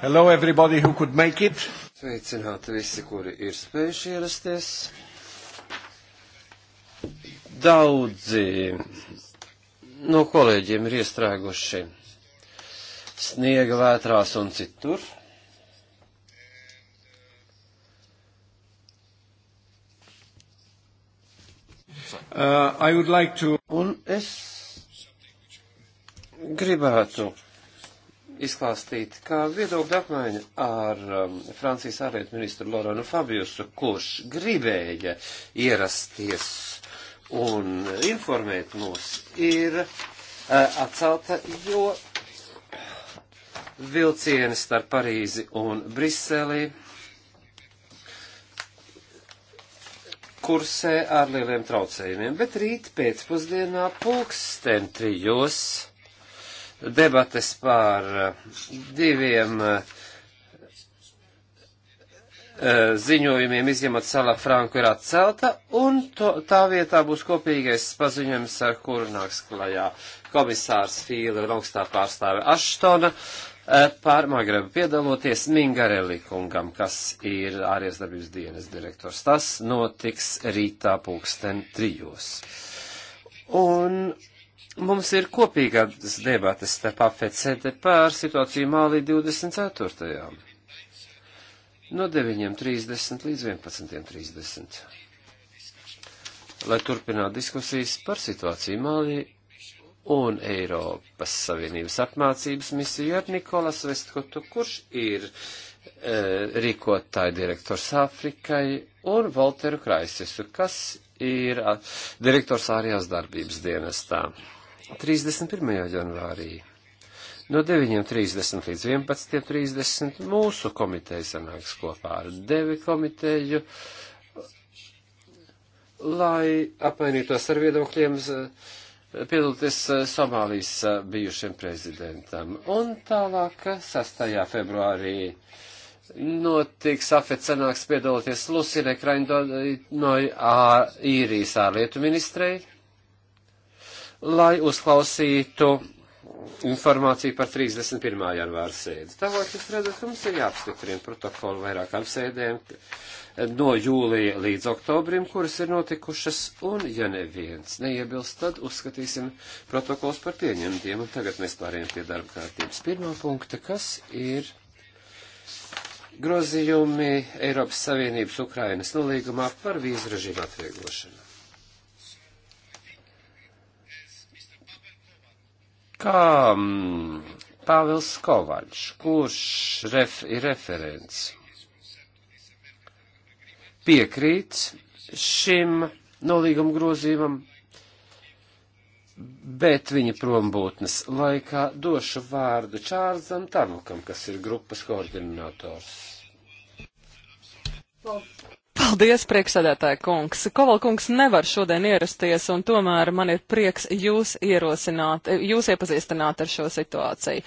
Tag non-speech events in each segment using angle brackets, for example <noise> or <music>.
Hello everybody who could make it. Sveicināti visi, kuri ir spējuši ierasties. Daudzi no kolēģiem ir iestrēguši sniega vētrās un citur. Uh, like to... Un es gribētu izklāstīt, kā viedokļa apmaiņa ar um, Francijas ārlietu ministru Loranu Fabiusu, kurš gribēja ierasties un informēt mūs, ir uh, atcelta, jo vilcieni starp Parīzi un Briseli kursē ar lieliem traucējumiem, bet rīt pēcpusdienā pulksten trijos debates pār eh, diviem eh, eh, ziņojumiem, izņemot Salā Franku, ir atcelta, un to, tā vietā būs kopīgais paziņojums, ar kuru nāks klajā komisārs Fīle un augstā pārstāve Aštona par Magrebu piedaloties Mingarelli kungam, kas ir ārējās darbības dienas direktors. Tas notiks rītā pulksten trijos. Un Mums ir kopīgās debates starp AFCD par situāciju Mālī 24. No 9.30 līdz 11.30. Lai turpinātu diskusijas par situāciju Mālī un Eiropas Savienības apmācības misiju ar Nikolas Vestkotu, kurš ir e, rīkotāja direktors Āfrikai, un Volteru Kraisesu, kas ir a, direktors ārējās darbības dienestā. 31. janvārī no 9.30 līdz 11.30 mūsu komiteja sanāks kopā ar devi komiteju, lai apmainītos ar viedokļiem piedalīties e, Somālijas e, bijušiem prezidentam. Un tālāk 6. E, februārī notiks afet sanāks piedalīties Lusinē Kraņdonoj no Īrijas ārlietu ministrei lai uzklausītu informāciju par 31. janvāra sēdi. Tālāk jūs redzat, ka mums ir jāapstiprina protokolu vairākām sēdēm no jūlija līdz oktobrim, kuras ir notikušas, un ja neviens neiebilst, tad uzskatīsim protokols par pieņemtiem. Un tagad mēs pārējām pie darba kārtības pirmā punkta, kas ir grozījumi Eiropas Savienības Ukrainas nolīgumā par vīzu režīmu atvieglošanu. kā mm, Pāvils Kovaļš, kurš ref, ir referents, piekrīt šim nolīguma grozījumam, bet viņa prombūtnes laikā došu vārdu Čārzam Tanukam, kas ir grupas koordinators. Paldies. Paldies, priekšsēdētāja kungs. Koval kungs nevar šodien ierasties, un tomēr man ir prieks jūs ierosināt, jūs iepazīstināt ar šo situāciju.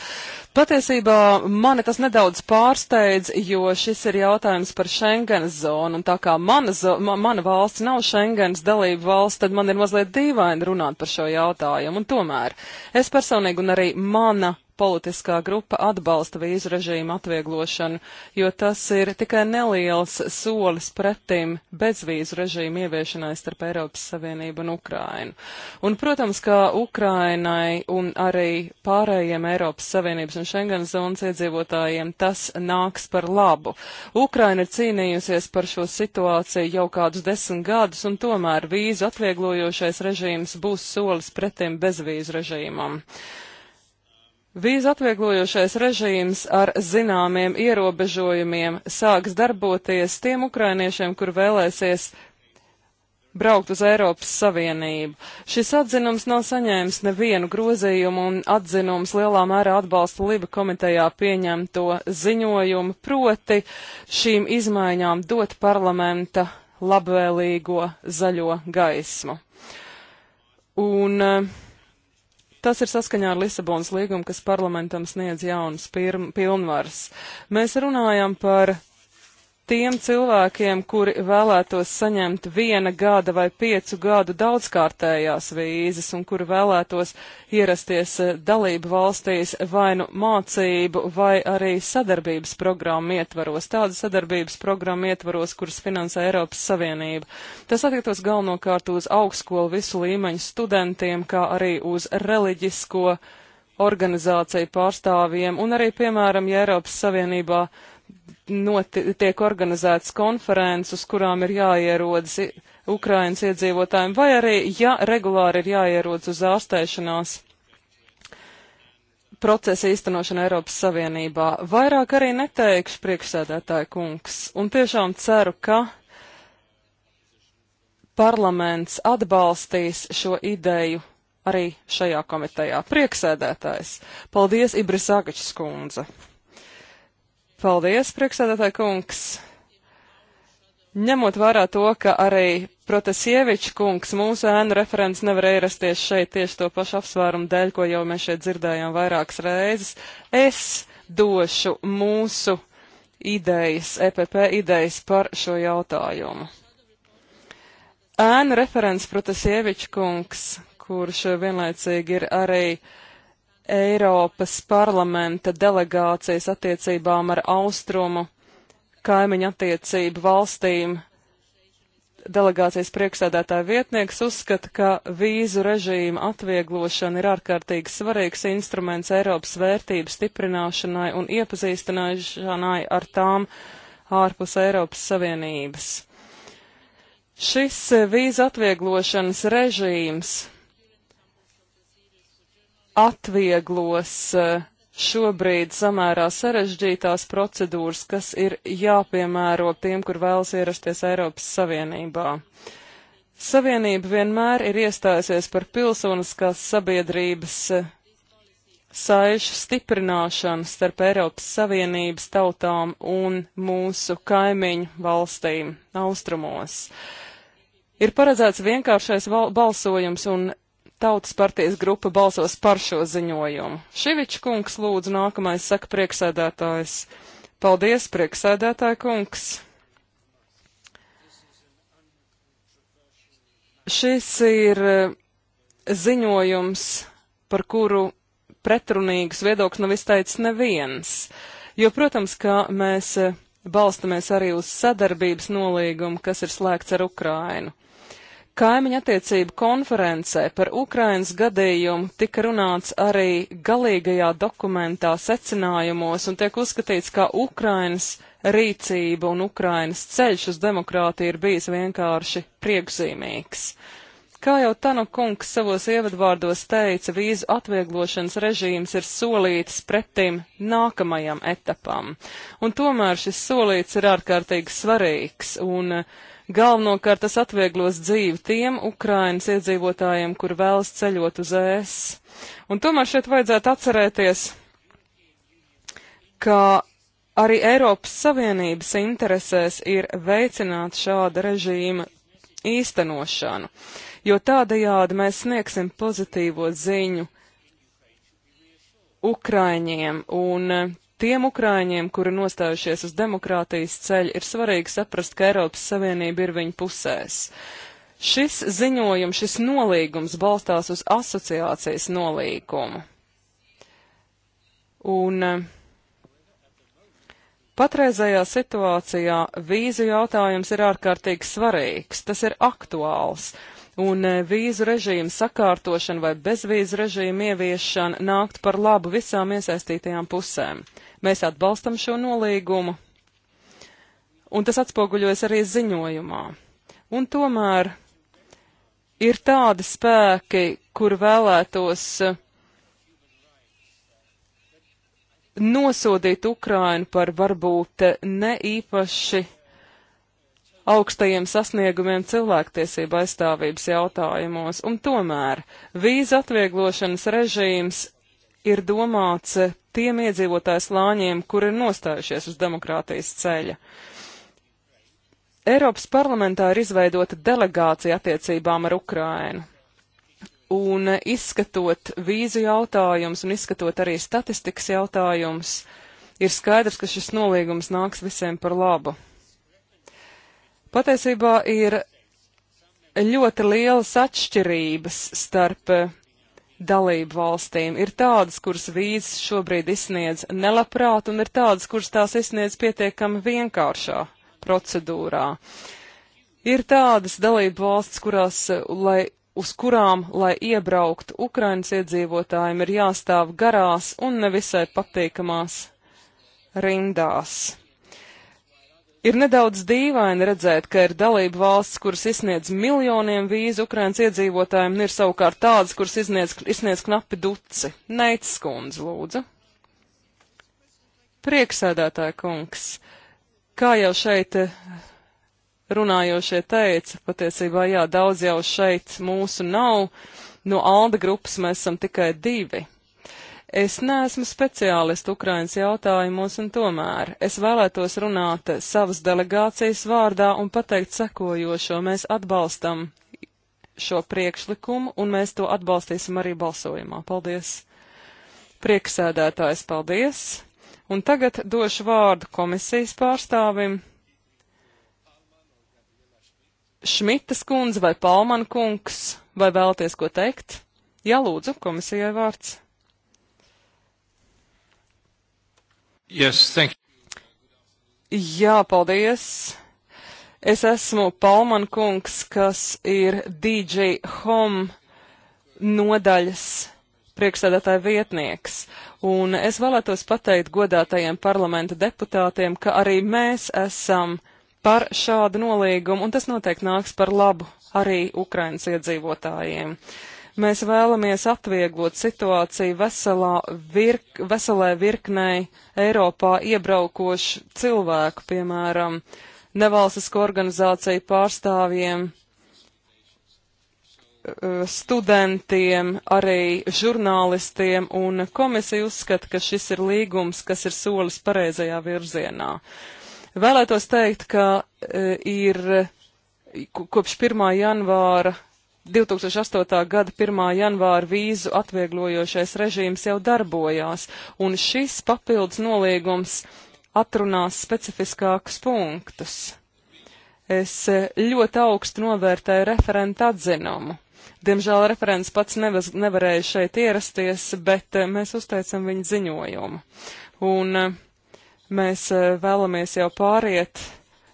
Patiesībā mani tas nedaudz pārsteidz, jo šis ir jautājums par Schengenas zonu, un tā kā mana, ma, mana valsts nav Schengenas dalība valsts, tad man ir mazliet dīvaini runāt par šo jautājumu, un tomēr es personīgi un arī mana politiskā grupa atbalsta vīzu režīmu atvieglošanu, jo tas ir tikai neliels solis pretim bezvīzu režīmu ieviešanai starp Eiropas Savienību un Ukrainu. Un, protams, kā Ukrainai un arī pārējiem Eiropas Savienības un Schengen zonas iedzīvotājiem tas nāks par labu. Ukraina ir cīnījusies par šo situāciju jau kādus desmit gadus, un tomēr vīzu atvieglojošais režīms būs solis pretim bezvīzu režīmam. Vīzu atvieglojošais režīms ar zināmiem ierobežojumiem sāks darboties tiem ukrainiešiem, kur vēlēsies braukt uz Eiropas Savienību. Šis atzinums nav saņēmis nevienu grozījumu un atzinums lielā mērā atbalsta Liba komitejā pieņemto ziņojumu, proti šīm izmaiņām dot parlamenta labvēlīgo zaļo gaismu. Un uh, Tas ir saskaņā ar Lisabonas līgumu, kas parlamentam sniedz jaunas pilnvaras. Mēs runājam par tiem cilvēkiem, kuri vēlētos saņemt viena gada vai piecu gadu daudzkārtējās vīzes un kuri vēlētos ierasties eh, dalību valstīs vai nu mācību vai arī sadarbības programmu ietvaros, tādu sadarbības programmu ietvaros, kuras finansē Eiropas Savienība. Tas attiektos galvenokārt uz augstskolu visu līmeņu studentiem, kā arī uz reliģisko organizāciju pārstāvjiem un arī, piemēram, ja Eiropas Savienībā uh, tiek organizētas konferences, kurām ir jāierodas Ukrainas iedzīvotājiem, vai arī, ja regulāri ir jāierodas uz ārstēšanās procesa īstenošana Eiropas Savienībā. Vairāk arī neteikšu priekšsēdētāju kungs, un tiešām ceru, ka parlaments atbalstīs šo ideju arī šajā komitejā. Prieksēdētājs. Paldies, Ibris Agačs kundze. Paldies, priekšsēdētāji kungs! Ņemot vērā to, ka arī Protasievičs kungs mūsu ēnu referents nevarēja ierasties šeit tieši to pašu apsvērumu dēļ, ko jau mēs šeit dzirdējām vairākas reizes, es došu mūsu idejas, EPP idejas par šo jautājumu. Ēnu referents Protasievičs kungs, kurš vienlaicīgi ir arī uh, Eiropas parlamenta delegācijas attiecībām ar austrumu kaimiņu attiecību valstīm delegācijas priekšsēdētāja vietnieks uzskata, ka vīzu režīma atvieglošana ir ārkārtīgi svarīgs instruments Eiropas vērtību stiprināšanai un iepazīstināšanai ar tām ārpus Eiropas Savienības. Šis vīzu atvieglošanas režīms atvieglos eh, šobrīd samērā sarežģītās procedūras, kas ir jāpiemēro tiem, kur vēlas ierasties Eiropas Savienībā. Savienība vienmēr ir iestājusies par pilsoniskās sabiedrības eh, saišu stiprināšanu starp Eiropas Savienības tautām un mūsu kaimiņu valstīm austrumos. Ir paredzēts vienkāršais balsojums un Tautas partijas grupa balsos par šo ziņojumu. Šivičs kungs lūdzu nākamais saka prieksēdētājs. Paldies, prieksēdētāja kungs! Šis ir eh, ziņojums, par kuru pretrunīgus viedokļus nav izteicis neviens, jo, protams, ka mēs eh, balstamies arī uz sadarbības nolīgumu, kas ir slēgts ar Ukrainu. Kaimiņa attiecību konferencē par Ukrainas gadījumu tika runāts arī galīgajā dokumentā secinājumos un tiek uzskatīts, ka Ukrainas rīcība un Ukrainas ceļš uz demokrātiju ir bijis vienkārši priekšzīmīgs. Kā jau Tanu kungs savos ievadvārdos teica, vīzu atvieglošanas režīms ir solīts pretim nākamajam etapam, un tomēr šis solīts ir ārkārtīgi svarīgs, un uh, Galvenokārt tas atvieglos dzīvi tiem Ukrainas iedzīvotājiem, kur vēlas ceļot uz ES. Un tomēr šeit vajadzētu atcerēties, ka arī Eiropas Savienības interesēs ir veicināt šāda režīma īstenošanu, jo tādajādi mēs sniegsim pozitīvo ziņu Ukraiņiem, un Tiem ukrāņiem, kuri nostājušies uz demokrātijas ceļa, ir svarīgi saprast, ka Eiropas Savienība ir viņu pusēs. Šis ziņojums, šis nolīgums balstās uz asociācijas nolīgumu. Un uh, Patreizajā situācijā vīzu jautājums ir ārkārtīgi svarīgs, tas ir aktuāls, un e, vīzu režīmu sakārtošana vai bezvīzu režīmu ieviešana nākt par labu visām iesaistītajām pusēm. Mēs atbalstam šo nolīgumu, un tas atspoguļojas arī ziņojumā. Un tomēr ir tādi spēki, kur vēlētos uh, nosodīt Ukrainu par varbūt ne īpaši augstajiem sasniegumiem cilvēktiesība aizstāvības jautājumos, un tomēr vīza atvieglošanas režīms ir domāts tiem iedzīvotājs lāņiem, kur ir nostājušies uz demokrātijas ceļa. Eiropas parlamentā ir izveidota delegācija attiecībām ar Ukrainu. Un izskatot vīzu jautājumus un izskatot arī statistikas jautājumus, ir skaidrs, ka šis nolīgums nāks visiem par labu. Patiesībā ir ļoti lielas atšķirības starp dalību valstīm. Ir tādas, kuras vīzes šobrīd izsniedz nelabprāt, un ir tādas, kuras tās izsniedz pietiekami vienkāršā procedūrā. Ir tādas dalību valsts, kurās, lai uz kurām, lai iebrauktu Ukrainas iedzīvotājiem, ir jāstāv garās un nevisai patīkamās rindās. Ir nedaudz dīvaini redzēt, ka ir dalība valsts, kuras izsniedz miljoniem vīzu Ukrainas iedzīvotājiem, un ir savukārt tādas, kuras izsniedz, izsniedz knapi duci. Neits skundze, lūdzu. Prieksēdētāja kungs, kā jau šeit eh, runājošie teica, patiesībā jā, daudz jau šeit mūsu nav, no Alda grupas mēs esam tikai divi. Es neesmu speciālists Ukrainas jautājumos, un tomēr es vēlētos runāt savas delegācijas vārdā un pateikt sekojošo. Mēs atbalstam šo priekšlikumu, un mēs to atbalstīsim arī balsojumā. Paldies! Prieksēdētājs, paldies! Un tagad došu vārdu komisijas pārstāvim. Šmitas kundze vai Palman kungs, vai vēlties ko teikt? Jā, lūdzu, komisijai vārds. Yes, thank you. Jā, paldies. Es esmu Palman kungs, kas ir DJ Home nodaļas priekšsēdētāja vietnieks, un es vēlētos pateikt godātajiem parlamenta deputātiem, ka arī mēs esam uh, par šādu nolīgumu, un tas noteikti nāks par labu arī Ukrainas iedzīvotājiem. Mēs vēlamies atvieglot situāciju veselā virk, veselē virknei Eiropā iebraukošu cilvēku, piemēram, nevalstisko organizāciju pārstāvjiem, eh, studentiem, arī žurnālistiem, un komisija uzskata, ka šis ir līgums, kas ir solis pareizajā virzienā. Uh, Vēlētos teikt, ka e, ir kopš 1. janvāra 2008. gada 1. janvāra vīzu atvieglojošais režīms jau darbojās, un šis papildus noliegums atrunās specifiskākus punktus. Es e, ļoti augstu novērtēju referenta atzinumu. Diemžēl referents pats nevaz, nevarēja šeit ierasties, bet e, mēs uzteicam viņa ziņojumu. Un uh, Mēs eh, vēlamies jau pāriet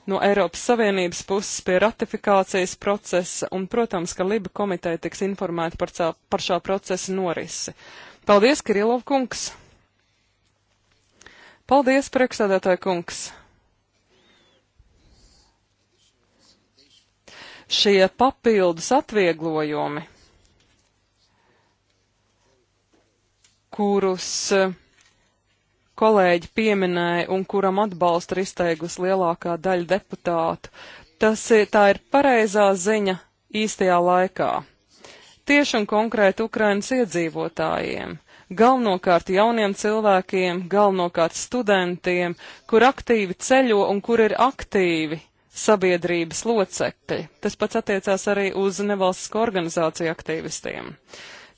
no Eiropas Savienības puses pie ratifikācijas procesa, un, protams, ka Liba komiteja tiks informēta par, cā, par šā procesa norisi. Paldies, Kirilov kungs! Paldies, priekšsēdētāja kungs! Šie papildus atvieglojumi, kurus uh, kolēģi pieminēja un kuram atbalstu ir izteigusi lielākā daļa deputātu. Tas tā ir pareizā ziņa īstajā laikā. Tieši un konkrēti Ukrainas iedzīvotājiem, galvenokārt jauniem cilvēkiem, galvenokārt studentiem, kur aktīvi ceļo un kur ir aktīvi sabiedrības locekļi. Tas pats attiecās arī uz nevalstisko organizāciju aktīvistiem. Uh,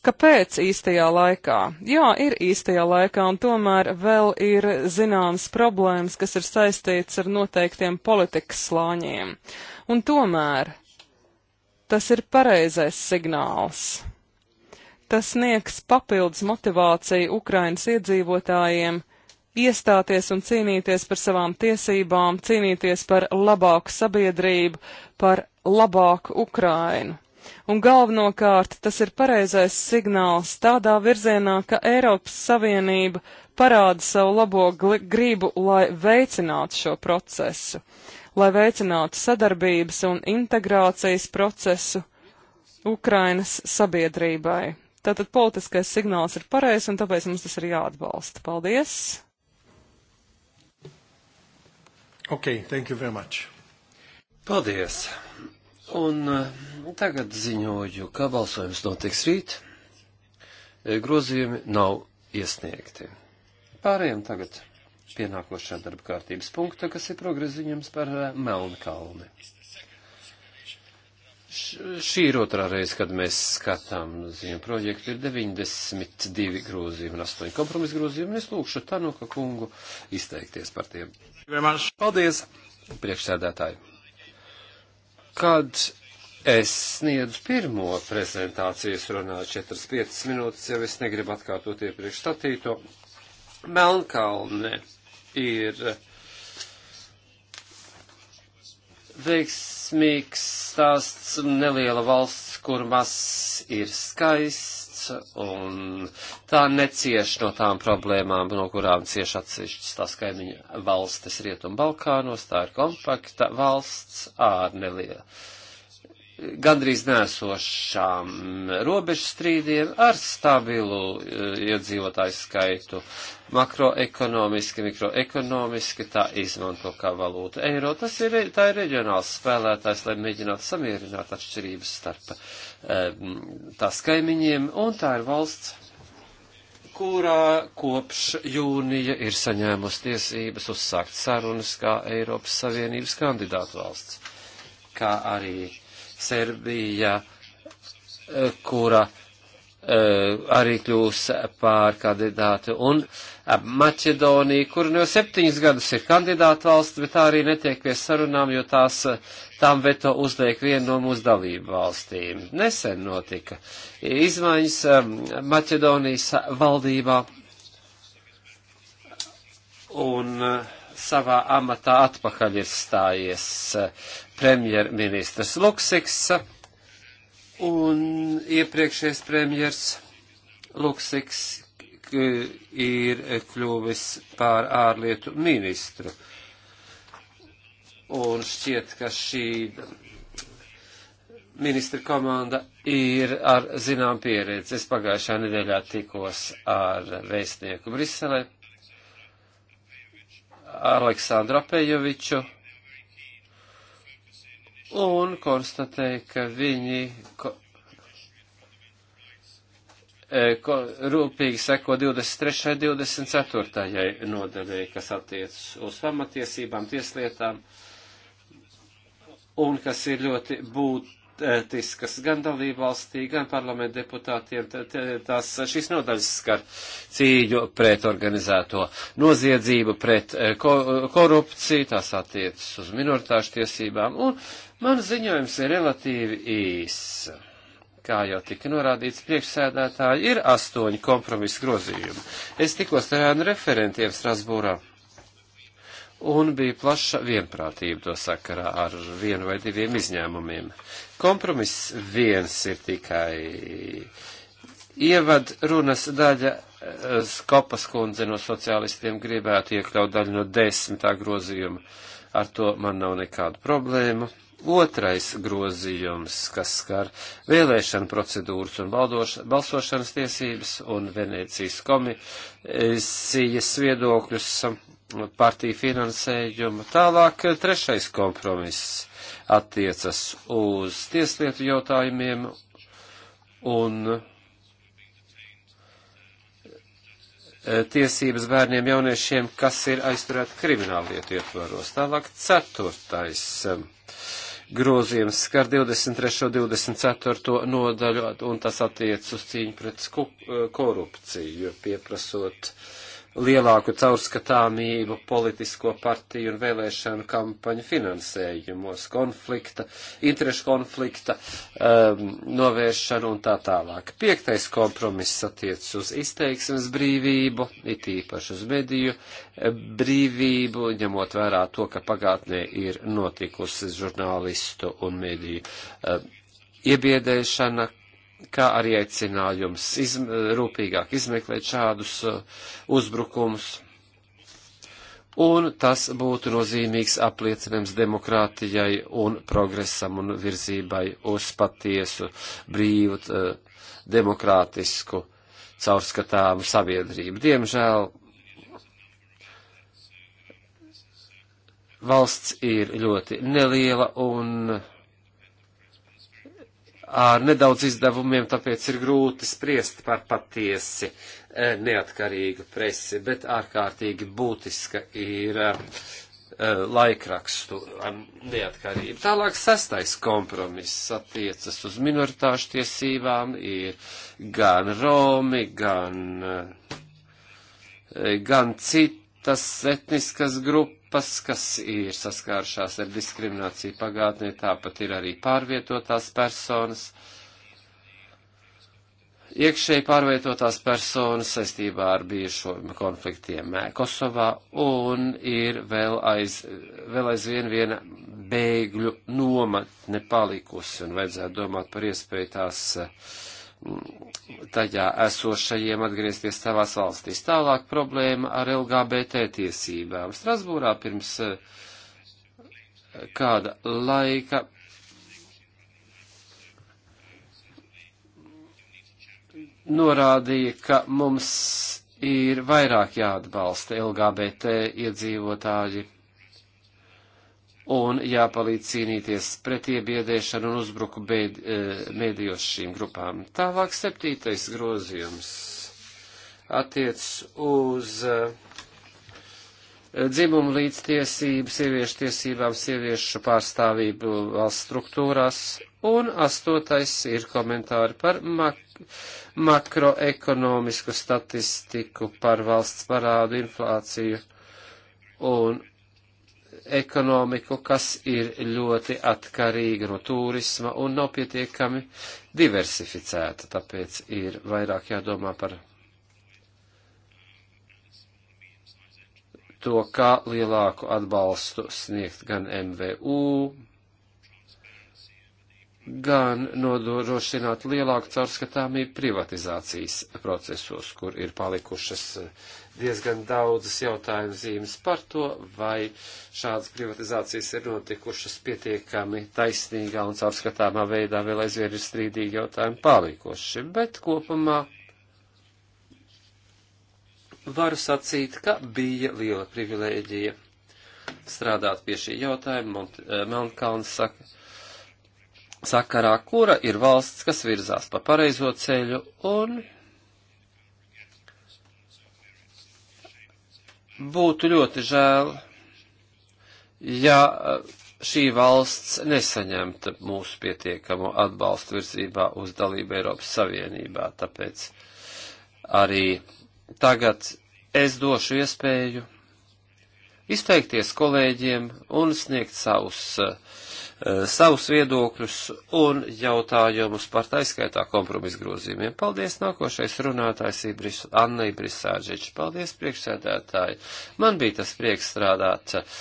Kāpēc īstajā laikā? Jā, ir īstajā laikā, un tomēr vēl ir zināmas problēmas, kas ir saistīts ar noteiktiem politikas slāņiem. Un tomēr tas ir pareizais signāls. Tas sniegs papildus motivāciju Ukrainas iedzīvotājiem iestāties un cīnīties par savām tiesībām, cīnīties par labāku sabiedrību, par labāku Ukrainu. Un galvenokārt tas ir pareizais signāls tādā virzienā, ka Eiropas Savienība parāda savu labo gribu, lai veicinātu šo procesu, lai veicinātu sadarbības un integrācijas procesu Ukrainas sabiedrībai. Tātad politiskais signāls ir pareizs, un tāpēc mums tas ir jāatbalsta. Paldies! Okay, thank you very much. Paldies! Un eh, tagad ziņoju, ka balsojums notiks rīt. Eh, grozījumi nav iesniegti. Pārējām tagad pie nākošā darba kārtības punkta, kas ir progreziņams par eh, Melnkalni. Šī ir otrā reize, kad mēs skatām ziņu projektu, ir 92 grozījumi un 8 kompromisu grozījumi, un es lūkšu Tanoka kungu izteikties par tiem. Paldies, priekšsēdētāji! Kad es sniedzu pirmo prezentāciju, es runāju 4-5 minūtes, jau es negribu atkārtot iepriekš statīto. Melnkalne ir veiksmīgs stāsts, neliela valsts, kur mazs ir skaists un tā necieš no tām problēmām, no kurām cieš atsevišķas tās kaimiņa valstis Rietumbalkānos, tā ir kompakta valsts ar nelielu gandrīz nesošām robežu strīdiem ar stabilu eh, iedzīvotāju skaitu. Makroekonomiski, mikroekonomiski tā izmanto kā valūta eiro. Tas ir, tā ir reģionāls spēlētājs, lai mēģinātu samierināt atšķirības starp um, tās kaimiņiem, un tā ir valsts, kurā kopš jūnija ir saņēmusi tiesības uzsākt sarunas kā Eiropas Savienības kandidātu valsts, kā arī Serbija, eh, kura eh, arī kļūs pār kandidātu, un eh, Maķedonija, kur nu jau septiņus gadus ir kandidāta valsts, bet tā arī netiek pie sarunām, jo tās tām veto uzliek viena no mūsu dalību valstīm. Nesen notika izmaiņas Maķedonijas valdībā, un uh, savā amatā atpakaļ ir stājies eh, premjerministrs Luksiks un iepriekšējais premjers Luksiks ir kļuvis par ārlietu ministru. Un šķiet, ka šī ministra komanda ir ar zinām pieredzi. Es pagājušā nedēļā tikos ar vēstnieku Briselē Aleksandru Apejoviču un konstatēja, ka viņi ko, e, ko, rūpīgi seko 23. un 24. nodaļai, kas attiecas uz pamatiesībām, tieslietām, un kas ir ļoti būt, būtiskas gan dalībvalstī, gan parlamenta deputātiem. Tās, šīs nodaļas skar cīņu pret organizēto noziedzību, pret eh, korupciju, tās attiecas uz minoritāšu tiesībām, un man ziņojums ir relatīvi īss. Kā jau tika norādīts priekšsēdētāji, ir astoņi kompromisu grozījumi. Es tikos ar referentiem Strasbūrā un bija plaša vienprātība to sakarā ar vienu vai diviem izņēmumiem. Kompromiss viens ir tikai ievad runas daļa. Skopas kundze no sociālistiem gribētu iekļaut daļu no desmitā grozījuma. Ar to man nav nekādu problēmu. Otrais grozījums, kas skar vēlēšanu procedūras un baldoša, balsošanas tiesības un Venēcijas komisijas viedokļus partiju finansējumu. Tālāk trešais kompromiss attiecas uz tieslietu jautājumiem un e, tiesības bērniem jauniešiem, kas ir aizturēti krimināllietu ietvaros. Tālāk ceturtais e, grozījums skar 23. un 24. nodaļu, un tas attiec uz cīņu pret e, korupciju, pieprasot uh, lielāku caurskatāmību politisko partiju un vēlēšanu kampaņu finansējumos, konflikta, interešu konflikta um, novēršanu un tā tālāk. Piektais kompromiss attiec uz izteiksmes brīvību, it īpaši uz mediju brīvību, ņemot vērā to, ka pagātnē ir notikusi žurnālistu un mediju um, iebiedēšana, kā arī aicinājums izm rūpīgāk izmeklēt šādus uh, uzbrukumus. Un tas būtu nozīmīgs apliecinājums demokrātijai un progresam un virzībai uz patiesu, brīvu, uh, demokrātisku, caurskatāmu sabiedrību. Diemžēl valsts ir ļoti neliela un ar nedaudz izdevumiem, tāpēc ir grūti spriest par patiesi e, neatkarīgu presi, bet ārkārtīgi būtiska ir e, laikrakstu um, neatkarība. Tālāk sastais kompromiss attiecas uz minoritāšu tiesībām, ir gan Romi, gan, e, gan citas etniskas grupas grupas, kas ir saskāršās ar diskrimināciju pagātnē, tāpat ir arī pārvietotās personas iekšēji pārvietotās personas saistībā ar bijušo konfliktiem Kosovā un ir vēl, aiz, vēl aizvien viena bēgļu nomatne palikusi un vajadzētu domāt par iespēju tās uh, tajā esošajiem atgriezties savās valstīs. Tālāk problēma ar LGBT tiesībām. Strasbūrā pirms eh, kāda laika norādīja, ka mums ir vairāk jāatbalsta LGBT iedzīvotāji un jāpalīdz cīnīties pret iebiedēšanu un uzbruku bēd, e, mēdījos šīm grupām. Tālāk septītais grozījums attiec uz e, dzimumu līdztiesību, sieviešu tiesībām, sieviešu pārstāvību valsts struktūrās, un astotais ir komentāri par mak makroekonomisku statistiku, par valsts parādu, inflāciju un ekonomiku, kas ir ļoti atkarīga no turisma un nav pietiekami diversificēta, tāpēc ir vairāk jādomā par to, kā lielāku atbalstu sniegt gan MVU, gan nodrošināt lielāku caurskatāmību privatizācijas procesos, kur ir palikušas eh, diezgan daudzas jautājuma zīmes par to, vai šādas privatizācijas ir notikušas pietiekami taisnīgā un caurskatāmā veidā, vēl aizvien ir strīdīgi jautājumi palikuši, bet kopumā varu sacīt, ka bija liela privilēģija strādāt pie šī jautājuma, eh, Melnkalns saka, sakarā, kura ir valsts, kas virzās pa pareizo ceļu un būtu ļoti žēl, ja eh, šī valsts nesaņemta mūsu pietiekamo atbalstu virzībā uz dalību Eiropas Savienībā, tāpēc arī tagad es došu iespēju izteikties kolēģiem un sniegt savus uh, Eh, savus viedokļus un jautājumus par taiskaitā kompromisu grozījumiem. Paldies, nākošais runātājs Ibris, Anna Ibrisāģiča. Paldies, priekšsēdētāji. Man bija tas prieks strādāt eh,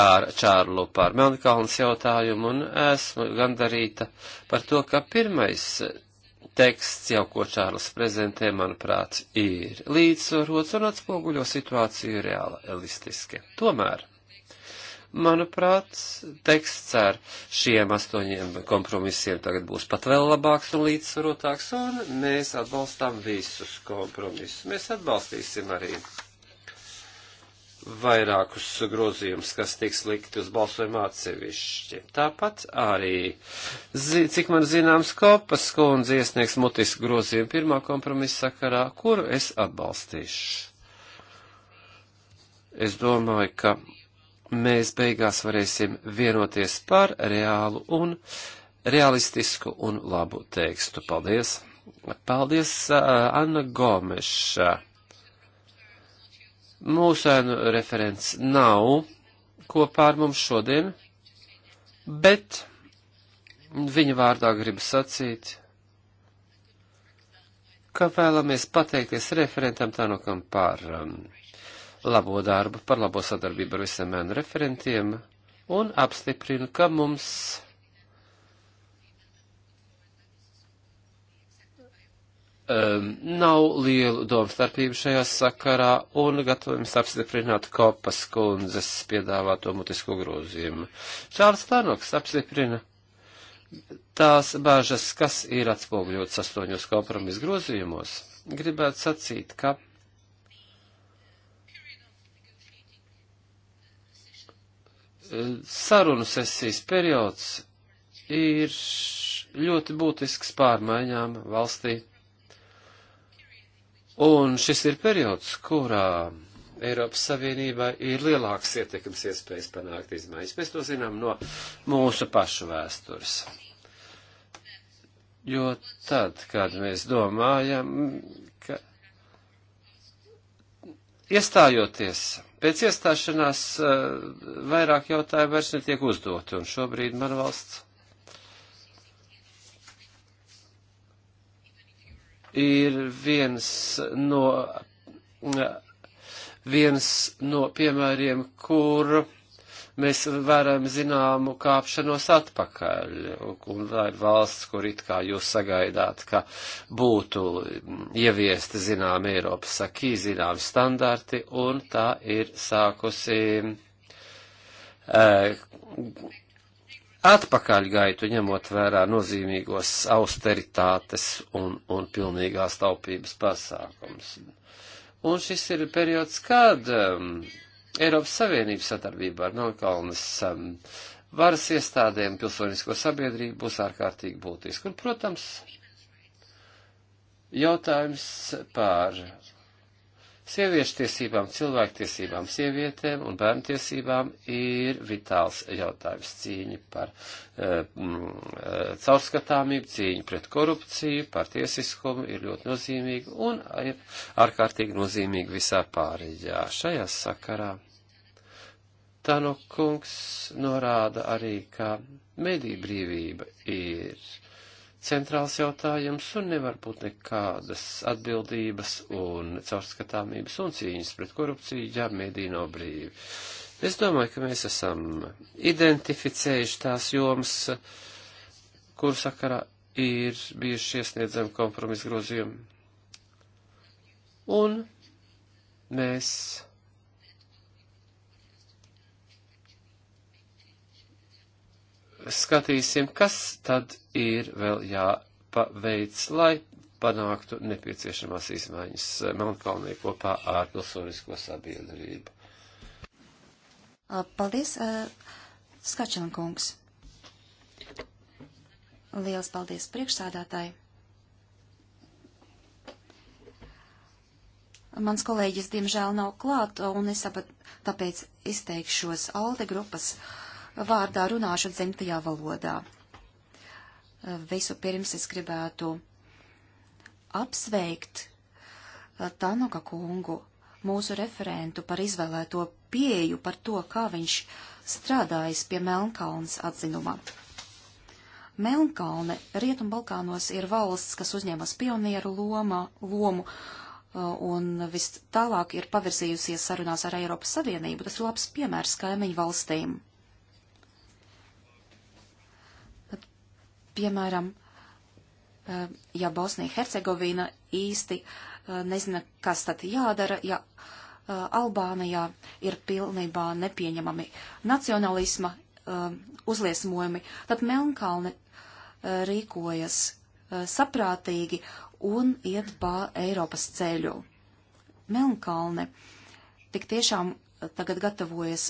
ar Čārlu par Melnkalnas jautājumu un esmu gandarīta par to, ka pirmais teksts jau, ko Čārlis prezentē, manuprāt, ir līdzsvarots un atspoguļo situāciju reāli, elistiski. Tomēr Manuprāt, teksts ar šiem astoņiem kompromisiem tagad būs pat vēl labāks un līdzsvarotāks, un mēs atbalstām visus kompromisus. Mēs atbalstīsim arī vairākus grozījumus, kas tiks likti uz balsojumu atsevišķi. Tāpat arī, zi, cik man zināms, kopas kundze iesniegs mutisku grozījumu pirmā kompromisa sakarā, kuru es atbalstīšu. Es domāju, ka mēs beigās varēsim vienoties par reālu un realistisku un labu tekstu. Paldies! Paldies, Anna Gomeša! Mūsu ēnu referents nav kopā ar mums šodien, bet viņa vārdā gribu sacīt, ka vēlamies pateikties referentam Tanukam par um, labo darbu, par labo sadarbību ar visiem mēnu referentiem un apstiprinu, ka mums um, nav lielu domstarpību šajā sakarā un gatavojums apstiprināt kopas kundzes piedāvāto mutisko grozījumu. Čārls Tanoks apstiprina tās bāžas, kas ir atspoguļotas astoņos kompromisu grozījumos. Gribētu sacīt, ka sarunu sesijas periods ir ļoti būtisks pārmaiņām valstī. Un šis ir periods, kurā Eiropas Savienībā ir lielāks ietekmes iespējas panākt izmaiņas. Mēs to zinām no mūsu pašu vēstures. Jo tad, kad mēs domājam, ka iestājoties Pēc iestāšanās eh, vairāk jautājumu vairs netiek uzdoti, un šobrīd man valsts ir viens no, eh, viens no piemēriem, kur mēs varam zināmu kāpšanos atpakaļ, un tā ir valsts, kur it kā jūs sagaidāt, ka būtu ieviesti zinām Eiropas sakī, zinām standarti, un tā ir sākusi eh, atpakaļgaitu ņemot vērā nozīmīgos austeritātes un, un pilnīgās taupības pasākums. Un šis ir periods, kad um, eh, Eiropas Savienības sadarbībā ar Nokalnes um, varas iestādēm pilsonisko sabiedrību būs ārkārtīgi būtiski. Un, protams, jautājums par Sieviešu tiesībām, cilvēktiesībām, sievietēm un bērnu tiesībām ir vitāls jautājums cīņa par e, m, eh, caurskatāmību, cīņa pret korupciju, par tiesiskumu ir ļoti nozīmīga un ir ārkārtīgi nozīmīga visā pārējā. Šajā sakarā Tano kungs norāda arī, ka mediju brīvība ir centrāls jautājums un nevar būt nekādas atbildības un caurskatāmības un cīņas pret korupciju, ja mediji nav brīvi. Es domāju, ka mēs esam identificējuši tās jomas, kur sakarā ir bijuši iesniedzami kompromisu grozījumi. Un mēs skatīsim, kas tad ir vēl jāpaveic, lai panāktu nepieciešamās izmaiņas eh, Melnkalnē kopā ar pilsonisko sabiedrību. Paldies, Skačana kungs. Liels paldies priekšsādātāji. Mans kolēģis, diemžēl, nav klāt, un es tāpēc izteikšos Alde grupas uh, vārdā runāšu dzimtajā valodā. Visu pirms es gribētu apsveikt eh, Tanuka kungu, mūsu referentu par izvēlēto pieju par to, kā viņš strādājis pie Melnkalnas atzinuma. Melnkalne Rietumbalkānos ir valsts, kas uzņēmas pionieru loma, lomu eh, un vis tālāk ir pavirzījusies sarunās ar Eiropas Savienību. Tas ir labs piemērs kaimiņu valstīm. Piemēram, eh, ja Bosnija Hercegovina īsti eh, nezina, kas tad jādara, ja eh, Albānijā ir pilnībā nepieņemami nacionalisma uzliesmojumi, tad Melnkalne rīkojas saprātīgi un iet pa Eiropas ceļu. Melnkalne tik tiešām tagad gatavojas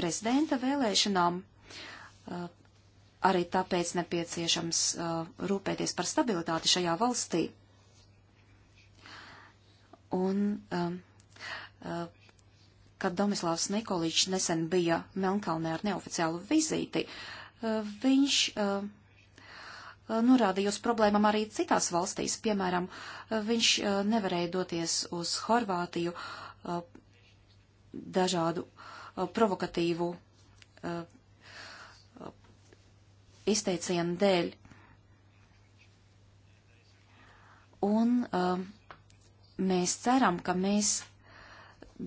prezidenta vēlēšanām. Arī tāpēc nepieciešams uh, rūpēties par stabilitāti šajā valstī. Un, um, uh, kad Domislavs Nikolīčs nesen bija Melnkalnē ar neoficiālu vizīti, uh, viņš uh, uh norādīja uz problēmām arī citās valstīs. Piemēram, uh, viņš uh, nevarēja doties uz Horvātiju dažādu provokatīvu izteicienu dēļ. Un uh, mēs ceram, ka mēs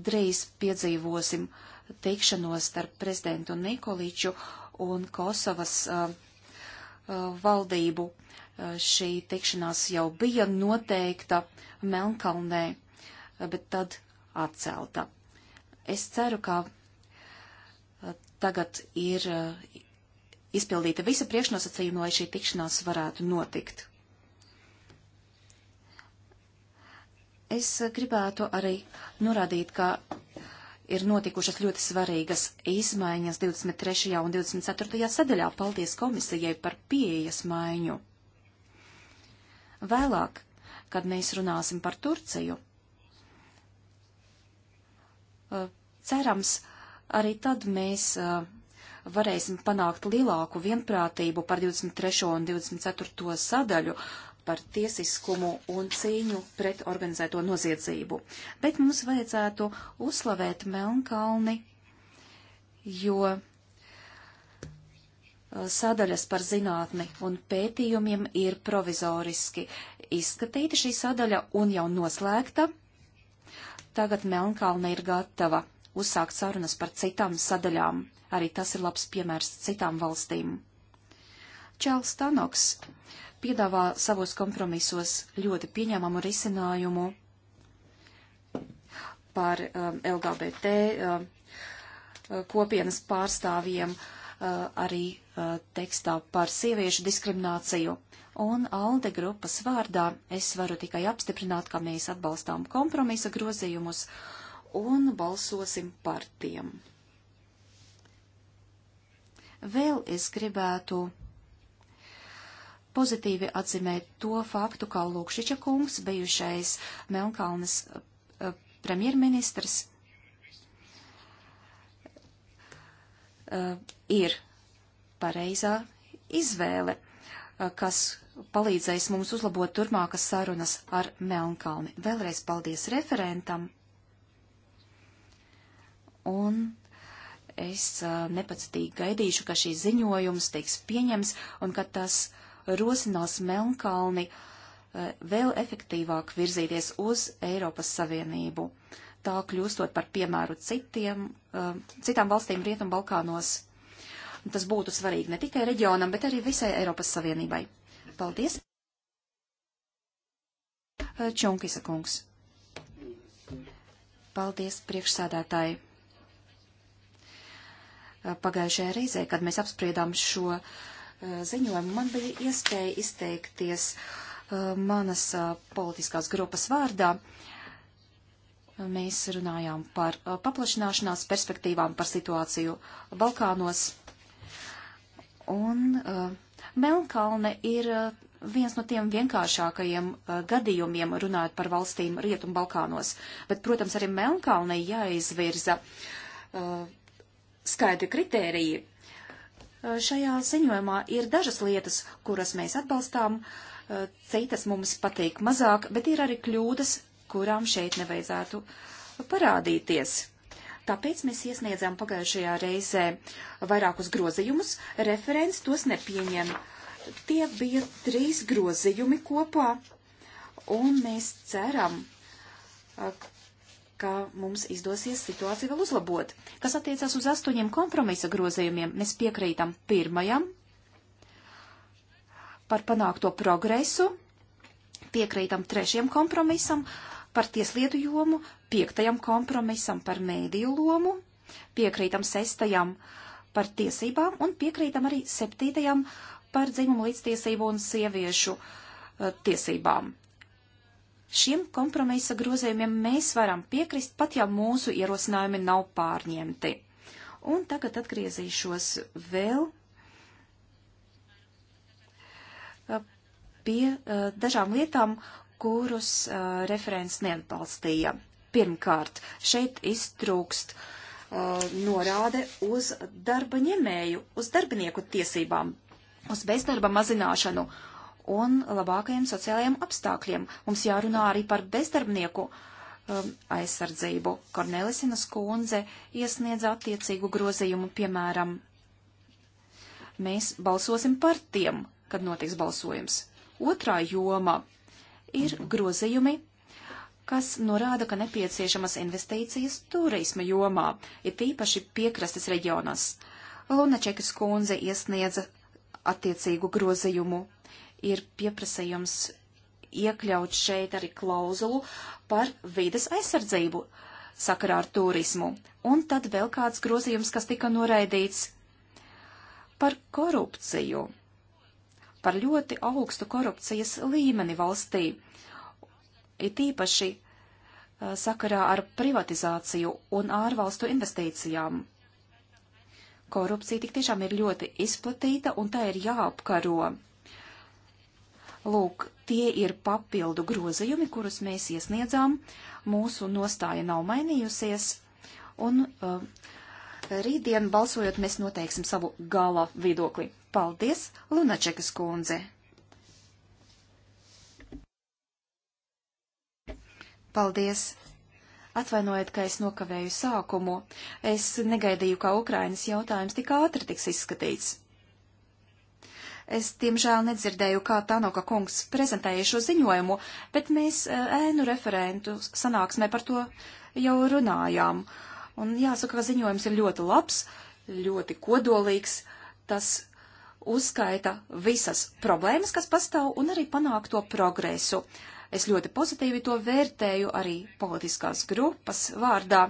drīz piedzīvosim tikšanos starp prezidentu Nikoliču un Kosovas uh, uh, valdību. Uh, šī tikšanās jau bija noteikta Melnkalnē, uh, bet tad atcelta. Es ceru, ka uh, tagad ir uh, izpildīta visa priekšnosacījuma, lai šī tikšanās varētu notikt. Es gribētu arī norādīt, ka ir notikušas ļoti svarīgas izmaiņas 23. un 24. sadaļā. Paldies komisijai par pieejas maiņu. Vēlāk, kad mēs runāsim par Turciju, eh, cerams, arī tad mēs eh, varēsim panākt lielāku vienprātību par 23. un 24. sadaļu par tiesiskumu un cīņu pret organizēto noziedzību. Bet mums vajadzētu uzslavēt Melnkalni, jo eh, sadaļas par zinātni un pētījumiem ir provizoriski izskatīta šī sadaļa un jau noslēgta. Tagad Melnkalne ir gatava uzsākt sarunas par citām sadaļām. Arī tas ir labs piemērs citām valstīm. Čēls Tanoks piedāvā savos kompromisos ļoti pieņēmumu risinājumu par um, LGBT um, kopienas pārstāvjiem, uh, arī uh, tekstā par sieviešu diskrimināciju. Un ALDE grupas vārdā es varu tikai apstiprināt, ka mēs atbalstām kompromisa grozījumus un balsosim par tiem. Vēl es gribētu pozitīvi atzīmēt to faktu, ka Lukšiča kungs, bijušais Melnkalnes eh, premjerministrs, eh, ir pareizā izvēle, eh, kas palīdzēs mums uzlabot turpmākas sarunas ar Melnkalni. Vēlreiz paldies referentam! un es nepacitīgi gaidīšu, ka šī ziņojums tiks pieņems un ka tas rosinās Melnkalni vēl efektīvāk virzīties uz Eiropas Savienību, tā kļūstot par piemēru citiem, citām valstīm Rietumbalkānos. Tas būtu svarīgi ne tikai reģionam, bet arī visai Eiropas Savienībai. Paldies! Čunkisa kungs. Paldies, priekšsādātāji! Eh, pagājušajā reizē, kad mēs apspriedām šo eh, ziņojumu, man bija iespēja izteikties eh, manas politiskās grupas vārdā. Mēs runājām par paplašināšanās perspektīvām, par situāciju Balkānos. Un Melnkalne ir viens no tiem vienkāršākajiem uh, gadījumiem runājot par valstīm Rietumu Balkānos. Bet, protams, arī Melnkalnei jāizvirza uh, skaidri kritēriji. Šajā ziņojumā ir dažas lietas, kuras mēs atbalstām, citas mums patīk mazāk, bet ir arī kļūdas, kurām šeit nevajadzētu parādīties. Tāpēc mēs iesniedzām pagājušajā reizē vairākus grozījumus, referents tos nepieņem. Tie bija trīs grozījumi kopā, un mēs ceram, ka mums izdosies situāciju vēl uzlabot. Kas attiecas uz astoņiem kompromisa grozījumiem, mēs piekrītam pirmajam par panākto progresu, piekrītam trešiem kompromisam par tieslietu jomu, piektajam kompromisam par mēdīju lomu, piekrītam sestajam par tiesībām un piekrītam arī septītajam par dzimumu līdztiesību un sieviešu uh, tiesībām. Šiem kompromisa grozējumiem mēs varam piekrist, pat ja mūsu ierosinājumi nav pārņemti. Un tagad atgriezīšos vēl uh, pie uh, dažām lietām, kurus uh, referents neatbalstīja. Pirmkārt, šeit iztrūkst uh, norāde uz darba ņemēju, uz darbinieku tiesībām, uz bezdarba mazināšanu un labākajiem sociālajiem apstākļiem. Mums jārunā arī par bezdarbnieku um, aizsardzību. Kornelisinas kundze iesniedz attiecīgu grozījumu, piemēram. Mēs balsosim par tiem, kad notiks balsojums. Otrā joma ir mhm. grozījumi, kas norāda, ka nepieciešamas investīcijas turisma jomā, ir tīpaši piekrastes reģionas. Lunačekas kundze iesniedza attiecīgu grozījumu ir pieprasījums iekļaut šeit arī klauzulu par vides aizsardzību sakarā ar turismu. Un tad vēl kāds grozījums, kas tika noraidīts par korupciju, par ļoti augstu korupcijas līmeni valstī, it īpaši sakarā ar privatizāciju un ārvalstu investīcijām. Korupcija tik tiešām ir ļoti izplatīta un tā ir jāapkaro Lūk, tie ir papildu grozījumi, kurus mēs iesniedzām. Mūsu nostāja nav mainījusies. Un uh, rītdien balsojot, mēs noteiksim savu gala viedokli. Paldies, Lunačekas kundze! Paldies! Atvainojiet, ka es nokavēju sākumu. Es negaidīju, ka Ukrainas jautājums tik ātri tiks izskatīts. Es, diemžēl, nedzirdēju, kā Tanoka kungs prezentēja šo ziņojumu, bet mēs e, ēnu referentu sanāksmē par to jau runājām. Un jāsaka, ka ziņojums ir ļoti labs, ļoti kodolīgs. Tas uzskaita visas problēmas, kas pastāv, un arī panākto progresu. Es ļoti pozitīvi to vērtēju arī politiskās grupas vārdā.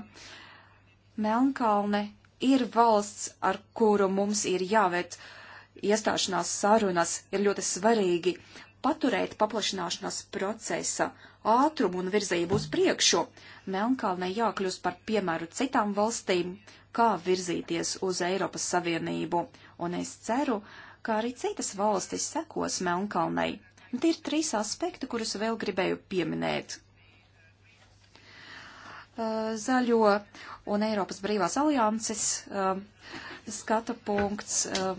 Melnkalne ir valsts, ar kuru mums ir jāvērt iestāšanās sarunas ir ļoti svarīgi paturēt paplašināšanās procesa ātrumu un virzību uz priekšu. Melnkalnē jākļūst par piemēru citām valstīm, kā virzīties uz Eiropas Savienību, un es ceru, ka arī citas valstis sekos Melnkalnei. Tie ir trīs aspekti, kurus vēl gribēju pieminēt. Uh, zaļo un Eiropas brīvās alianses uh, skata punkts uh,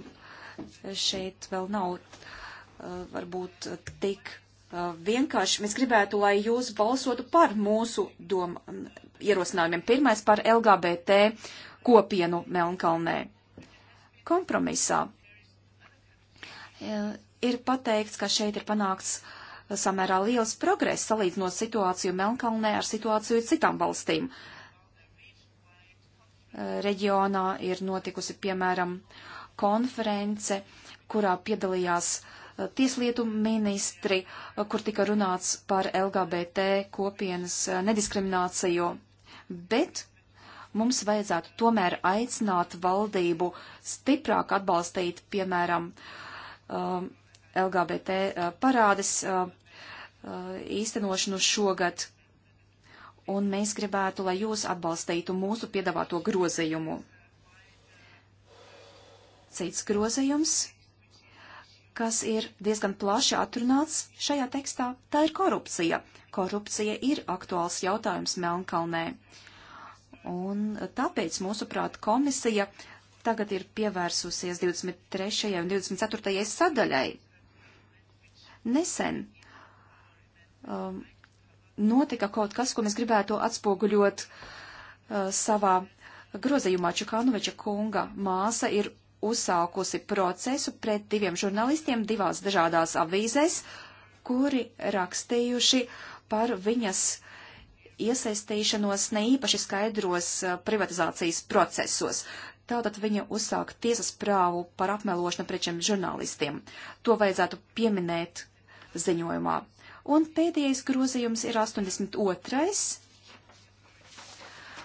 šeit vēl nav uh, varbūt tik uh, vienkārši. Mēs gribētu, lai jūs balsotu par mūsu dom, mm, ierosinājumiem. Pirmais par LGBT kopienu Melnkalnē. Kompromisā uh, ir pateikts, ka šeit ir panākts samērā liels progress salīdzinot situāciju Melnkalnē ar situāciju citām valstīm. Reģionā ir notikusi, piemēram, uh, konference, kurā piedalījās eh, tieslietu ministri, eh, kur tika runāts par LGBT kopienas eh, nediskrimināciju. Bet mums vajadzētu tomēr aicināt valdību stiprāk atbalstīt, piemēram, LGBT parādes īstenošanu šogad. Un mēs gribētu, lai jūs atbalstītu mūsu piedāvāto grozījumu cits grozījums, kas ir diezgan plaši atrunāts šajā tekstā, tā ir korupcija. Korupcija ir aktuāls jautājums Melnkalnē. Un tāpēc, mūsuprāt, komisija tagad ir pievērsusies 23. un 24. sadaļai. Nesen um, notika kaut kas, ko mēs gribētu atspoguļot uh, savā grozījumā Čukanoviča kunga māsa ir uzsākusi procesu pret diviem žurnalistiem divās dažādās avīzēs, kuri rakstījuši par viņas iesaistīšanos neīpaši skaidros eh, privatizācijas procesos. Tātad viņa uzsāka tiesas prāvu par apmelošanu prečiem žurnālistiem. To vajadzētu pieminēt ziņojumā. Un pēdējais grozījums ir 82.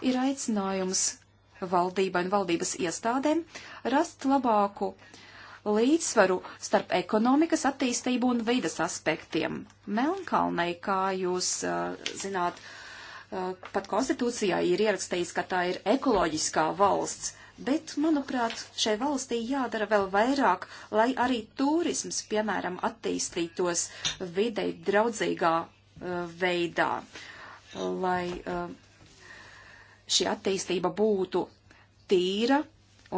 Ir aicinājums valdībai un valdības iestādēm rast labāku līdzsvaru starp ekonomikas attīstību un vidas aspektiem. Melnkalnei, kā jūs uh, zināt, uh, pat konstitūcijā ir ierakstīts, ka tā ir ekoloģiskā valsts, bet, manuprāt, šai valstī jādara vēl vairāk, lai arī turisms, piemēram, attīstītos videi draudzīgā uh, veidā, lai uh, šī attīstība būtu tīra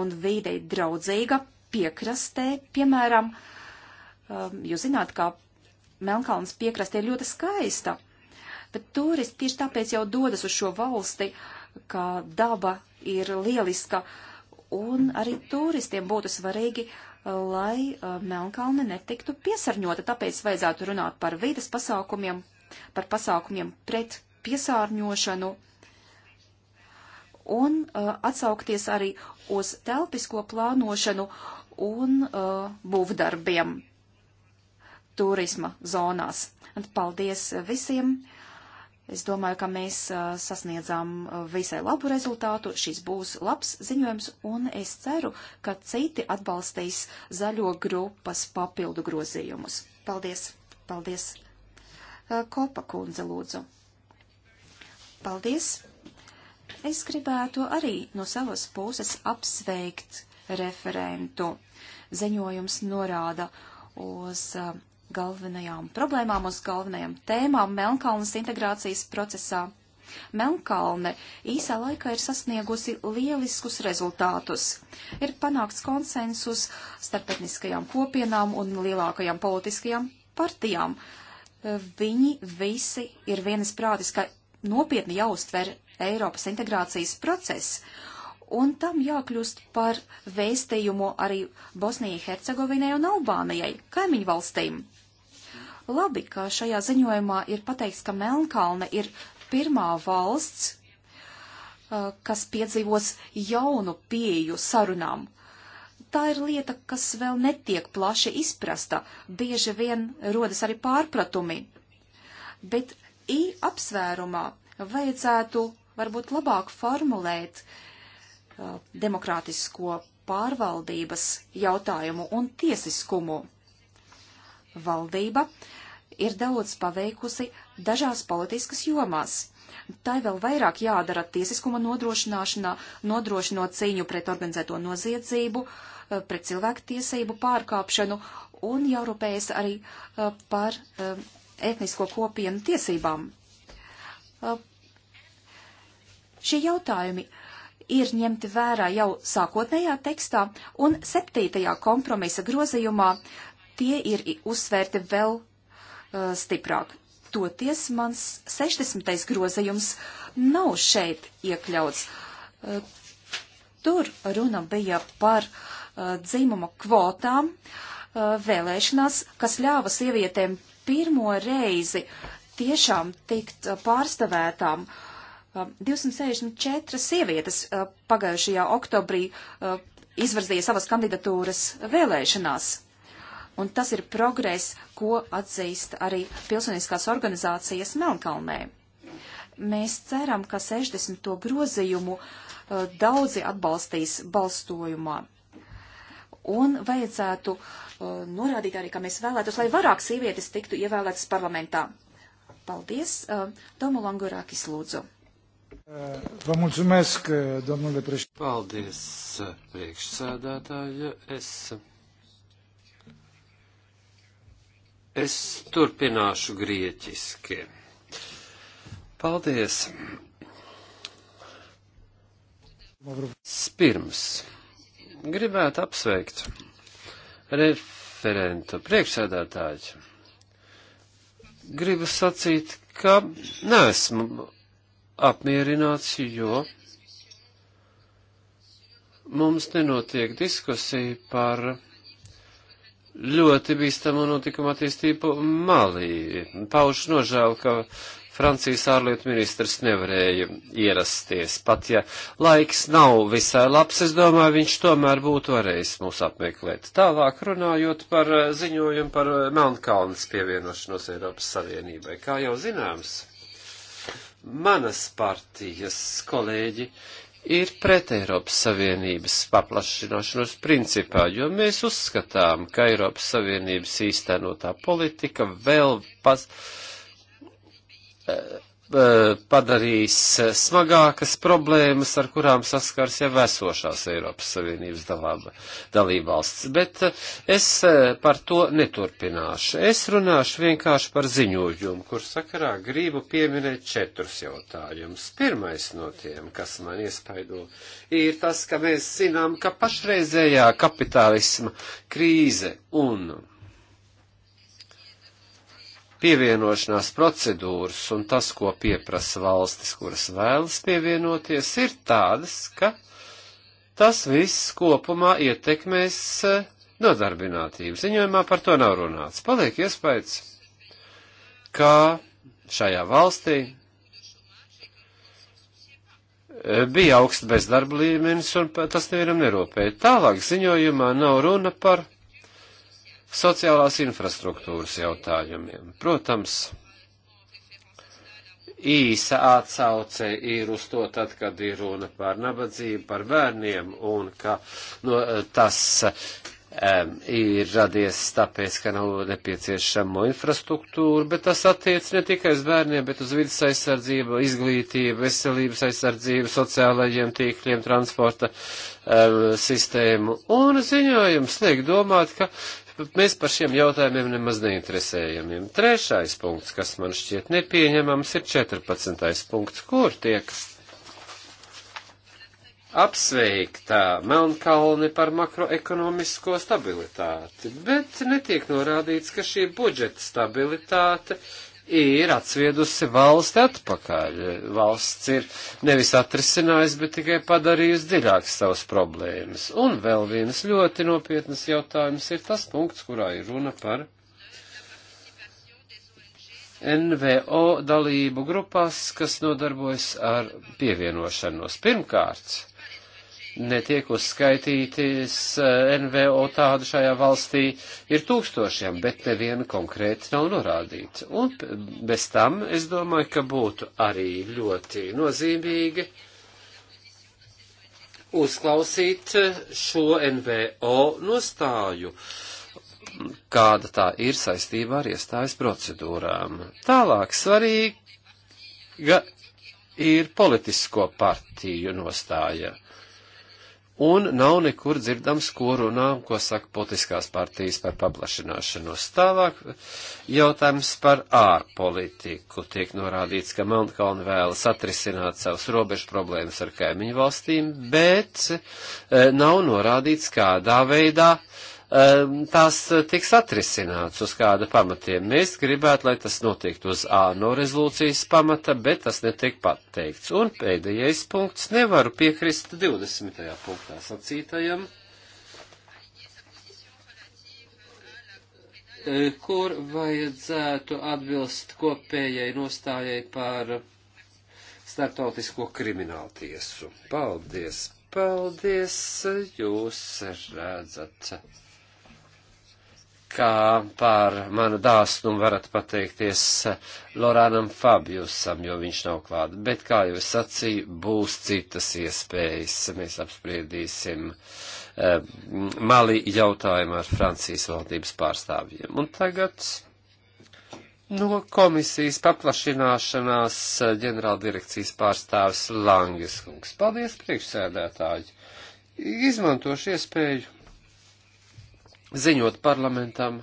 un videi draudzīga piekrastē, piemēram, um, jūs zināt, ka Melnkalnas piekraste ir ļoti skaista, bet turisti tieši tāpēc jau dodas uz šo valsti, ka daba ir lieliska, un arī turistiem būtu svarīgi, lai uh, Melnkalne netiktu piesārņota, tāpēc vajadzētu runāt par vides pasākumiem, par pasākumiem pret piesārņošanu un uh, atsaukties arī uz telpisko plānošanu un uh, būvdarbiem turisma zonās. Un paldies visiem! Es domāju, ka mēs uh, sasniedzām uh, visai labu rezultātu. Šis būs labs ziņojums, un es ceru, ka citi atbalstīs zaļo grupas papildu grozījumus. Paldies! Paldies! Uh, Kopa kundze lūdzu. Paldies! Es gribētu arī no savas puses apsveikt referentu. Ziņojums norāda uz uh, galvenajām problēmām, uz galvenajām tēmām Melnkalnes integrācijas procesā. Melnkalne īsā laikā ir sasniegusi lieliskus rezultātus. Ir panākts konsensus starp etniskajām kopienām un lielākajām politiskajām partijām. Viņi visi ir vienas prātis, ka nopietni jāuztver Eiropas integrācijas process, un tam jākļūst par vēstījumu arī Bosnijai, Hercegovinai un Albānijai, kaimiņu valstīm. Labi, ka šajā ziņojumā ir pateikts, ka Melnkalne ir pirmā valsts, uh, kas piedzīvos jaunu pieju sarunām. Tā ir lieta, kas vēl netiek plaši izprasta, bieži vien rodas arī pārpratumi. Bet i apsvērumā vajadzētu varbūt labāk formulēt uh, demokrātisko pārvaldības jautājumu un tiesiskumu. Valdība ir daudz paveikusi dažās politiskas jomās. Tā vēl vairāk jādara tiesiskuma nodrošināšanā, nodrošinot cīņu pret organizēto noziedzību, uh, pret cilvēku tiesību pārkāpšanu un jārūpējas arī uh, par uh, etnisko kopienu tiesībām. Šie jautājumi ir ņemti vērā jau sākotnējā tekstā un septītajā kompromisa grozījumā tie ir uzsvērti vēl uh, stiprāk. Toties mans 60. grozījums nav šeit iekļauts. Uh, tur runa bija par uh, dzimuma kvotām uh, vēlēšanās, kas ļāva sievietēm pirmo reizi tiešām tikt uh, pārstāvētām uh, 264 uh, sievietes uh, pagājušajā oktobrī uh, izvirzīja savas kandidatūras vēlēšanās. Un tas ir progress, ko atzīst arī pilsoniskās organizācijas Melnkalnē. Mēs ceram, ka 60. grozījumu daudzi atbalstīs balstojumā. Un vajadzētu norādīt arī, ka mēs vēlētos, lai vairāk sievietes tiktu ievēlētas parlamentā. Paldies, Tomu Langurākis lūdzu. Vă mulțumesc, domnule președinte. Paldies, priekšsēdētāja. Es, es turpināšu grieķiski. Paldies. Pirms gribētu apsveikt referentu priekšsēdētāju. Gribu sacīt, ka neesmu apmierināts, jo mums nenotiek diskusija par ļoti bīstamo notikumu attīstību Malī. Paušu nožēlu, ka Francijas ārlietu ministrs nevarēja ierasties. Pat ja laiks nav visai labs, es domāju, viņš tomēr būtu varējis mūs apmeklēt. Tālāk runājot par ziņojumu par Melnkalnes pievienošanos Eiropas Savienībai. Kā jau zināms, manas partijas kolēģi ir pret Eiropas Savienības paplašināšanos principā, jo mēs uzskatām, ka Eiropas Savienības īstenotā politika vēl pas, Eh, padarīs smagākas problēmas, ar kurām saskars jau esošās Eiropas Savienības dalāba, dalībvalsts. Bet eh, es eh, par to neturpināšu. Es runāšu vienkārši par ziņojumu, kur sakarā gribu pieminēt četrus jautājumus. Pirmais no tiem, kas man iespaido, ir tas, ka mēs zinām, ka pašreizējā kapitālisma krīze un pievienošanās procedūras un tas, ko pieprasa valstis, kuras vēlas pievienoties, ir tādas, ka tas viss kopumā ietekmēs eh, nodarbinātību. Ziņojumā par to nav runāts. Paliek iespējas, ka šajā valstī eh, bija augsts bezdarba līmenis un tas nevienam nerūpēja. Tālāk ziņojumā nav runa par sociālās infrastruktūras jautājumiem. Protams, īsa atsauce ir uz to tad, kad ir runa par nabadzību, par bērniem, un ka no, tas um, ir radies tāpēc, ka nav nepieciešamo infrastruktūru, bet tas attiec ne tikai uz bērniem, bet uz vidas aizsardzību, izglītību, veselības aizsardzību, sociālajiem tīkļiem, transporta um, sistēmu. Un ziņojums liek domāt, ka mēs par šiem jautājumiem nemaz neinteresējamiem. Trešais punkts, kas man šķiet nepieņemams, ir 14. punkts, kur tiek apsveiktā Melnkalni par makroekonomisko stabilitāti, bet netiek norādīts, ka šī budžeta stabilitāte uh, ir atsviedusi valsti atpakaļ. Valsts ir nevis atrisinājusi, bet tikai padarījusi dziļākas savas problēmas. Un vēl viens ļoti nopietnas jautājums ir tas punkts, kurā ir runa par NVO dalību grupās, kas nodarbojas ar pievienošanos. Pirmkārt, netiek uzskaitītas eh, NVO tādu šajā valstī ir tūkstošiem, bet neviena konkrēti nav norādīta. Un bez tam es domāju, ka būtu arī ļoti nozīmīgi uzklausīt eh, šo NVO nostāju, kāda tā ir saistībā ar iestājas procedūrām. Tālāk svarīga ir politisko partiju nostāja un nav nekur dzirdams, ko runā, ko saka politiskās partijas par paplašināšanos. Tālāk jautājums par ārpolitiku. Tiek norādīts, ka Melnkalna vēlas atrisināt savas robežu problēmas ar kaimiņu valstīm, bet e, nav norādīts, kādā veidā e, tās tiks atrisināts uz kāda pamatiem. Mēs gribētu, lai tas notiktu uz ANO rezolūcijas pamata, bet tas netiek pateikts. Un pēdējais punkts nevaru piekrist 20. punktā sacītajam, e, kur vajadzētu atbilst kopējai nostājai par starptautisko kriminālu tiesu. Paldies! Paldies! Jūs redzat! kā par manu dāsnumu varat pateikties Loranam Fabjusam, jo viņš nav klāt. Bet, kā jau es sacīju, būs citas iespējas. Mēs apspriedīsim eh, mali jautājumu ar Francijas valdības pārstāvjiem. Un tagad no komisijas paplašināšanās ģenerāldirekcijas pārstāvis Langis Kungs. Paldies, priekšsēdētāji! Izmantošu iespēju ziņot parlamentam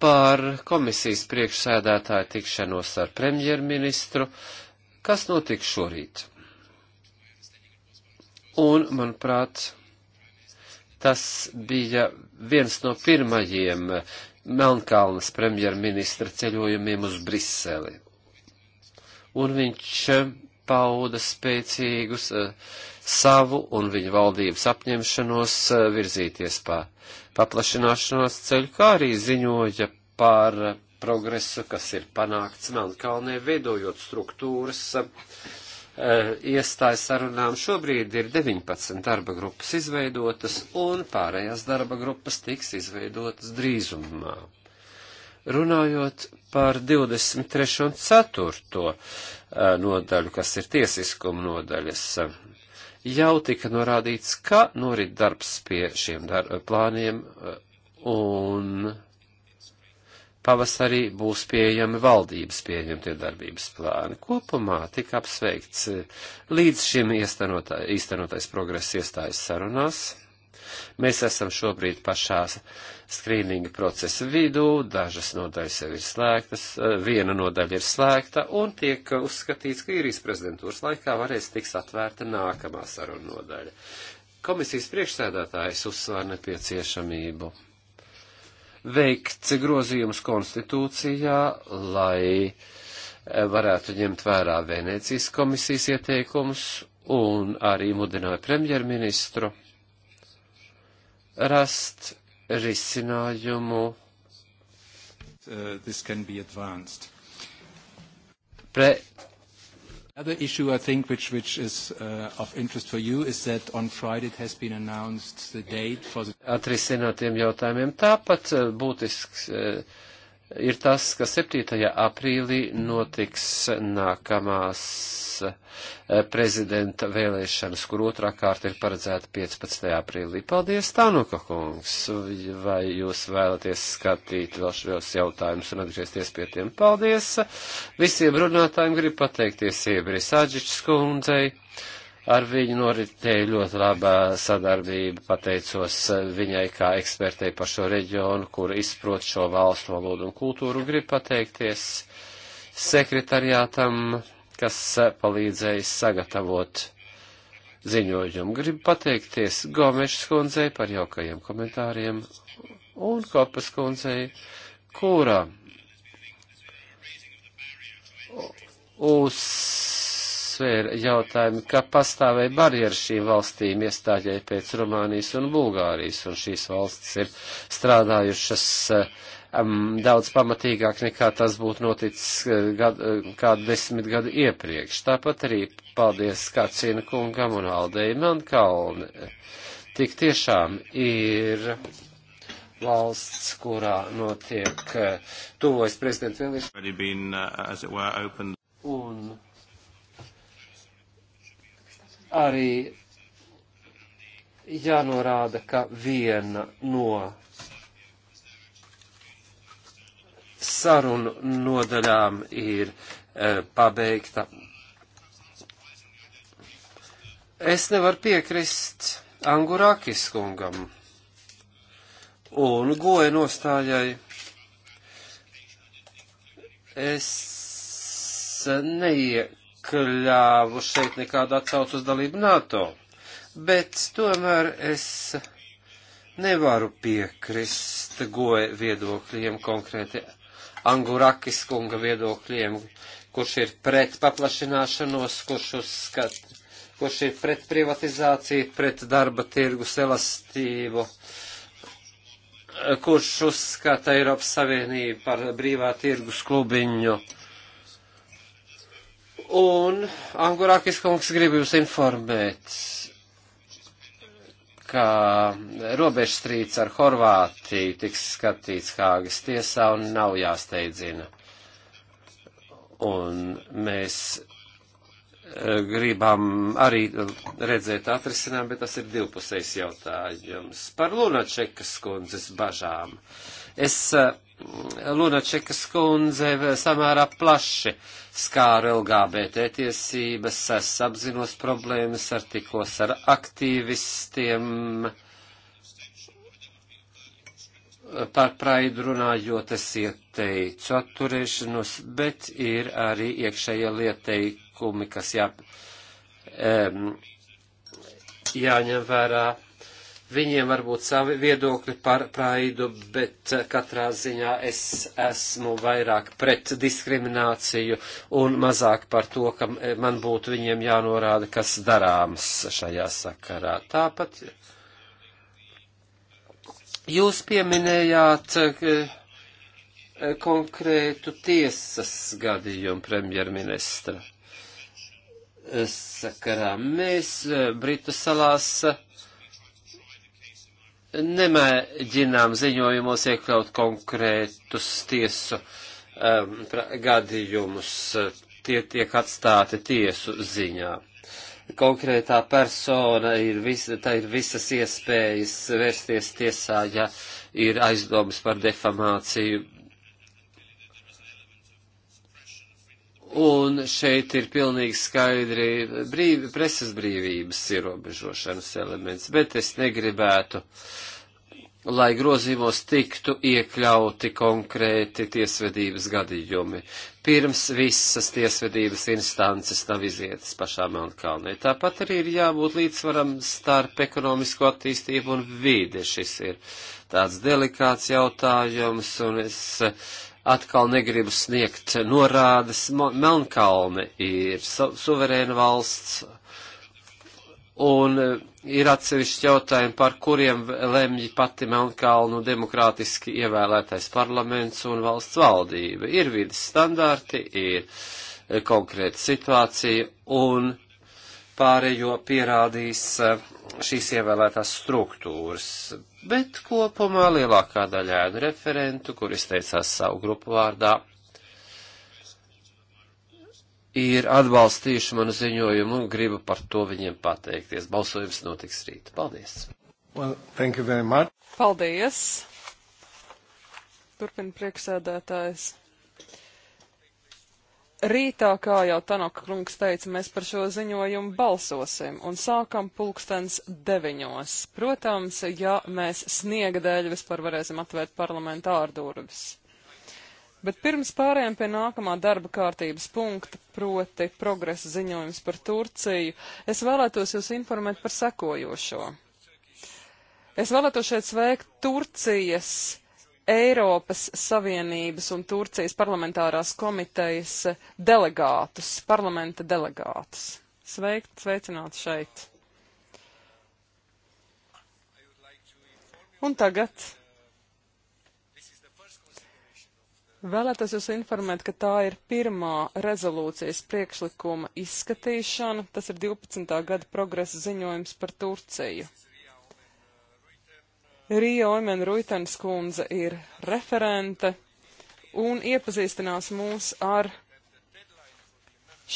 par komisijas priekšsēdētāju tikšanos ar premjerministru, kas notika šorīt. Un, manuprāt, tas bija viens no pirmajiem Melnkalnes premjerministra ceļojumiem uz Briseli. Un viņš pauda spēcīgus eh, savu un viņa valdības apņemšanos eh, virzīties pa paplašināšanās ceļu, kā arī ziņoja par progresu, kas ir panākts Melnkalnē, veidojot struktūras e, iestājas sarunām. Šobrīd ir 19 darba grupas izveidotas, un pārējās darba grupas tiks izveidotas drīzumā. Runājot par 23. un 4. Eh, nodaļu, kas ir tiesiskuma nodaļas jau tika norādīts, ka norit darbs pie šiem dar plāniem un pavasarī būs pieejami valdības pieņemtie darbības plāni. Kopumā tika apsveikts līdz šim īstenotais progress iestājas sarunās Mēs esam šobrīd pašā skrīninga procesa vidū, dažas nodaļas jau ir slēgtas, eh, viena nodaļa ir slēgta, un tiek uzskatīts, ka īrijas prezidentūras laikā varēs tiks atvērta nākamā saruna nodaļa. Komisijas priekšsēdētājs uzsvēra nepieciešamību veikt grozījumus konstitūcijā, lai eh, varētu ņemt vērā Vēnēcijas komisijas ieteikumus un arī mudināja premjerministru rast risinājumu. Uh, Pre Another issue I think which, which is uh, of interest for you is that on Friday it has been announced the date for the... Atrisinātiem jautājumiem tāpat uh, būtisks uh, ir tas, ka 7. aprīlī notiks nākamās eh, prezidenta vēlēšanas, kur otrā kārta ir paredzēta 15. aprīlī. Paldies, Tanuka kungs! Vai jūs vēlaties skatīt vēl šos jautājumus un atgriezties pie tiem? Paldies! Visiem runātājiem gribu pateikties Iebris Aģičs kundzei. Ar viņu noritēja ļoti labā sadarbība, pateicos viņai kā ekspertei par šo reģionu, kur izprot šo valstu valodu un kultūru. Gribu pateikties sekretariātam, kas palīdzēja sagatavot ziņojumu. Gribu pateikties Gomešas kundzei par jaukajiem komentāriem un Kopas kundzei, kurā uz uzsvēra jautājumu, ka pastāvēja barjeras šīm valstīm iestāģai pēc Rumānijas un Bulgārijas, un šīs valstis ir strādājušas um, daudz pamatīgāk nekā tas būtu noticis eh, gadu, eh, kādu desmit gadu iepriekš. Tāpat arī paldies Kacina kungam un Aldei Mankalne. Tik tiešām ir valsts, kurā notiek tuvojas prezidenta vēlēšanas. Un arī jānorāda, ka viena no sarunu nodaļām ir e, pabeigta. Es nevaru piekrist Angurākis kungam un goja nostājai. Es neiek neiekļāvu šeit nekādu atsaucu uz dalību NATO, bet tomēr es nevaru piekrist goja viedokļiem, konkrēti Angurakis kunga viedokļiem, kurš ir pret paplašināšanos, kurš uzskata, kurš ir pret privatizāciju, pret darba tirgus elastību, kurš uzskata Eiropas Savienību par brīvā tirgus klubiņu Un Angurākis kungs grib jūs informēt, ka robežstrīds ar Horvātiju tiks skatīts Hāgas tiesā un nav jāsteidzina. Un mēs eh, gribam arī redzēt atrisinām, bet tas ir divpusējs jautājums. Par Lunačekas kundzes bažām. Es uh, Lunačekas kundze samērā plaši skāra LGBT tiesības, es apzinos problēmas ar tikos ar aktīvistiem, par praidu runājot es ieteicu atturēšanos, bet ir arī iekšējie lieteikumi, kas jā, um, jāņem vērā Viņiem var būt savi viedokļi par praidu, bet eh, katrā ziņā es esmu vairāk pret diskrimināciju un mazāk par to, ka eh, man būtu viņiem jānorāda, kas darāms šajā sakarā. Tāpat jūs pieminējāt eh, konkrētu tiesas gadījumu premjerministra sakarā. Mēs Britu salās nemēģinām ziņojumos iekļaut konkrētus tiesu um, gadījumus. Tie tiek atstāti tiesu ziņā. Konkrētā persona ir, vis, ir visas iespējas vērsties tiesā, ja ir aizdomas par defamāciju, Un šeit ir pilnīgi skaidri brīvi, preses brīvības ierobežošanas elements, bet es negribētu, lai grozījumos tiktu iekļauti konkrēti tiesvedības gadījumi, pirms visas tiesvedības instances nav izietas pašā Melnkalnē. Tāpat arī ir jābūt līdzsvaram starp ekonomisko attīstību un vīde. Šis ir tāds delikāts jautājums, un es atkal negrib sniegt norādes. Melnkalne ir suverēna valsts, un e, ir atsevišķi jautājumi, par kuriem lemj pati Melnkalnu demokrātiski ievēlētais parlaments un valsts valdība. Ir vidas standarti, ir e, konkrēta situācija, un pārējo pierādīs uh, šīs ievēlētās struktūras, bet kopumā lielākā daļa ēnu referentu, kur izteicās savu grupu vārdā, ir atbalstījuši manu ziņojumu un gribu par to viņiem pateikties. Balsojums notiks rīt. Paldies! Well, thank you very much. Paldies! Turpin priekšsēdētājs. Rītā, kā jau Tanaka kungs teica, mēs par šo ziņojumu balsosim un sākam pulkstens deviņos. Protams, ja mēs sniega dēļ vispār varēsim atvērt parlamentu ārdurvis. Bet pirms pārējām pie nākamā darba kārtības punkta, proti progresa ziņojums par Turciju, es vēlētos jūs informēt par sekojošo. Es vēlētos šeit sveikt Turcijas Eiropas Savienības un Turcijas parlamentārās komitejas delegātus, parlamenta delegātus. Sveikt, sveicināt šeit. Un tagad Vēlētos jūs informēt, ka tā ir pirmā rezolūcijas priekšlikuma izskatīšana. Tas ir 12. gada progresa ziņojums par Turciju. Rija Oimen Ruitens kundze ir referente un iepazīstinās mūs ar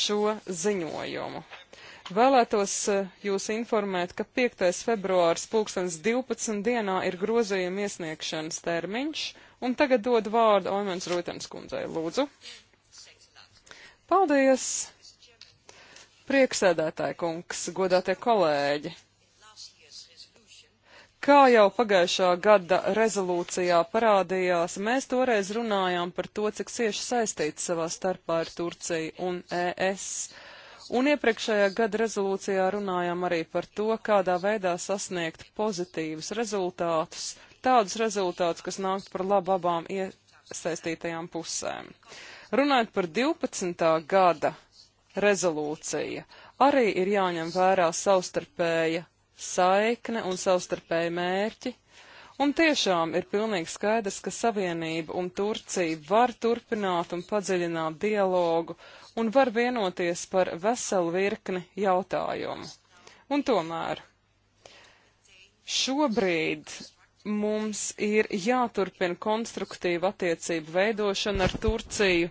šo ziņojumu. Vēlētos eh, jūs informēt, ka 5. februārs 2012. dienā ir grozījuma iesniegšanas termiņš, un tagad dod vārdu Oimens Rūtens kundzei. Lūdzu. Paldies! Prieksēdētāji kungs, godātie kolēģi! Kā jau pagājušā gada rezolūcijā parādījās, mēs toreiz runājām par to, cik cieši saistīts savā starpā ir Turcija un ES. Un iepriekšējā gada rezolūcijā runājām arī par to, kādā veidā sasniegt pozitīvus rezultātus, tādus rezultātus, kas nākt par labu abām iesaistītajām pusēm. Runājot par 12. gada rezolūciju, arī ir jāņem vērā savstarpēja saikne un savstarpēji mērķi. Un tiešām ir pilnīgi skaidrs, ka Savienība un Turcija var turpināt un padziļināt dialogu un var vienoties par veselu virkni jautājumu. Un tomēr šobrīd mums ir jāturpina konstruktīva attiecība veidošana ar Turciju,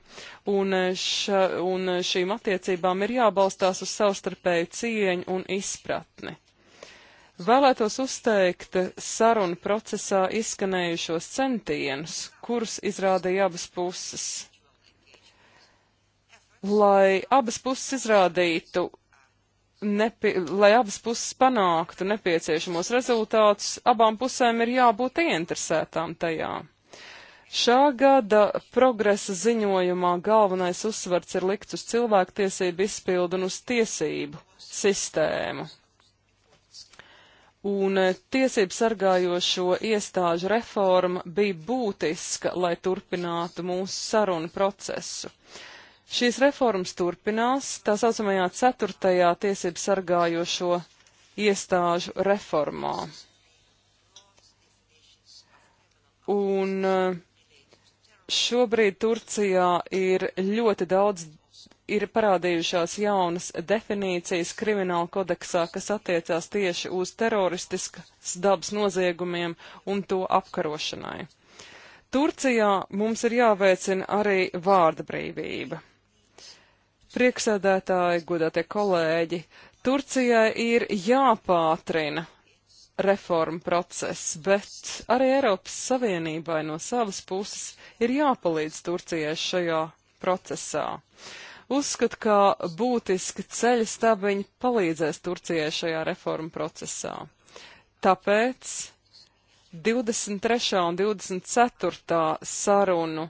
un, ša, un šīm attiecībām ir jābalstās uz savstarpēju cieņu un izpratni. Vēlētos uzteikt sarunu procesā izskanējušos centienus, kurus izrādīja abas puses. Lai abas puses izrādītu, nepi, lai abas puses panāktu nepieciešamos rezultātus, abām pusēm ir jābūt ieinteresētām tajā. Šā gada progresa ziņojumā galvenais uzsvars ir likts uz cilvēktiesību izpildu un uz tiesību sistēmu un eh, tiesību sargājošo iestāžu reforma bija būtiska, lai turpinātu mūsu sarunu procesu. Šīs reformas turpinās tā saucamajā ceturtajā tiesību sargājošo iestāžu reformā. Un eh, šobrīd Turcijā ir ļoti daudz ir parādījušās jaunas definīcijas krimināla kodeksā, kas attiecās tieši uz teroristiskas dabas noziegumiem un to apkarošanai. Turcijā mums ir jāveicina arī vārda brīvība. Prieksēdētāji, godātie kolēģi, Turcijai ir jāpātrina reformu process, bet arī Eiropas Savienībai no savas puses ir jāpalīdz Turcijai šajā procesā. Uh, Uzskatu, ka būtiski ceļa stabiņi palīdzēs Turcijai šajā reformu procesā. Tāpēc 23. un 24. sarunu,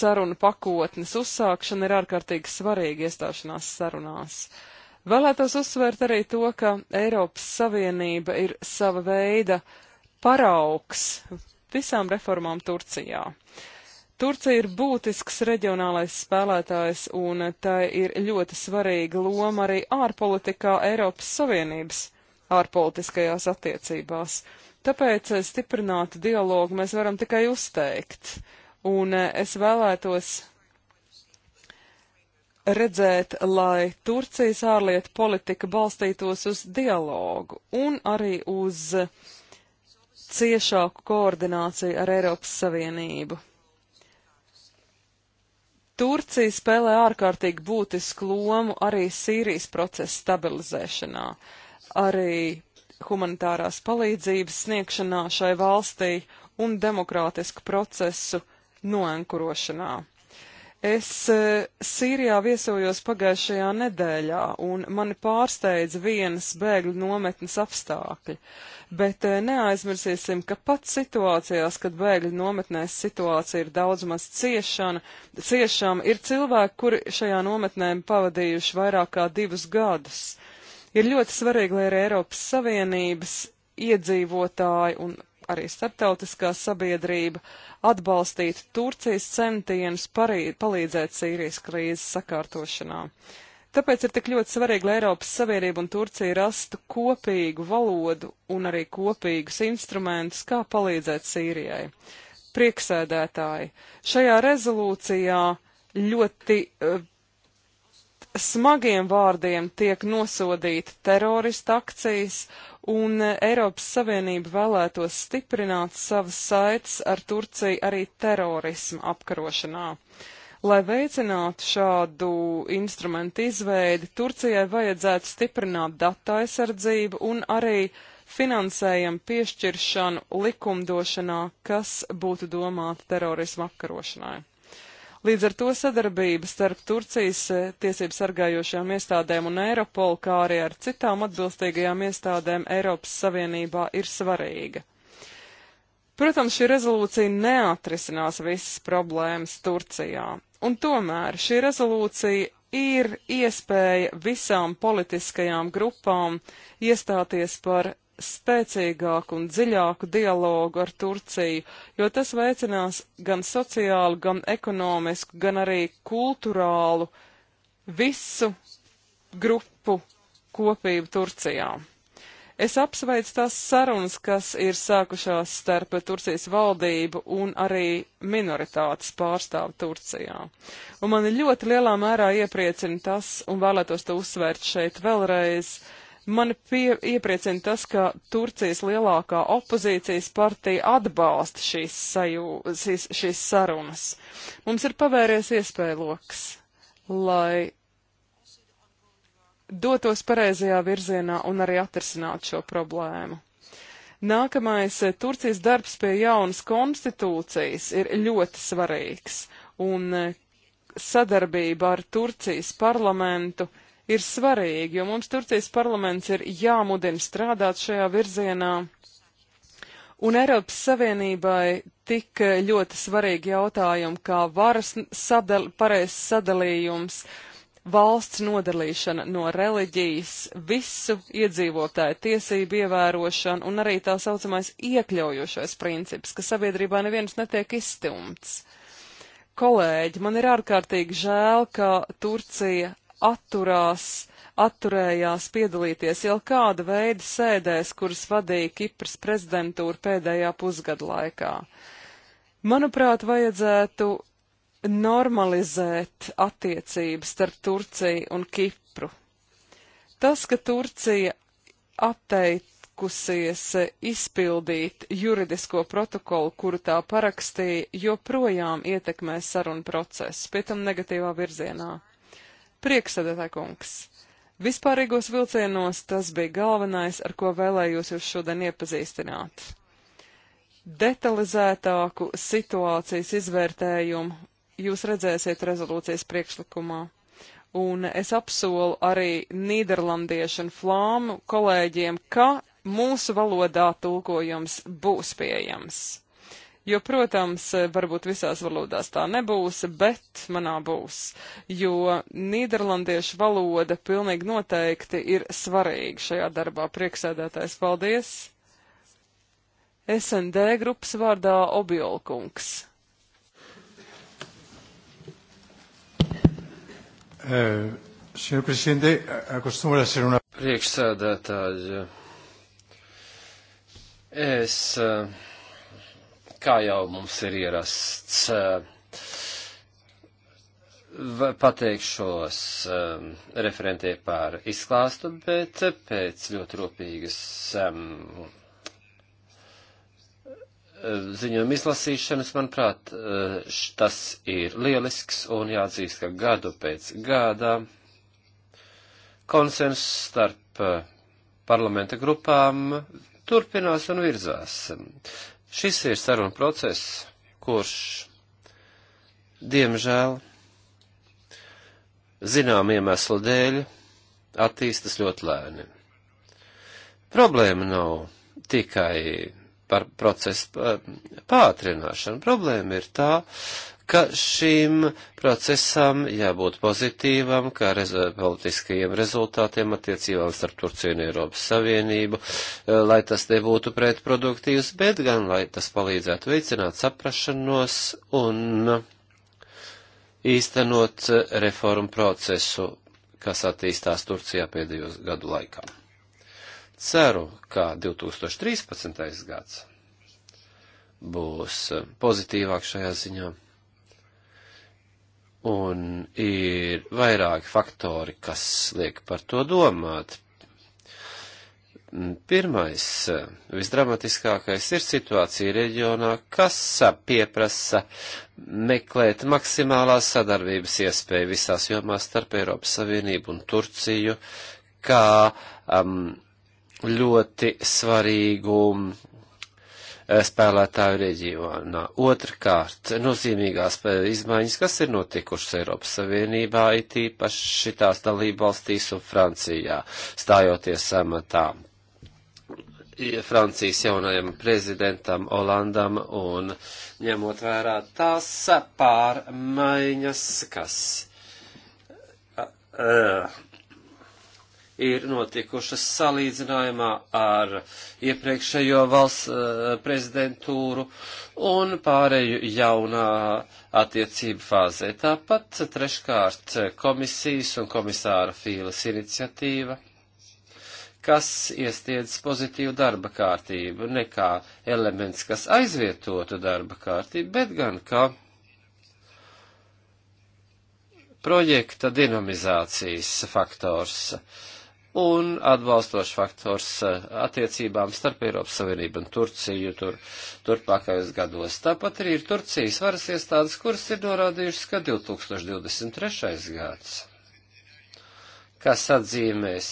sarunu pakotnes uzsākšana ir ārkārtīgi svarīga iestāšanās sarunās. Vēlētos uzsvērt arī to, ka Eiropas Savienība ir sava veida paraugs visām reformām Turcijā. Uh, Turcija ir būtisks reģionālais spēlētājs, un tai ir ļoti svarīga loma arī ārpolitikā Eiropas Savienības ārpolitiskajās attiecībās. Tāpēc eh, stiprināt dialogu mēs varam tikai uzteikt, un eh, es vēlētos redzēt, lai Turcijas ārlietu politika balstītos uz dialogu un arī uz ciešāku koordināciju ar Eiropas Savienību. Turcija spēlē ārkārtīgi būtisku lomu arī Sīrijas procesa stabilizēšanā, arī humanitārās palīdzības sniegšanā šai valstī un demokrātisku procesu noenkurošanā. Es eh, Sīrijā viesojos pagājušajā nedēļā, un mani pārsteidza vienas bēgļu nometnes apstākļi. Bet eh, neaizmirsīsim, ka pat situācijās, kad bēgļu nometnēs situācija ir daudz maz ciešana, ciešama, ir cilvēki, kuri šajā nometnē pavadījuši vairāk kā divus gadus. Ir ļoti svarīgi, lai arī Eiropas Savienības iedzīvotāji un arī starptautiskā sabiedrība atbalstītu Turcijas centienus palīdzēt Sīrijas krīzes sakārtošanā. Tāpēc ir tik ļoti svarīgi, lai Eiropas Savienība un Turcija rastu kopīgu valodu un arī kopīgus instrumentus, kā palīdzēt Sīrijai. Prieksēdētāji, šajā rezolūcijā ļoti uh, smagiem vārdiem tiek nosodīta terorista akcijas, un Eiropas Savienība vēlētos stiprināt savas saites ar Turciju arī terorismu apkarošanā. Lai veicinātu šādu instrumentu izveidi, Turcijai vajadzētu stiprināt datu aizsardzību un arī finansējumu piešķiršanu likumdošanā, kas būtu domāta terorismu apkarošanai. Līdz ar to sadarbība starp Turcijas eh, tiesību sargājošajām iestādēm un Eiropolu, kā arī ar citām atbilstīgajām iestādēm Eiropas Savienībā ir svarīga. Protams, šī rezolūcija neatrisinās visas problēmas Turcijā, un tomēr šī rezolūcija ir iespēja visām politiskajām grupām iestāties par spēcīgāku un dziļāku dialogu ar Turciju, jo tas veicinās gan sociālu, gan ekonomisku, gan arī kulturālu visu grupu kopību Turcijā. Es apsveicu tās sarunas, kas ir sākušās starp Turcijas valdību un arī minoritātes pārstāvu Turcijā. Un mani ļoti lielā mērā iepriecina tas, un vēlētos to uzsvērt šeit vēlreiz, uh, Mani pie, iepriecina tas, ka Turcijas lielākā opozīcijas partija atbalsta šīs, sajū, šīs, šīs sarunas. Mums ir pavēries iespējloks, lai dotos pareizajā virzienā un arī atrisināt šo problēmu. Nākamais eh, Turcijas darbs pie jaunas konstitūcijas ir ļoti svarīgs, un eh, sadarbība ar Turcijas parlamentu ir svarīgi, jo mums Turcijas parlaments ir jāmudina strādāt šajā virzienā. Un Eiropas Savienībai tik ļoti svarīgi jautājumi kā varas sadal pareizs sadalījums, valsts nodalīšana no reliģijas, visu iedzīvotāju tiesību ievērošana un arī tā saucamais iekļaujošais princips, ka sabiedrībā neviens netiek izstumts kolēģi, man ir ārkārtīgi žēl, ka Turcija atturās, atturējās piedalīties jau kāda veida sēdēs, kuras vadīja Kipras prezidentūra pēdējā pusgada laikā. Manuprāt, vajadzētu normalizēt attiecības starp Turciju un Kipru. Tas, ka Turcija atteikusies izpildīt juridisko protokolu, kuru tā parakstīja, joprojām ietekmē sarunu procesu, pie tam negatīvā virzienā. Prieksēdētāj kungs! Vispārīgos vilcienos tas bija galvenais, ar ko vēlējos jūs šodien iepazīstināt. Detalizētāku situācijas izvērtējumu jūs redzēsiet rezolūcijas priekšlikumā. Un es apsolu arī nīderlandiešu un flāmu kolēģiem, ka mūsu valodā tulkojums būs pieejams. Jo, protams, varbūt visās valodās tā nebūs, bet manā būs, jo nīderlandiešu valoda pilnīgi noteikti ir svarīga šajā darbā. Prieksēdētājs, paldies! SND grupas vārdā Objolkungs. Uh, eh, una... Priekšsēdētāji, es uh, kā jau mums ir ierasts, eh, pateikšos eh, referentē par izklāstu, bet pēc ļoti rūpīgas eh, ziņojuma izlasīšanas, manuprāt, tas ir lielisks un jāatzīst, ka gadu pēc gada konsens starp parlamenta grupām turpinās un virzās. Šis ir saruna process, kurš, diemžēl, zinām iemeslu dēļ, attīstas ļoti lēni. Problēma nav tikai par procesu pātrināšanu. Problēma ir tā, ka šim procesam jābūt pozitīvam, kā rez politiskajiem rezultātiem attiecībām starp Turciju un Eiropas Savienību, eh, lai tas nebūtu pretproduktīvs, bet gan lai tas palīdzētu veicināt saprašanos un īstenot eh, reformu procesu, kas attīstās Turcijā pēdējos gadu laikā. Ceru, ka 2013. gads būs eh, pozitīvāk šajā ziņā. Un ir vairāki faktori, kas liek par to domāt. Pirmais, visdramatiskākais ir situācija reģionā, kas pieprasa meklēt maksimālās sadarbības iespēju visās jomās starp Eiropas Savienību un Turciju, kā um, ļoti svarīgu spēlētāju reģionā. Otrkārt, nozīmīgās eh, izmaiņas, kas ir notikušas Eiropas Savienībā, it īpaši šitās dalībvalstīs un Francijā, stājoties samatā. Francijas jaunajam prezidentam Olandam un ņemot vērā tās pārmaiņas, kas. Uh, uh, ir notikušas salīdzinājumā ar iepriekšējo valsts eh, prezidentūru un pārēju jaunā attiecību fāzē. Tāpat treškārt komisijas un komisāra Fīlas iniciatīva kas iestiedz pozitīvu darba kārtību, ne kā elements, kas aizvietotu darba kārtību, bet gan kā projekta dinamizācijas faktors. Uh, un atbalstošs faktors eh, attiecībām starp Eiropas Savienību un Turciju tur, turpākajos gados. Tāpat arī ir Turcijas varas iestādes, kuras ir norādījušas, ka 2023. gads, kas atzīmēs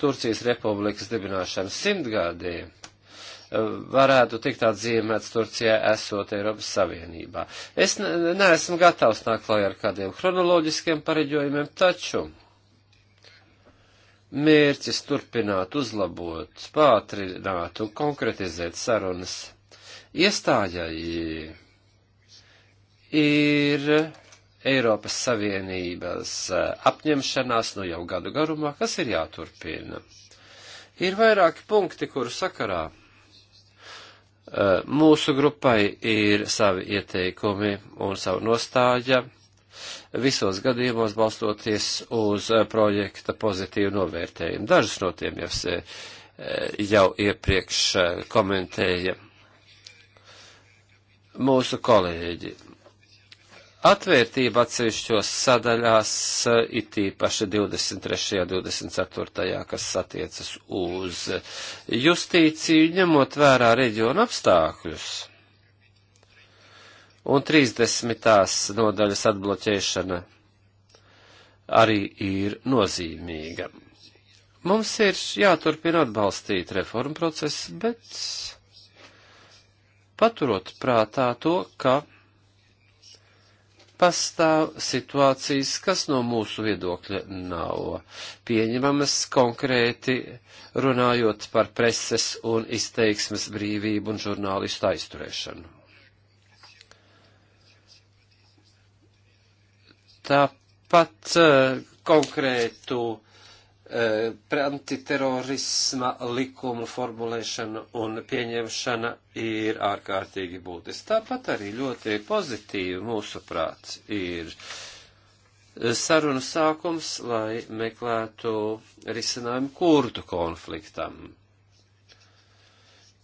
Turcijas republikas dibināšanas simtgādī, eh, varētu tikt atzīmēts Turcijā esot Eiropas Savienībā. Es neesmu gatavs nākt klajā ar kādiem chronoloģiskiem pareģojumiem, taču mērķis turpināt, uzlabot, pātrināt un konkretizēt sarunas iestājai ir Eiropas Savienības e, apņemšanās nu jau gadu garumā, kas ir jāturpina. Ir vairāki punkti, kuru sakarā e, mūsu grupai ir savi ieteikumi un savu nostāja visos gadījumos balstoties uz eh, projekta pozitīvu novērtējumu. Dažas no tiem jau, se, eh, jau iepriekš eh, komentēja mūsu kolēģi. Atvērtība atsevišķos sadaļās, it īpaši 23. un 24. kas attiecas uz justīciju, ņemot vērā reģionu apstākļus un 30. nodaļas atbloķēšana arī ir nozīmīga. Mums ir jāturpina atbalstīt reformu procesu, bet paturot prātā to, ka pastāv situācijas, kas no mūsu viedokļa nav pieņemamas konkrēti runājot par preses un izteiksmes brīvību un žurnālistu aizturēšanu. tāpat eh, konkrētu eh, antiterorisma likumu formulēšana un pieņemšana ir ārkārtīgi būtiski. Tāpat arī ļoti pozitīvi mūsuprāt ir eh, sarunu sākums, lai meklētu risinājumu kurdu konfliktam,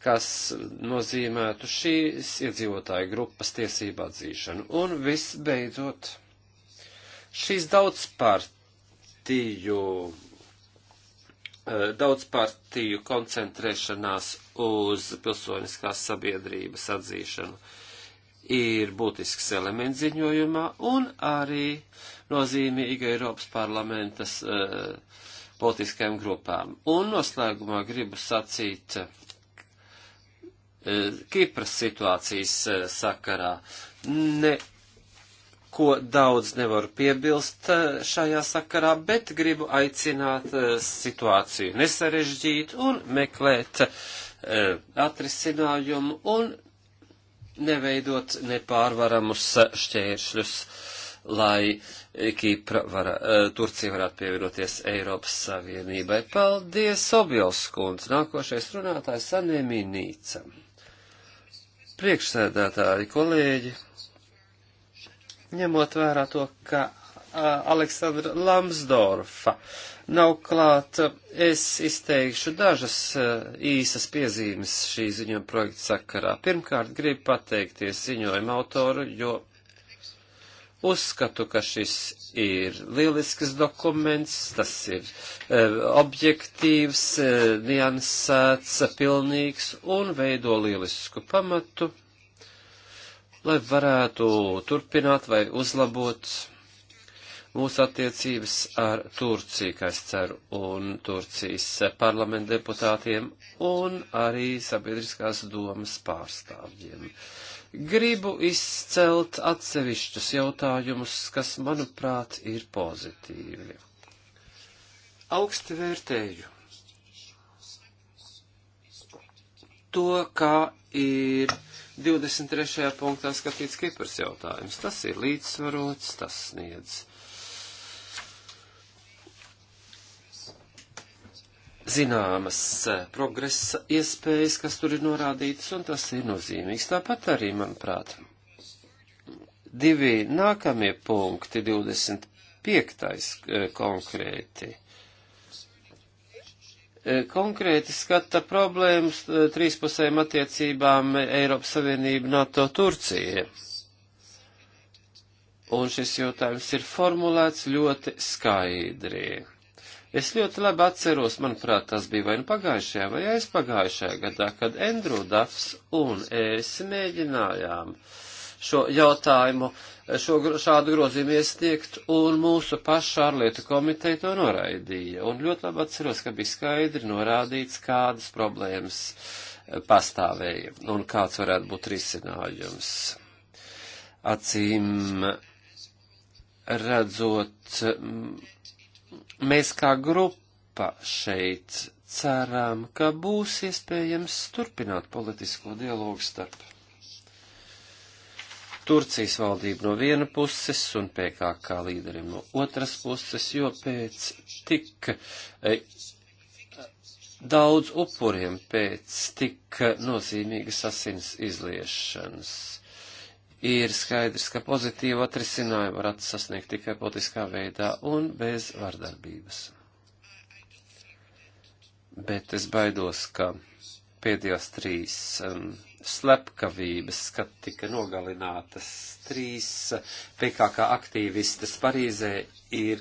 kas nozīmētu šīs iedzīvotāju grupas tiesību atzīšanu. Un visbeidzot, Šīs daudzpartiju, eh, daudzpartiju koncentrēšanās uz pilsoniskās sabiedrības atzīšanu ir būtisks elements ziņojumā un arī nozīmīga Eiropas parlamentas uh, politiskajām grupām. Un noslēgumā gribu sacīt uh, Kipras situācijas uh, sakarā. Ne ko daudz nevaru piebilst eh, šajā sakarā, bet gribu aicināt eh, situāciju nesarežģīt un meklēt eh, atrisinājumu un neveidot nepārvaramus šķēršļus, lai Kīpra var, Turcija varētu pievienoties Eiropas Savienībai. Paldies, Objelskunds! Nākošais runātājs Sanēmī Nīca. Priekšsēdētāji, kolēģi! ņemot vērā to, ka Aleksandra Lamsdorfa nav klāt, es izteikšu dažas īsas piezīmes šī ziņojuma projekta sakarā. Pirmkārt, gribu pateikties ziņojuma autoru, jo uzskatu, ka šis ir lielisks dokuments, tas ir e, objektīvs, e, niansēts, pilnīgs un veido lielisku pamatu lai varētu turpināt vai uzlabot mūsu attiecības ar Turciju, kā es ceru, un Turcijas parlamenta deputātiem un arī sabiedriskās domas pārstāvjiem. Gribu izcelt atsevišķus jautājumus, kas, manuprāt, ir pozitīvi. Augsti vērtēju to, kā ir 23. punktā skatīts Kipras jautājums. Tas ir līdzsvarots, tas sniedz. Zināmas eh, progresa iespējas, kas tur ir norādītas, un tas ir nozīmīgs. Tāpat arī, manuprāt, divi nākamie punkti, 25. Eh, konkrēti E, konkrēti skata problēmas e, trīspusējām attiecībām Eiropas Savienība, NATO, Turcija. Un šis jautājums ir formulēts ļoti skaidri. Es ļoti labi atceros, manuprāt, tas bija vai nu pagājušajā vai aizpagājušajā gadā, kad Endrū Dafs un es mēģinājām uh, šo jautājumu, šo, šādu grozījumu iesniegt, un mūsu paša ārlietu komiteja to noraidīja. Un ļoti labi atceros, ka bija skaidri norādīts, kādas problēmas e, pastāvēja un kāds varētu būt risinājums. Acīm redzot, mēs kā grupa šeit ceram, ka būs iespējams turpināt politisko dialogu starp Turcijas valdību no viena puses un PKK līderiem no otras puses, jo pēc tik e, daudz upuriem, pēc tik nozīmīgas asins izliešanas. Ir skaidrs, ka pozitīvu atrisinājumu var atsasniegt tikai politiskā veidā un bez vardarbības. Bet es baidos, ka pēdējās trīs um, slepkavības, kad tika nogalinātas trīs uh, PKK aktīvistas Parīzē, ir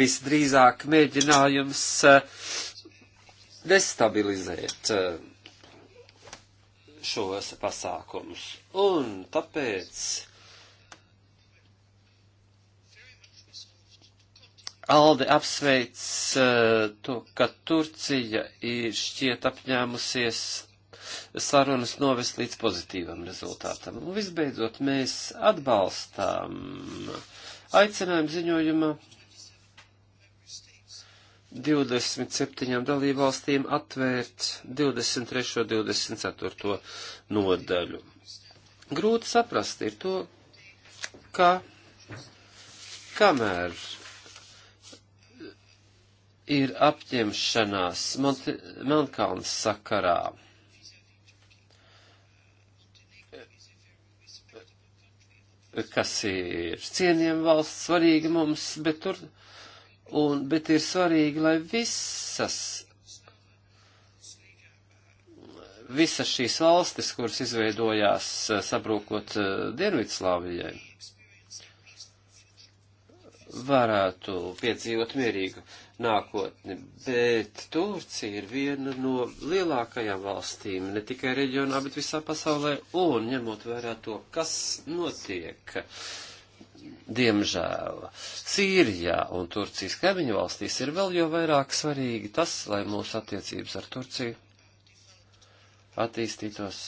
visdrīzāk mēģinājums uh, destabilizēt uh, šos pasākumus. Un tāpēc Alde apsveic eh, to, ka Turcija ir šķiet apņēmusies sarunas novest līdz pozitīvam rezultātam. Un visbeidzot, mēs atbalstām aicinājumu ziņojumā 27 dalībvalstīm atvērt 23. un 24. nodaļu. Grūti saprast ir to, ka kamēr ir apņemšanās Melnkalnas sakarā. kas ir cieniem valsts svarīgi mums, bet tur, un, bet ir svarīgi, lai visas, visas šīs valstis, kuras izveidojās sabrūkot eh, Dienvidslāvijai, varētu piedzīvot mierīgu uh, nākotni, bet Turcija ir viena no lielākajām valstīm, ne tikai reģionā, bet visā pasaulē, un ņemot vērā to, kas notiek, diemžēl, Sīrijā un Turcijas kaimiņu valstīs ir vēl jau vairāk svarīgi tas, lai mūsu attiecības ar Turciju attīstītos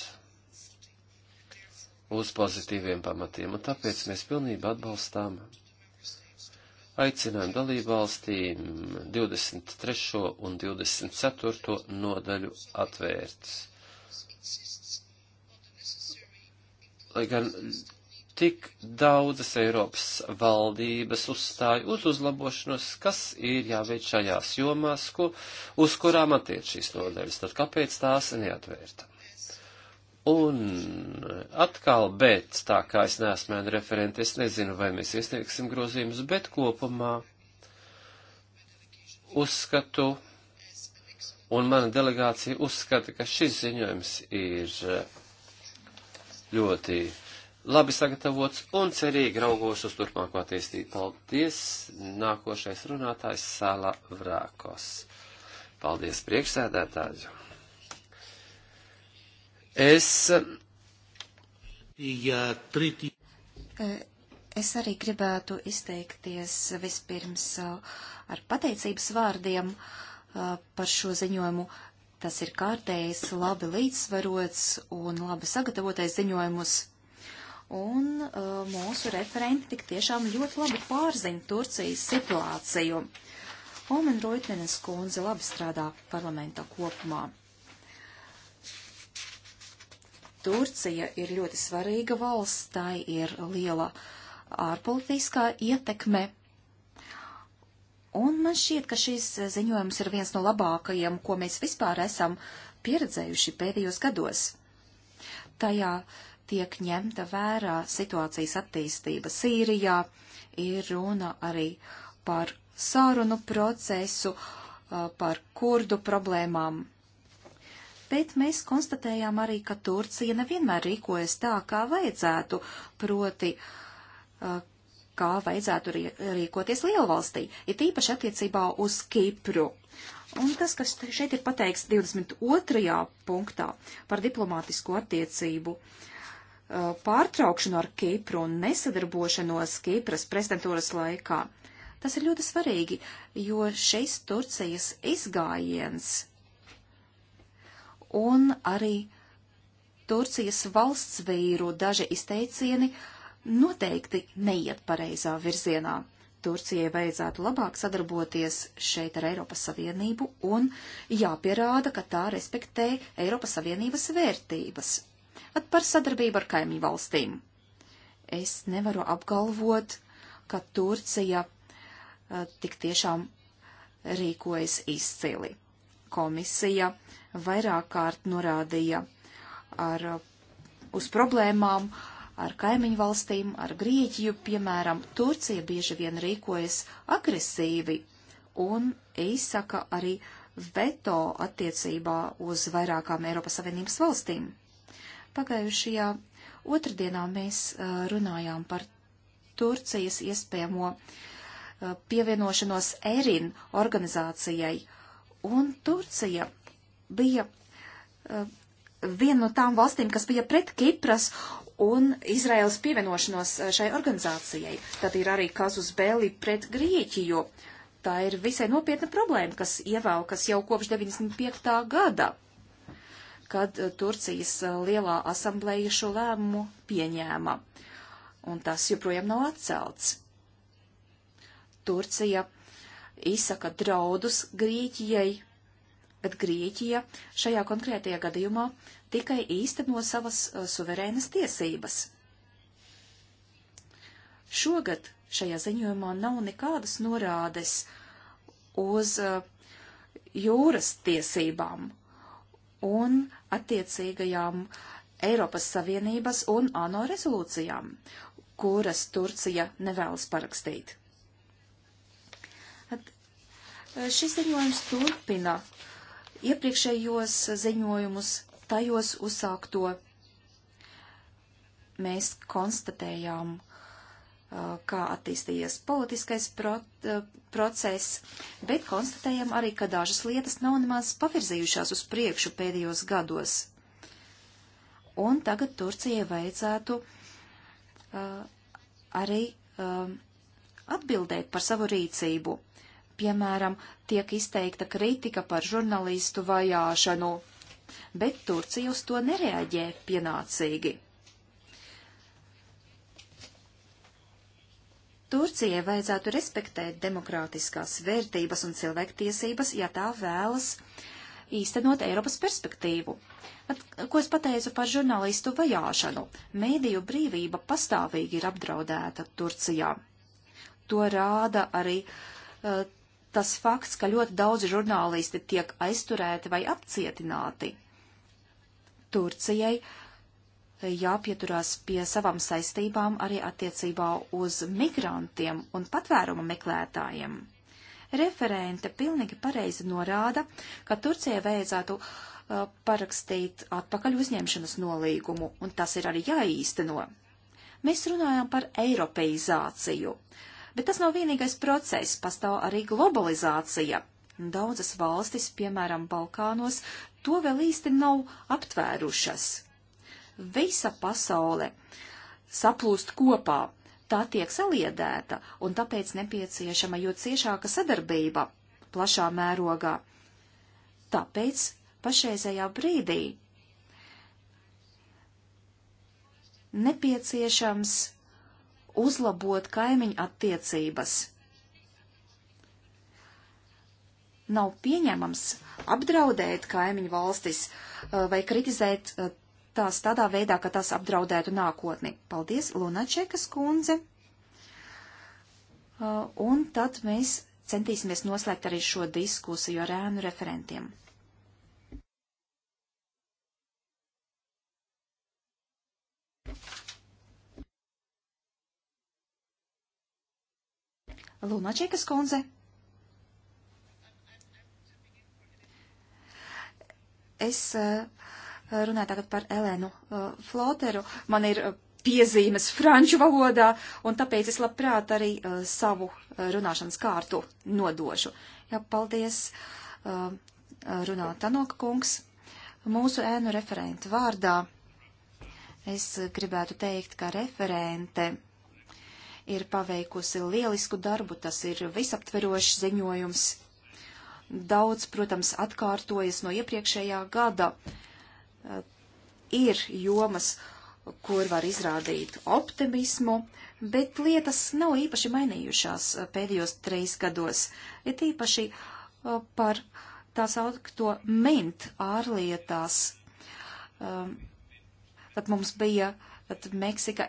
uz pozitīviem pamatiem, un tāpēc mēs pilnībā atbalstām aicinājumu dalībvalstīm 23. un 24. nodaļu atvērt. Lai gan tik daudzas Eiropas valdības uzstāja uz uzlabošanos, kas ir jāveic šajās jomās, ko, uz kurām attiec šīs nodaļas, tad kāpēc tās neatvērta? Un atkal, bet tā kā es neesmu ēna referente, es nezinu, vai mēs iesniegsim grozījumus, bet kopumā uzskatu, un mana delegācija uzskata, ka šis ziņojums ir ļoti labi sagatavots un cerīgi raugos uz turpmāko attīstību. Paldies! Nākošais runātājs Sala Vrākos. Paldies priekšsēdētāju! Es. E, es arī gribētu izteikties vispirms e, ar pateicības vārdiem e, par šo ziņojumu. Tas ir kārtējs, labi līdzsvarots un labi sagatavotais ziņojumus. Un uh, mūsu referenti tik tiešām ļoti labi pārziņ Turcijas situāciju. Omen Roitnenes kundze labi strādā parlamentā kopumā. Turcija ir ļoti svarīga valsts, tai ir liela ārpolitiskā ietekme. Un man šķiet, ka šis ziņojums ir viens no labākajiem, ko mēs vispār esam pieredzējuši pēdējos gados. Tajā tiek ņemta vērā situācijas attīstība Sīrijā, ir runa arī par sārunu procesu, par kurdu problēmām bet mēs konstatējām arī, ka Turcija nevienmēr rīkojas tā, kā vajadzētu, proti, uh, kā vajadzētu rīkoties lielvalstī, ir tīpaši attiecībā uz Kipru. Un tas, kas šeit ir pateikts 22. punktā par diplomātisko attiecību uh, pārtraukšanu ar Kipru un nesadarbošanos Kipras prezidentūras laikā, tas ir ļoti svarīgi, jo šis Turcijas izgājiens un arī Turcijas valsts vīru daži izteicieni noteikti neiet pareizā virzienā. Turcijai vajadzētu labāk sadarboties šeit ar Eiropas Savienību un jāpierāda, ka tā respektē Eiropas Savienības vērtības. At par sadarbību ar kaimiņu valstīm. Es nevaru apgalvot, ka Turcija a, eh, tik tiešām rīkojas izcili. Komisija vairāk kārt norādīja ar, uh, uz problēmām ar kaimiņu valstīm, ar Grieķiju, piemēram, Turcija bieži vien rīkojas agresīvi un izsaka arī veto attiecībā uz vairākām Eiropas Savienības valstīm. Pagājušajā otrdienā mēs uh, runājām par Turcijas iespējamo uh, pievienošanos ERIN organizācijai, un Turcija bija eh, viena no tām valstīm, kas bija pret Kipras un Izraels pievienošanos eh, šai organizācijai. Tad ir arī Kazus Bēlī pret Grieķiju. Tā ir visai nopietna problēma, kas ievelkas jau kopš 95. gada, kad eh, Turcijas lielā asambleja šo lēmumu pieņēma. Un tas joprojām nav atcelts. Turcija izsaka draudus Grieķijai bet Grieķija šajā konkrētajā gadījumā tikai īsteno savas uh, suverēnas tiesības. Šogad šajā ziņojumā nav nekādas norādes uz uh, jūras tiesībām un attiecīgajām Eiropas Savienības un ANO rezolūcijām, kuras Turcija nevēlas parakstīt. At, uh, šis ziņojums turpina uh, iepriekšējos ziņojumus, tajos uzsākto. Mēs konstatējām, uh, kā attīstījies politiskais pro, uh, process, bet konstatējam arī, ka dažas lietas nav nemaz pavirzījušās uz priekšu pēdējos gados. Un tagad Turcijai vajadzētu uh, arī uh, atbildēt par savu rīcību. Piemēram, tiek izteikta kritika par žurnālistu vajāšanu, bet Turcija uz to nereaģē pienācīgi. Turcijai vajadzētu respektēt demokrātiskās vērtības un cilvēktiesības, ja tā vēlas īstenot Eiropas perspektīvu. At, ko es pateicu par žurnālistu vajāšanu? Mēdīju brīvība pastāvīgi ir apdraudēta Turcijā. To rāda arī uh, tas fakts, ka ļoti daudzi žurnālisti tiek aizturēti vai apcietināti. Turcijai jāpieturās pie savām saistībām arī attiecībā uz migrantiem un patvērumu meklētājiem. Referente pilnīgi pareizi norāda, ka Turcijai vajadzētu uh, parakstīt atpakaļ uzņemšanas nolīgumu, un tas ir arī jāīsteno. Mēs runājam par eiropeizāciju. Uh, Bet tas nav vienīgais process, pastāv arī globalizācija. Daudzas valstis, piemēram, Balkānos, to vēl īsti nav aptvērušas. Visa pasaule saplūst kopā, tā tiek saliedēta, un tāpēc nepieciešama jo ciešāka sadarbība plašā mērogā. Tāpēc pašreizējā brīdī nepieciešams uzlabot kaimiņu attiecības. Nav pieņemams apdraudēt kaimiņu valstis uh, vai kritizēt uh, tās tādā veidā, ka tas apdraudētu nākotni. Paldies, Lunačekas kundze! Uh, un tad mēs centīsimies noslēgt arī šo diskusiju ar ēnu referentiem. Lunačekas kundze. Es eh, runāju tagad par Elēnu eh, Floteru. Man ir eh, piezīmes franču valodā, un tāpēc es labprāt arī savu runāšanas kārtu nodošu. Jā, paldies, runā Tanoka kungs. Mūsu ēnu referentu vārdā es gribētu teikt, ka referente ir paveikusi lielisku darbu, tas ir visaptverošs ziņojums. Daudz, protams, atkārtojas no iepriekšējā gada. Eh, ir jomas, kur var izrādīt optimismu, bet lietas nav īpaši mainījušās eh, pēdējos trīs gados. Ir īpaši eh, par tā saukto ment ārlietās. Tad mums bija tad Meksika,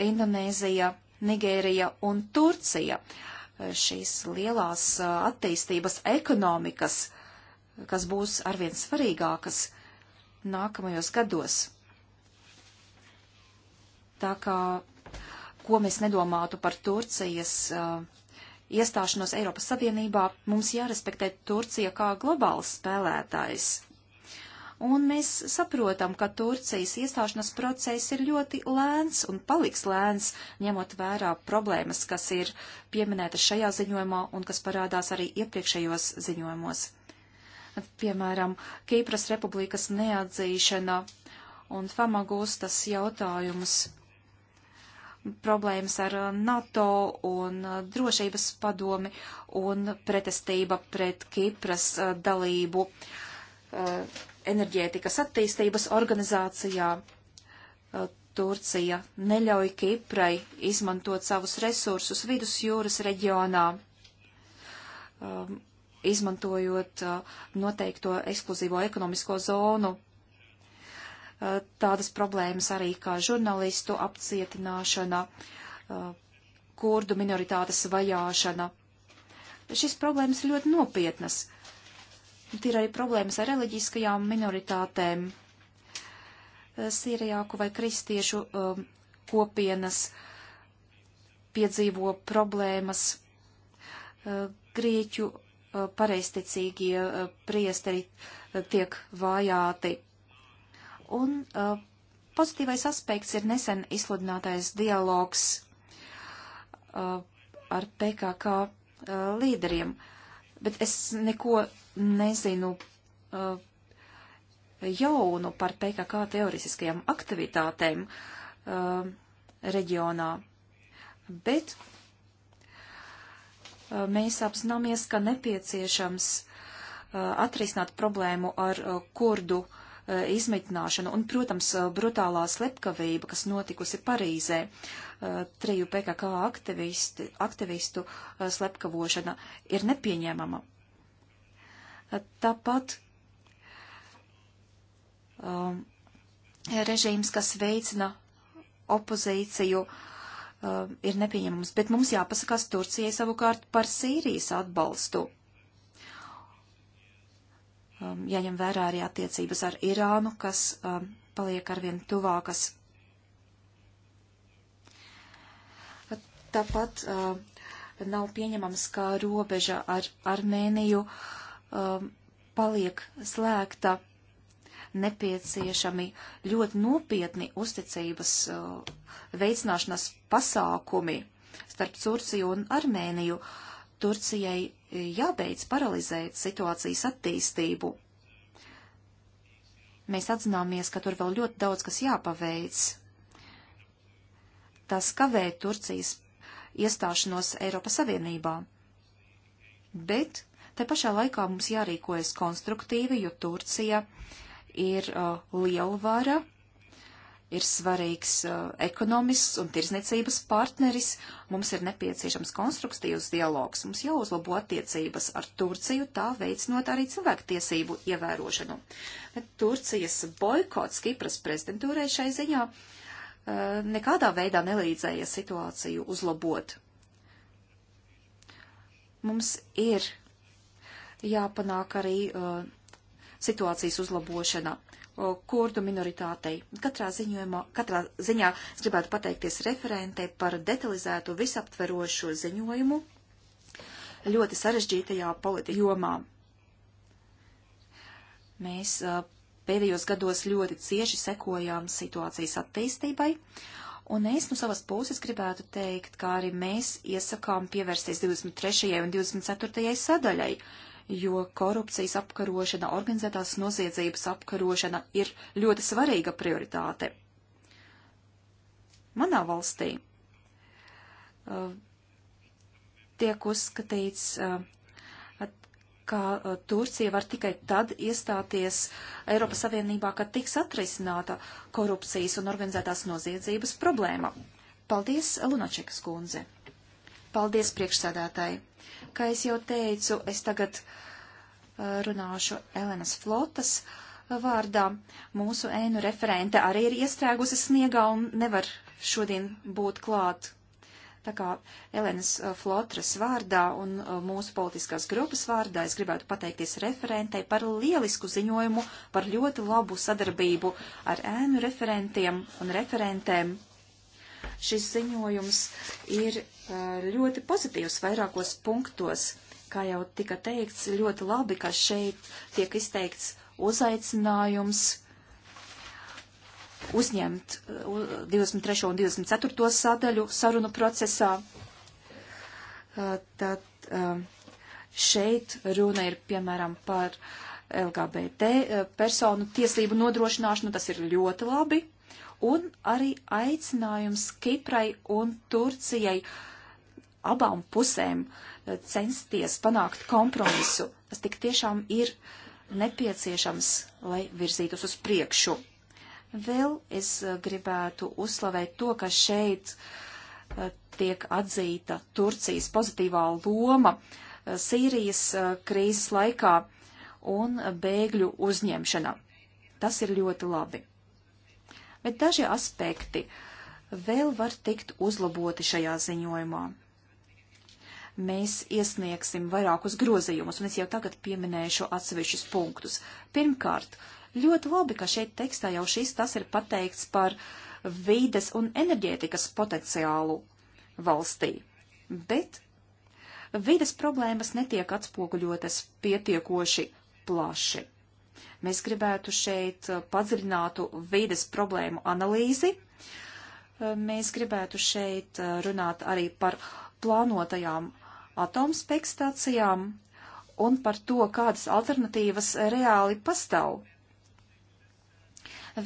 Indonēzija, Nigērija un Turcija. Eh, šīs lielās eh, attīstības ekonomikas, eh, kas būs arvien svarīgākas nākamajos gados. Tā kā, ko mēs nedomātu par Turcijas uh, iestāšanos Eiropas Savienībā, mums jārespektē Turcija kā globāls spēlētājs un mēs saprotam, ka Turcijas iestāšanās process ir ļoti lēns un paliks lēns, ņemot vērā problēmas, kas ir pieminētas šajā ziņojumā un kas parādās arī iepriekšējos ziņojumos. Piemēram, Kīpras republikas neatzīšana un famagustas jautājumus, problēmas ar NATO un drošības padomi un pretestība pret Kīpras dalību. Uh, enerģētikas attīstības organizācijā. Uh, Turcija neļauj Kiprai izmantot savus resursus vidusjūras reģionā, um, izmantojot uh, noteikto ekskluzīvo ekonomisko zonu. Uh, tādas problēmas arī kā žurnalistu apcietināšana, uh, kurdu minoritātes vajāšana. Šis problēmas ļoti nopietnas. Uh, ir arī problēmas ar reliģiskajām minoritātēm eh, Sīrijāku vai kristiešu um, kopienas piedzīvo problēmas. Uh, grieķu uh, pareisticīgie uh, priesteri tiek vajāti. Un pozitīvais aspekts ir nesen izsludinātais dialogs ar PKK līderiem, bet es neko nezinu uh, jaunu par PKK teorisiskajām aktivitātēm uh, reģionā, bet uh, mēs apzināmies, ka nepieciešams uh, atrisināt problēmu ar uh, kurdu uh, izmitināšanu un, protams, brutālā slepkavība, kas notikusi Parīzē, triju PKK aktivisti, aktivistu slepkavošana ir nepieņēmama. Tāpat um, režīms, kas veicina opozīciju, um, ir nepieņemams. Bet mums jāpasakās Turcijai savukārt par Sīrijas atbalstu. Um, jāņem vērā arī attiecības ar Irānu, kas um, paliek arvien tuvākas. Tāpat uh, um, nav pieņemams, kā robeža ar Armēniju uh, um, paliek slēgta, nepieciešami ļoti nopietni uzticības uh, veicināšanas pasākumi starp Turciju un Armēniju. Turcijai uh, jābeidz paralizēt situācijas attīstību. Mēs atzināmies, ka tur vēl ļoti daudz kas jāpaveic. Tas kavē Turcijas iestāšanos Eiropas Savienībā. Bet Te pašā laikā mums jārīkojas konstruktīvi, jo Turcija ir uh, lielvara, ir svarīgs uh, ekonomists un tirzniecības partneris. Mums ir nepieciešams konstruktīvs dialogs, mums jāuzlabo attiecības ar Turciju, tā veicinot arī cilvēktiesību ievērošanu. Bet Turcijas boikots Kipras prezidentūrai šai ziņā uh, nekādā veidā nelīdzēja situāciju uzlabot. Mums ir jāpanāk arī uh, situācijas uzlabošana uh, kurdu minoritātei. Katrā, ziņojumā, katrā ziņā es gribētu pateikties referentei par detalizētu visaptverošu ziņojumu ļoti sarežģītajā politika jomā. Mēs uh, pēdējos gados ļoti cieši sekojām situācijas attīstībai, un es no savas puses gribētu teikt, ka arī mēs iesakām pievērsties 23. un 24. sadaļai, uh, jo korupcijas apkarošana, organizētās noziedzības apkarošana ir ļoti svarīga prioritāte. Manā valstī uh, tiek uzskatīts, uh, ka uh, Turcija var tikai tad iestāties Eiropas Savienībā, kad tiks atrisināta korupcijas un organizētās noziedzības problēma. Paldies, Lunačekas kundze! Paldies, priekšsēdētāji! kā es jau teicu, es tagad uh, runāšu Elenas Flotas uh, vārdā. Mūsu ēnu referente arī ir iestrēgusi sniegā un nevar šodien būt klāt. Tā kā Elenas uh, Flotras vārdā un mūsu politiskās grupas vārdā es gribētu pateikties referentei par lielisku ziņojumu, par ļoti labu sadarbību ar ēnu referentiem un referentēm. Šis ziņojums ir ļoti pozitīvs vairākos punktos. Kā jau tika teikts, ļoti labi, ka šeit tiek izteikts uzaicinājums uzņemt 23. un 24. sadaļu sarunu procesā. Tad šeit runa ir piemēram par LGBT personu tiesību nodrošināšanu, tas ir ļoti labi un arī aicinājums Kiprai un Turcijai abām pusēm eh, censties panākt kompromisu. Tas tik tiešām ir nepieciešams, lai virzītos uz priekšu. Vēl es eh, gribētu uzslavēt to, ka šeit eh, tiek atzīta Turcijas pozitīvā loma Sīrijas krīzes laikā un bēgļu uzņemšana. Tas ir ļoti labi bet daži aspekti vēl var tikt uzlaboti šajā ziņojumā. Mēs iesniegsim vairākus grozījumus, un es jau tagad pieminēšu atsevišķus punktus. Pirmkārt, ļoti labi, ka šeit tekstā jau šis tas ir pateikts par vides un enerģētikas potenciālu valstī, bet vides problēmas netiek atspoguļotas pietiekoši plaši. Mēs gribētu šeit padziļinātu vides problēmu analīzi. Mēs gribētu šeit runāt arī par plānotajām atomspēkstacijām un par to, kādas alternatīvas reāli pastāv.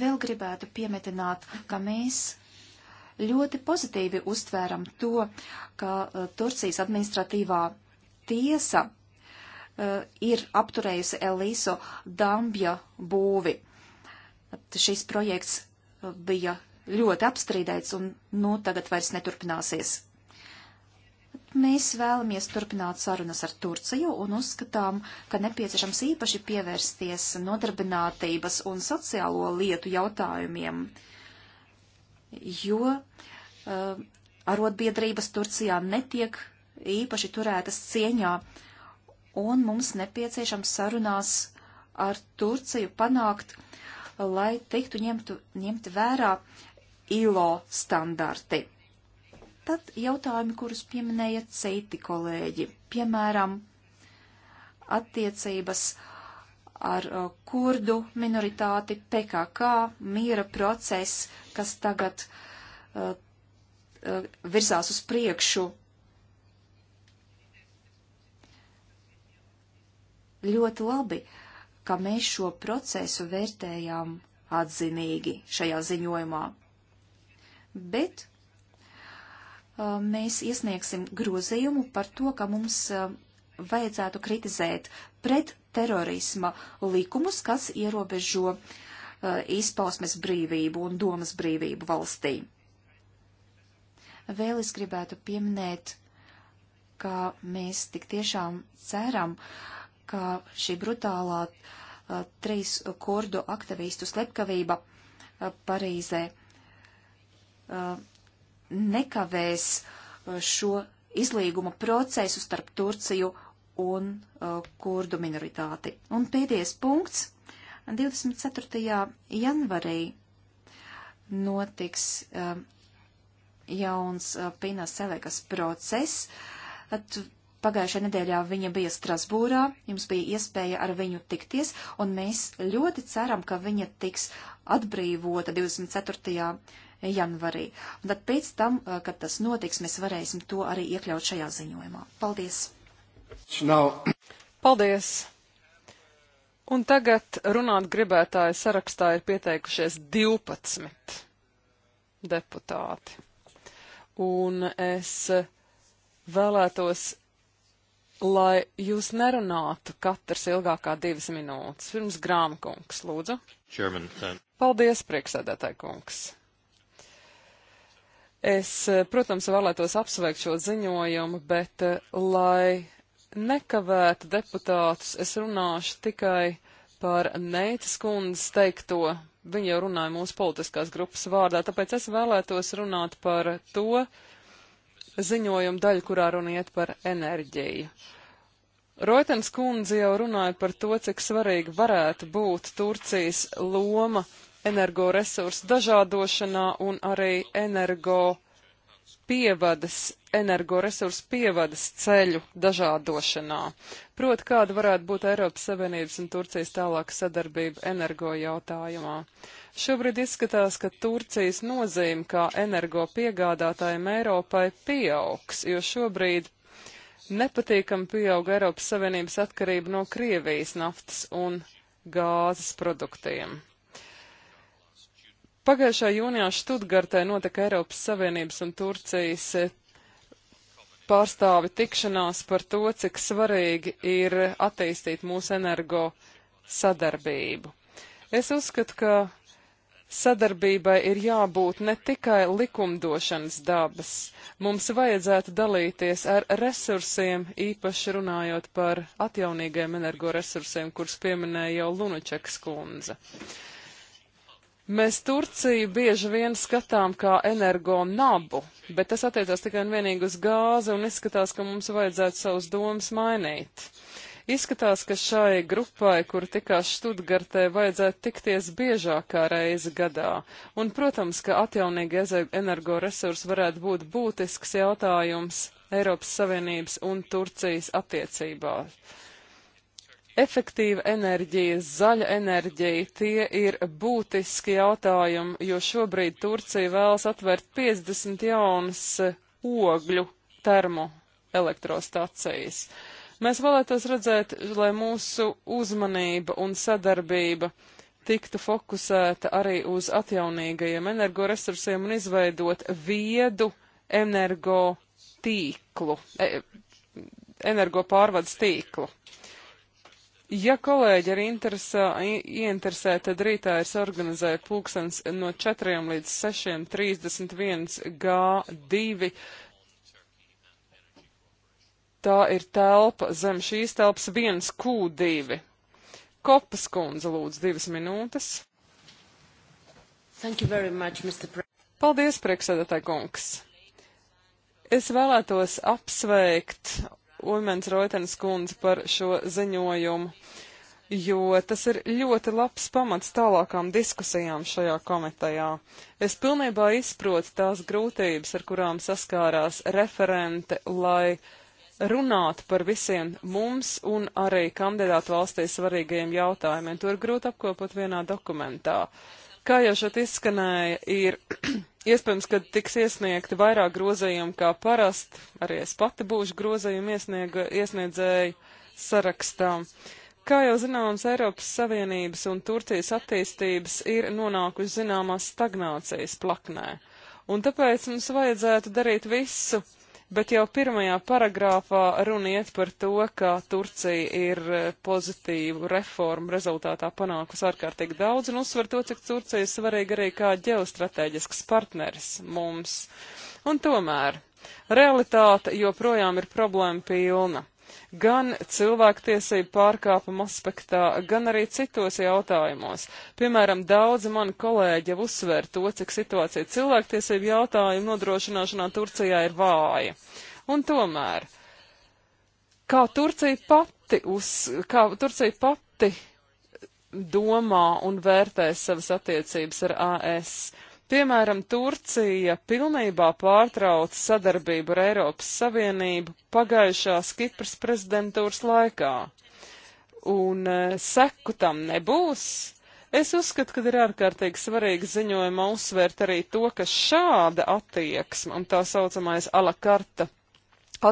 Vēl gribētu piemetināt, ka mēs ļoti pozitīvi uztvēram to, ka uh, Turcijas administratīvā tiesa Eh, ir apturējusi Elīso Dambja būvi. At šis projekts eh, bija ļoti apstrīdēts un nu tagad vairs neturpināsies. Mēs vēlamies turpināt sarunas ar Turciju un uzskatām, ka nepieciešams īpaši pievērsties nodarbinātības un sociālo lietu jautājumiem, jo uh, arotbiedrības Turcijā netiek īpaši turētas cieņā uh, un mums nepieciešams sarunās ar Turciju panākt, lai tiktu ņemtu, ņemti vērā ILO standarti. Tad jautājumi, kurus pieminēja citi kolēģi, piemēram, attiecības ar uh, kurdu minoritāti, PKK, miera process, kas tagad uh, uh virzās uz priekšu ļoti labi, ka mēs šo procesu vērtējām atzinīgi šajā ziņojumā. Bet uh, mēs iesniegsim grozījumu par to, ka mums uh, vajadzētu kritizēt pret terorisma likumus, kas ierobežo uh, izpausmes brīvību un domas brīvību valstī. Vēl es gribētu pieminēt, ka mēs tik tiešām ceram, uh, ka šī brutālā a, trīs kurdu aktivistu slepkavība a, Parīzē a, nekavēs šo izlīguma procesu starp Turciju un kurdu minoritāti. Un pēdējais punkts. 24. janvarī notiks jauns Pinas Selekas process. At Pagājušajā nedēļā viņa bija Strasbūrā, jums bija iespēja ar viņu tikties, un mēs ļoti ceram, ka viņa tiks atbrīvota 24. janvarī. Un tad pēc tam, eh, kad tas notiks, mēs varēsim to arī iekļaut šajā ziņojumā. Paldies! Nav. Paldies! Un tagad runāt gribētāju sarakstā ir pieteikušies 12 deputāti. Un es vēlētos lai jūs nerunātu katrs ilgākā divas minūtes. Pirms grāma kungs, lūdzu. German, Paldies, prieksēdētāji kungs. Es, eh, protams, vēlētos apsveikt šo ziņojumu, bet eh, lai nekavētu deputātus, es runāšu tikai par Neitas kundzes teikto. Viņa jau runāja mūsu politiskās grupas vārdā, tāpēc es vēlētos runāt par to, ziņojuma daļu, kurā runa iet par enerģiju. Roitens kundze jau runāja par to, cik svarīgi varētu būt Turcijas loma energoresursu dažādošanā un arī energo pievadas, energoresursu pievadas ceļu dažādošanā. Proti, kāda varētu būt Eiropas Savienības un Turcijas tālāka sadarbība energo jautājumā. Šobrīd izskatās, ka Turcijas nozīme kā energo piegādātājiem Eiropai pieaugs, jo šobrīd nepatīkami pieauga Eiropas Savienības atkarība no Krievijas naftas un gāzes produktiem. Pagājušā jūnijā Študgartē notika Eiropas Savienības un Turcijas e, pārstāvi tikšanās par to, cik svarīgi ir attīstīt mūsu energo sadarbību. Es uzskatu, ka sadarbībai ir jābūt ne tikai likumdošanas dabas. Mums vajadzētu dalīties ar resursiem, īpaši runājot par atjaunīgiem energoresursiem, kurus pieminēja jau Lunačeks kundze. Uh, Mēs Turciju bieži vien skatām kā energo nabu, bet tas attiecās tikai un vienīgi uz gāzi un izskatās, ka mums vajadzētu savus domas mainīt. Izskatās, ka šai grupai, kur tikās Študgartē, vajadzētu tikties biežākā reize gadā. Un, protams, ka atjaunīgi energoresursi varētu būt būtisks jautājums Eiropas Savienības un Turcijas attiecībās Efektīva enerģija, zaļa enerģija, tie ir būtiski jautājumi, jo šobrīd Turcija vēlas atvērt 50 jaunas eh, ogļu termu elektrostacijas. Mēs vēlētos redzēt, lai mūsu uzmanība un sadarbība tiktu fokusēta arī uz atjaunīgajiem energoresursiem un izveidot viedu energo e, tīklu, energo pārvades tīklu. Ja kolēģi ir interesē, ieinteresēti, tad rītā es organizēju pulkstens no 4 līdz 6.31 G2. Tā ir telpa zem šīs telpas 1 Q2. Kopas kundze lūdzu divas minūtes. Much, Paldies, priekšsēdētāji kungs. Es vēlētos apsveikt Uimens Roitenes kundze par šo ziņojumu, jo tas ir ļoti labs pamats tālākām diskusijām šajā komitejā. Es pilnībā izprotu tās grūtības, ar kurām saskārās referente, lai runāt par visiem mums un arī kandidātu valstīs svarīgajiem jautājumiem. To ir grūti apkopot vienā dokumentā. Kā jau šeit izskanēja, ir Iespējams, ka tiks iesniegti vairāk grozījumu kā parasti, arī es pati būšu grozījumu iesniedzēju sarakstā. Kā jau zināms, Eiropas Savienības un Turcijas attīstības ir nonākusi zināmā stagnācijas plaknē, un tāpēc mums vajadzētu darīt visu, bet jau pirmajā paragrāfā runa iet par to, ka Turcija ir e, pozitīvu reformu rezultātā panākusi ārkārtīgi daudz un uzsver to, cik Turcija ir svarīga arī kā ģeostrateģisks partneris mums. Un tomēr realitāte joprojām ir problēma pilna gan cilvēktiesību pārkāpuma aspektā, gan arī citos jautājumos. Piemēram, daudzi mani kolēģi jau uzsver to, cik situācija cilvēktiesību jautājumu nodrošināšanā Turcijā ir vāja. Un tomēr, kā Turcija pati, uz, kā Turcija pati domā un vērtē savas attiecības ar AS, Piemēram, Turcija pilnībā pārtrauca sadarbību ar Eiropas Savienību pagājušās Kipras prezidentūras laikā. Un e, seku tam nebūs. Es uzskatu, ka ir ārkārtīgi svarīgi ziņojumā uzsvērt arī to, ka šāda attieksme un tā saucamais alakarta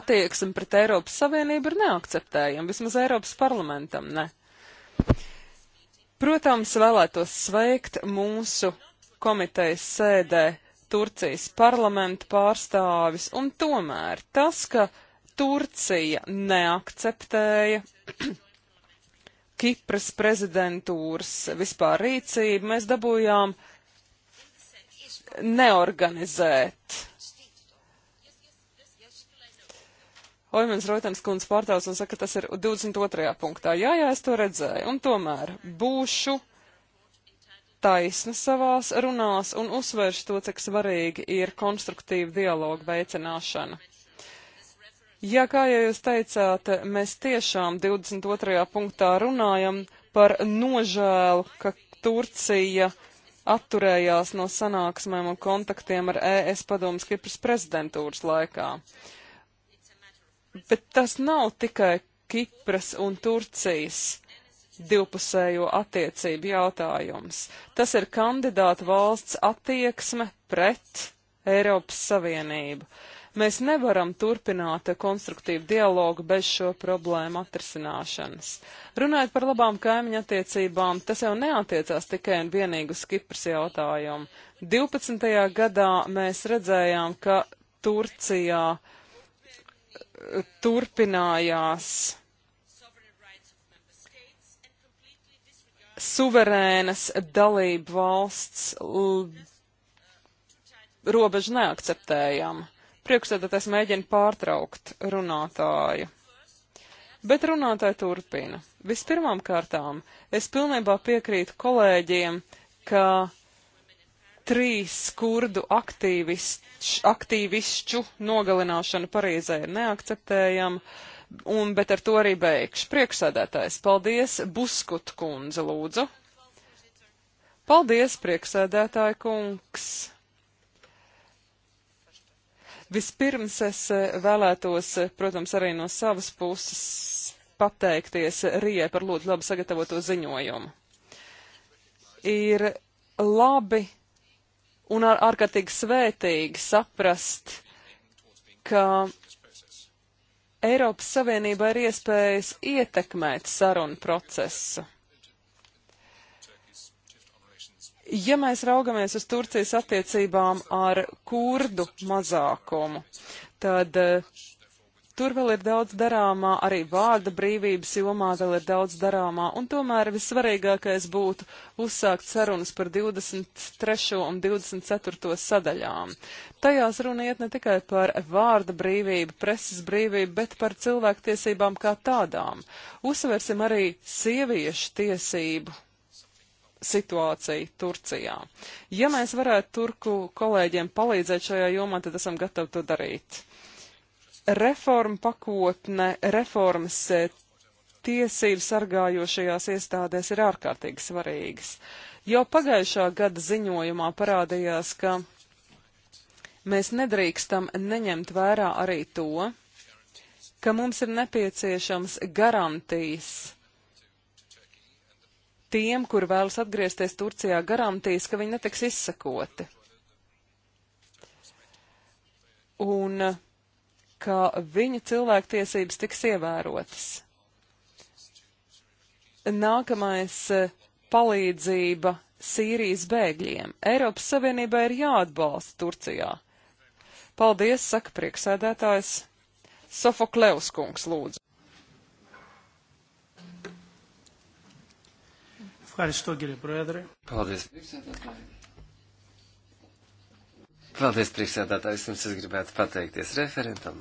attieksme pret Eiropas Savienību ir neakceptējama, vismaz Eiropas parlamentam ne. Protams, vēlētos sveikt mūsu komitejas sēdē Turcijas parlamenta pārstāvis, un tomēr tas, ka Turcija neakceptēja <clears throat> Kipras prezidentūras vispār rīcību, mēs dabūjām neorganizēt. Oimens Roitens kundze pārtauc un saka, tas ir 22. punktā. Jā, jā, es to redzēju. Un tomēr būšu taisna savās runās un uzsverš to, cik svarīgi ir konstruktīva dialoga veicināšana. Ja, kā jau jūs teicāt, mēs tiešām 22. punktā runājam par nožēlu, ka Turcija atturējās no sanāksmēm un kontaktiem ar ES padomus Kipras prezidentūras laikā. Bet tas nav tikai Kipras un Turcijas divpusējo attiecību jautājums. Tas ir kandidāta valsts attieksme pret Eiropas Savienību. Mēs nevaram turpināt konstruktīvu dialogu bez šo problēmu atrisināšanas. Runājot par labām kaimiņa attiecībām, tas jau neatiecās tikai un vienīgi uz Kipras jautājumu. 12. gadā mēs redzējām, ka Turcijā eh, turpinājās suverēnas dalību valsts robeža neakceptējama. Priekšsēdētājs mēģina pārtraukt runātāju. Bet runātāja turpina. Vispirmām kārtām es pilnībā piekrītu kolēģiem, ka trīs kurdu aktīvišķu nogalināšana Parīzē ir neakceptējama un, bet ar to arī beigšu. Prieksēdētājs, paldies, Buskut kundze, lūdzu. Paldies, prieksēdētāja kungs. Vispirms es eh, vēlētos, eh, protams, arī no savas puses pateikties Rijai par ļoti labi sagatavoto ziņojumu. Ir labi un ārkārtīgi svētīgi saprast, ka Eiropas Savienībā ir iespējas ietekmēt sarunu procesu. Ja mēs raugamies uz Turcijas attiecībām ar kurdu mazākumu, tad eh, Tur vēl ir daudz darāmā, arī vārda brīvības jomā vēl ir daudz darāmā, un tomēr vissvarīgākais būtu uzsākt sarunas par 23. un 24. sadaļām. Tajās runa iet ne tikai par vārda brīvību, preses brīvību, bet par cilvēktiesībām kā tādām. Uzsversim arī sieviešu tiesību situāciju Turcijā. Ja mēs varētu turku kolēģiem palīdzēt šajā jomā, tad esam gatavi to darīt reforma pakotne, reformas e, tiesību sargājošajās iestādēs ir ārkārtīgi svarīgas. Jau pagājušā gada ziņojumā parādījās, ka mēs nedrīkstam neņemt vērā arī to, ka mums ir nepieciešams garantijas tiem, kur vēlas atgriezties Turcijā, garantijas, ka viņi netiks izsakoti. Un ka viņu cilvēktiesības tiks ievērotas. Nākamais e, palīdzība Sīrijas bēgļiem. Eiropas Savienībai ir jāatbalsta Turcijā. Paldies, saka prieksēdētājs Sofokleus kungs, lūdzu. Paldies, priekšsēdētāji. Paldies, priekšsēdētājs. Jums es gribētu pateikties referentam.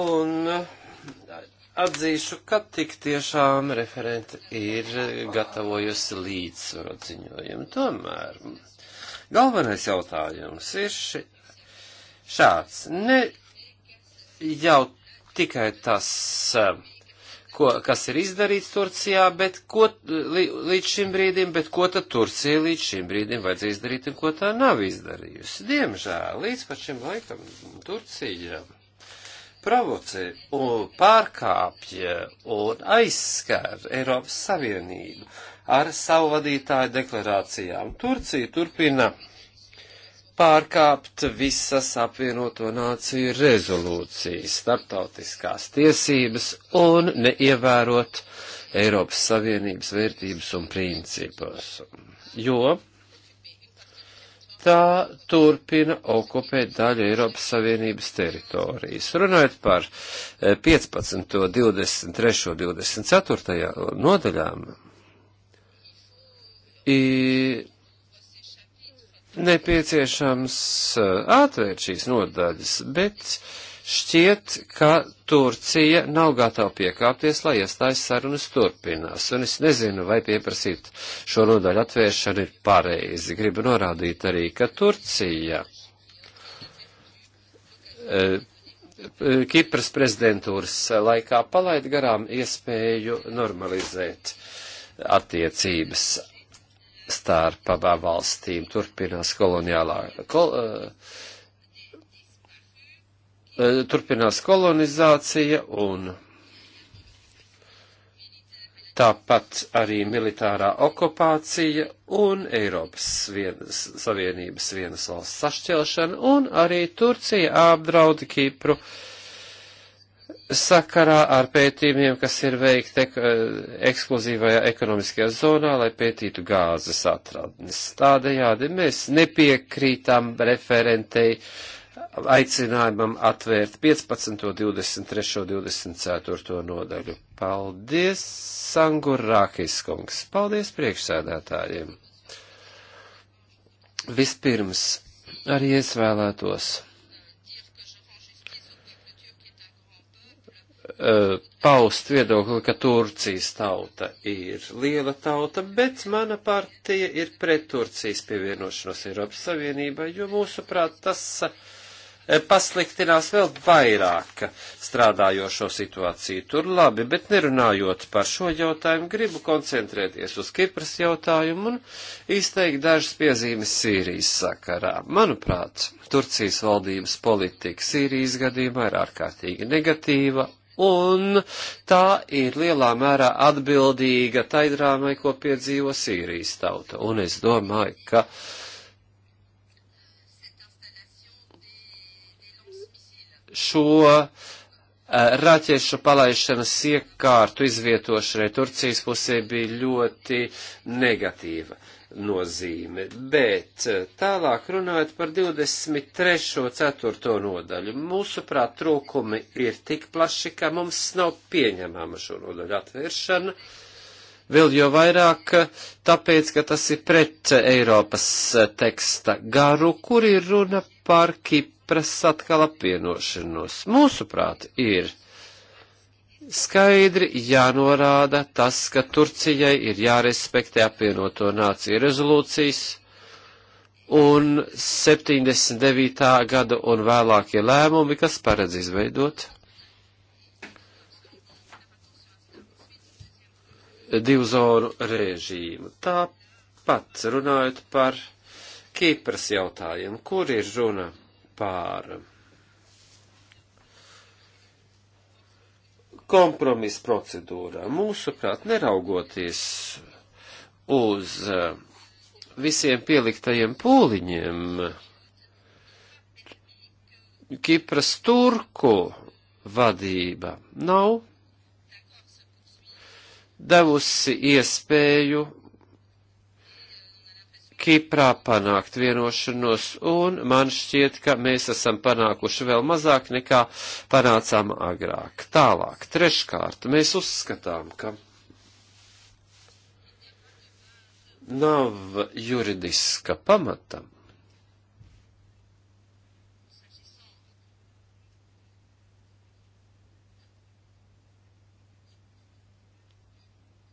Un atzīšu, ka tik tiešām referenti ir gatavojusi līdzsvaru ziņojumu. Tomēr galvenais jautājums ir ši, šāds. Ne jau tikai tas. Uh, ko, kas ir izdarīts Turcijā, bet ko li, līdz šim brīdim, bet ko tad Turcija līdz šim brīdim vajadzēja izdarīt un ko tā nav izdarījusi. Diemžēl līdz pat šim laikam Turcija provocē un pārkāpja un aizskar Eiropas Savienību ar savu vadītāju deklarācijām. Turcija turpina pārkāpt visas apvienoto nāciju rezolūcijas, starptautiskās tiesības un neievērot Eiropas Savienības vērtības un principus, jo tā turpina okupēt daļu Eiropas Savienības teritorijas. Runājot par 15., 23., 24. nodaļām, ir nepieciešams eh, atvērt šīs nodaļas, bet šķiet, ka Turcija nav gatava piekāpties, lai iestājas sarunas turpinās, un es nezinu, vai pieprasīt šo nodaļu atvēršanu ir pareizi. Gribu norādīt arī, ka Turcija eh, Kipras prezidentūras laikā palaid garām iespēju normalizēt attiecības starp abām valstīm turpinās koloniālā. Kol, uh, turpinās kolonizācija un tāpat arī militārā okupācija un Eiropas vienas, Savienības vienas valsts sašķelšana un arī Turcija apdraud Kipru. Uh, sakarā ar pētījumiem, kas ir veikti ek eh, ekskluzīvajā ekonomiskajā zonā, lai pētītu gāzes atradnes. Tādējādi mēs nepiekrītam referentei aicinājumam atvērt 15., 23., 24. nodaļu. Paldies, Sangurākis kungs! Paldies priekšsēdētājiem! Vispirms arī es vēlētos Eh, paust viedokli, ka Turcijas tauta ir liela tauta, bet mana partija ir pret Turcijas pievienošanos Eiropas Savienībai, jo mūsuprāt tas eh, pasliktinās vēl vairāk strādājošo situāciju. Tur labi, bet nerunājot par šo jautājumu, gribu koncentrēties uz Kipras jautājumu un izteikt dažas piezīmes Sīrijas sakarā. Manuprāt, Turcijas valdības politika Sīrijas gadījumā ir ārkārtīgi negatīva un tā ir lielā mērā atbildīga tai drāmai, ko piedzīvo Sīrijas tauta. Un es domāju, ka šo eh, raķešu palaišanas iekārtu izvietošanai Turcijas pusē bija ļoti negatīva. Uh, nozīme. Bet eh, tālāk runājot par 23. ceturto nodaļu, mūsuprāt trūkumi ir tik plaši, ka mums nav pieņemama šo nodaļu atvēršana. Vēl jo vairāk, tāpēc, ka tas ir pret Eiropas eh, teksta garu, kur ir runa par Kipras atkal apvienošanos. Mūsuprāt, ir skaidri jānorāda tas, ka Turcijai ir jārespektē apvienoto nāciju rezolūcijas un 79. gada un vēlākie lēmumi, kas paredz izveidot divu zonu režīmu. Tāpat runājot par Kīpras jautājumu, kur ir runa pār kompromisa procedūrā. Mūsuprāt, neraugoties uz eh, visiem pieliktajiem pūliņiem, Kipras turku vadība nav devusi iespēju Kiprā panākt vienošanos, un man šķiet, ka mēs esam panākuši vēl mazāk nekā panācām agrāk. Tālāk, treškārt, mēs uzskatām, ka nav juridiska pamata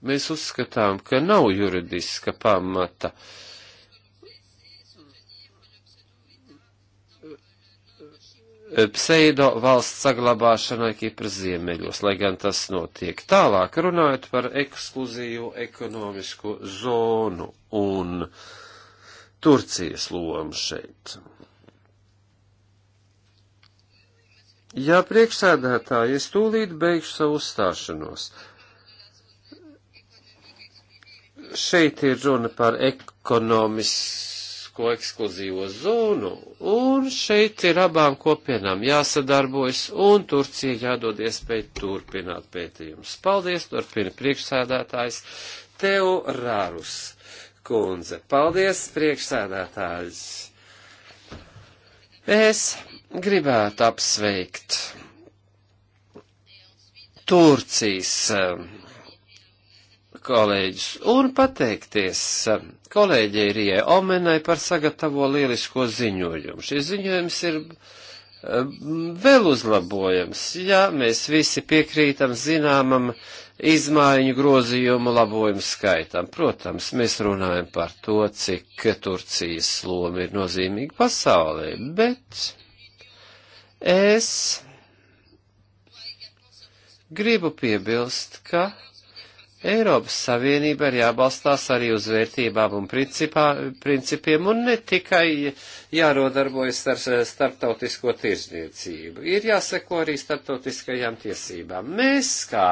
mēs uzskatām, ka nav juridiska pamata uh, pseido valsts saglabāšanai Kipras ziemeļos, lai gan tas notiek. Tālāk runājot par ekskluzīvu ekonomisku zonu un Turcijas lomu šeit. Jā, priekšsēdētāji, es tūlīt beigšu savu uzstāšanos. Šeit ir runa par ekonomisku ekonomisko ekskluzīvo zonu, un šeit ir abām kopienām jāsadarbojas, un Turcija jādod iespēju turpināt pētījumus. Paldies, turpina priekšsēdētājs Teorārus kundze. Paldies, priekšsēdētājs. Es gribētu apsveikt Turcijas um, kolēģus un pateikties kolēģei Rijai Omenai par sagatavo lielisko ziņojumu. Šis ziņojums ir eh, vēl uzlabojams, ja mēs visi piekrītam zināmam izmaiņu grozījumu labojumu skaitam. Protams, mēs runājam par to, cik Turcijas loma ir nozīmīga pasaulē, bet es gribu piebilst, ka Eiropas Savienība ir jābalstās arī uz vērtībām un principā, principiem, un ne tikai jārodarbojas ar starptautisko tirzniecību. Ir jāseko arī starptautiskajām tiesībām. Mēs, kā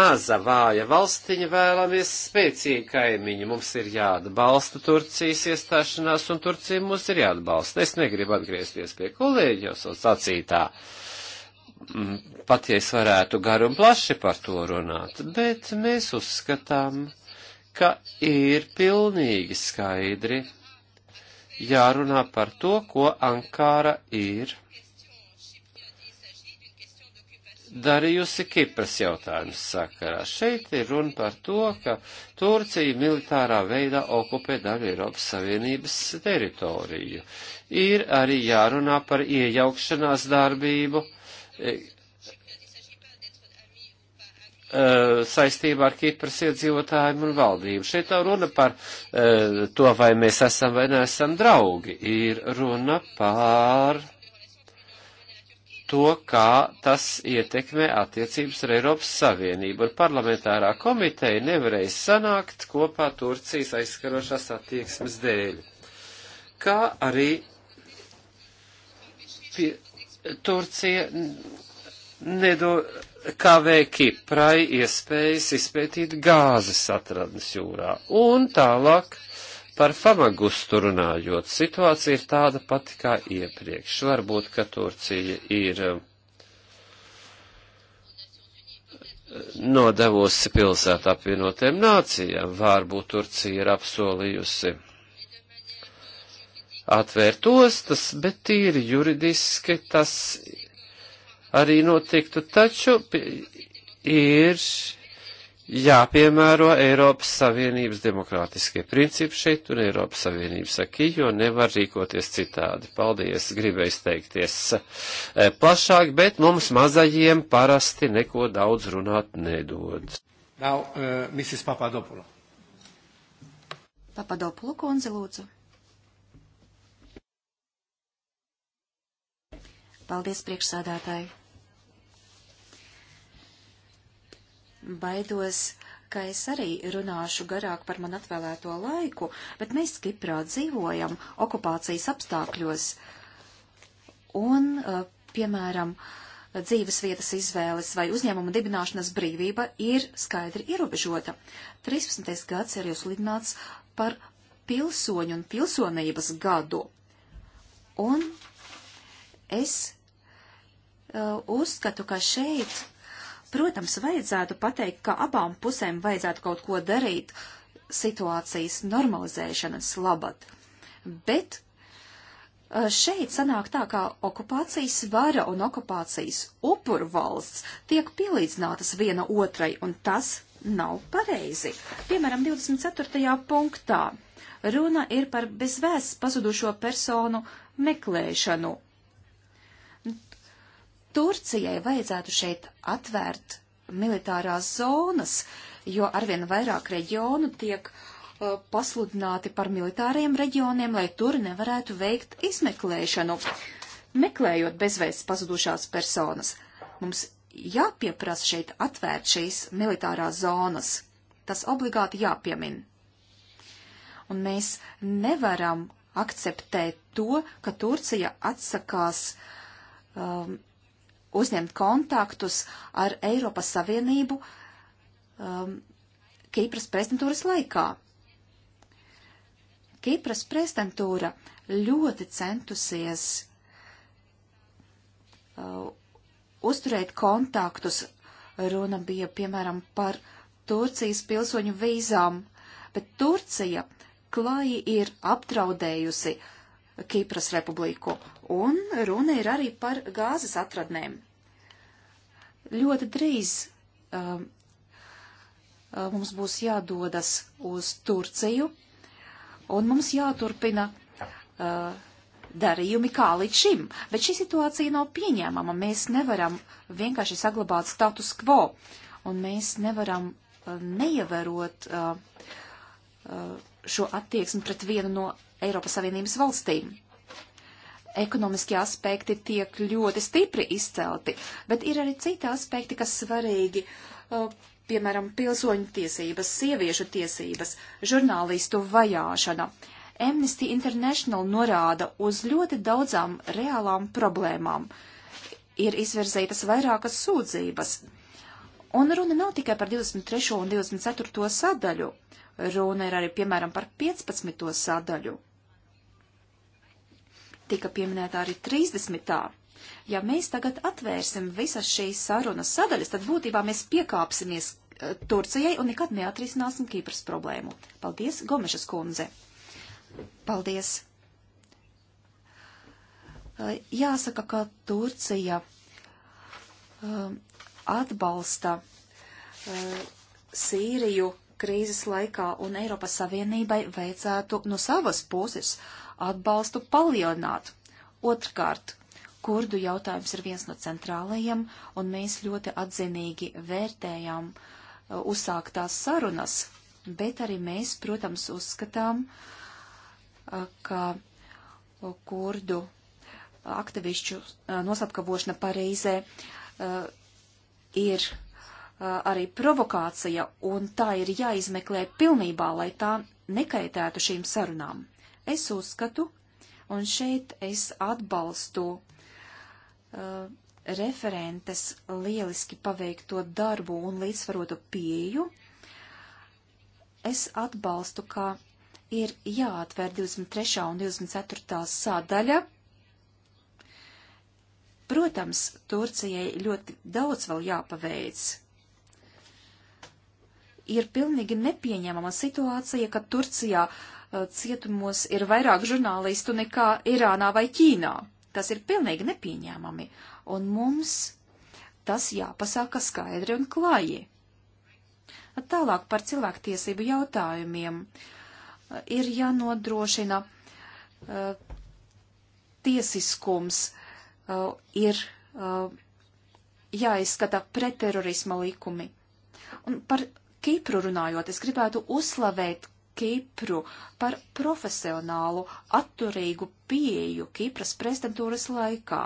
maza vāja valstiņa, vēlamies spēcīgi kaimiņu. Mums ir jāatbalsta Turcijas iestāšanās, un Turcija mums ir jāatbalsta. Es negribu atgriezties pie kolēģi jau sacītā. So Mm, pat ja es varētu garu un plaši par to runāt, bet mēs uzskatām, ka ir pilnīgi skaidri jārunā par to, ko Ankara ir darījusi Kipras jautājumu sakarā. Šeit ir runa par to, ka Turcija militārā veidā okupē daļu Eiropas Savienības teritoriju. Ir arī jārunā par iejaukšanās darbību Eh, saistībā ar Kipras iedzīvotājiem un valdību. Šeit nav runa par uh, to, vai mēs esam vai neesam draugi. Ir runa par to, kā tas ietekmē attiecības ar Eiropas Savienību. Un parlamentārā komiteja nevarēja sanākt kopā Turcijas aizskarošās attieksmes dēļ. Kā arī pie, Turcija nedo kavē Kiprai iespējas izpētīt gāzes atradnes jūrā. Un tālāk par Famagustu runājot, situācija ir tāda pati kā iepriekš. Varbūt, ka Turcija ir eh, nodevusi pilsētu apvienotiem nācijām, varbūt Turcija ir apsolījusi atvērt ostas, bet tīri juridiski tas arī notiktu. Taču ir jāpiemēro Eiropas Savienības demokrātiskie principi šeit un Eiropas Savienības akī, jo nevar rīkoties citādi. Paldies, gribēju izteikties eh, plašāk, bet mums mazajiem parasti neko daudz runāt nedod. Nav, uh, eh, Mrs. Papadopulo. Papadopulo, konzi, lūdzu. Paldies priekšsādātāji. Baidos, ka es arī runāšu garāk par man atvēlēto laiku, bet mēs Kiprā dzīvojam okupācijas apstākļos. Un, uh, piemēram, dzīves vietas izvēles vai uzņēmuma dibināšanas brīvība ir skaidri ierobežota. 13. gads ir jau slidināts par pilsoņu un pilsonības gadu. Un es Uh, uzskatu, ka šeit, protams, vajadzētu pateikt, ka abām pusēm vajadzētu kaut ko darīt situācijas normalizēšanas labad. Bet uh, šeit sanāk tā, ka okupācijas vara un okupācijas upuru valsts tiek pielīdzinātas viena otrai, un tas nav pareizi. Piemēram, 24. punktā runa ir par bezvēsts pazudušo personu meklēšanu. Turcijai vajadzētu šeit atvērt militārās zonas, jo arvien vairāk reģionu tiek uh, pasludināti par militāriem reģioniem, lai tur nevarētu veikt izmeklēšanu, meklējot bezvēsts pazudušās personas. Mums jāpieprasa šeit atvērt šīs militārās zonas. Tas obligāti jāpiemin. Un mēs nevaram akceptēt to, ka Turcija atsakās um, uzņemt kontaktus ar Eiropas Savienību um, Kīpras prezidentūras laikā. Kīpras prezidentūra ļoti centusies uh, uzturēt kontaktus. Runa bija, piemēram, par Turcijas pilsoņu vīzām, bet Turcija klāji ir apdraudējusi uh, Kipras republiku, un runa ir arī par gāzes atradnēm. Ļoti drīz um, uh, mums būs jādodas uz Turciju, un mums jāturpina uh, darījumi kā līdz šim, bet šī situācija nav pieņēmama. Mēs nevaram vienkārši saglabāt status quo, un mēs nevaram uh, neievērot uh, uh, šo attieksmi pret vienu no Eiropas Savienības valstīm. Ekonomiskie aspekti tiek ļoti stipri izcelti, bet ir arī citi aspekti, kas svarīgi, piemēram, pilsoņu tiesības, sieviešu tiesības, žurnālistu vajāšana. Amnesty International norāda uz ļoti daudzām reālām problēmām. Ir izvirzītas vairākas sūdzības. Un runa nav tikai par 23. un 24. sadaļu. Runa ir arī, piemēram, par 15. sadaļu tika pieminēta arī 30. Ja mēs tagad atvērsim visas šīs sarunas sadaļas, tad būtībā mēs piekāpsimies eh, Turcijai un nekad neatrisināsim Kīpras problēmu. Paldies, Gomešas kundze. Paldies. Eh, jāsaka, ka Turcija eh, atbalsta Sīriju krīzes laikā un Eiropas Savienībai vajadzētu no savas puses uh, atbalstu palielināt. Otrkārt, kurdu jautājums ir viens no centrālajiem, un mēs ļoti atzinīgi vērtējām uh, uzsāktās sarunas, bet arī mēs, protams, uzskatām, uh, ka uh, kurdu aktivišķu nosapkavošana pareizē ir arī provokācija, un tā ir jāizmeklē pilnībā, lai tā nekaitētu šīm sarunām. Es uzskatu, un šeit es atbalstu uh, referentes lieliski paveikto darbu un līdzsvarotu pieju. Es atbalstu, ka ir jāatver 23. un 24. sadaļa. Protams, Turcijai ļoti daudz vēl jāpaveic, ir pilnīgi nepieņemama situācija, ka Turcijā Uh, cietumos ir vairāk žurnālistu nekā Irānā vai Ķīnā. Tas ir pilnīgi nepieņēmami, un mums tas jāpasaka skaidri un klāji. Tālāk par cilvēktiesību jautājumiem uh, ir jānodrošina uh, tiesiskums, uh, ir uh, jāizskata pretterorisma likumi. Un par Kipru runājot, es gribētu uzslavēt Kipru par profesionālu, atturīgu pieeju Kipras prezidentūras laikā.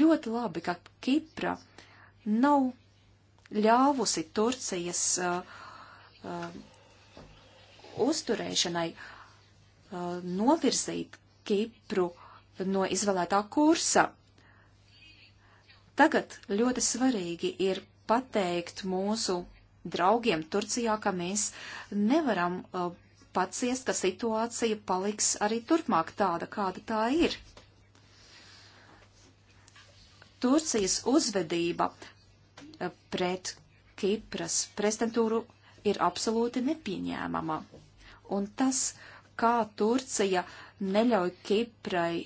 Ļoti labi, ka Kipra nav ļāvusi Turcijas uh, uh, uzturēšanai uh, novirzīt Kipru no izvēlētā kursa. Tagad ļoti svarīgi ir pateikt mūsu draugiem Turcijā, ka mēs nevaram uh, paciest, ka situācija paliks arī turpmāk tāda, kāda tā ir. Turcijas uzvedība uh, pret Kipras prezidentūru ir absolūti nepieņēmama. Un tas, kā Turcija neļauj Kiprai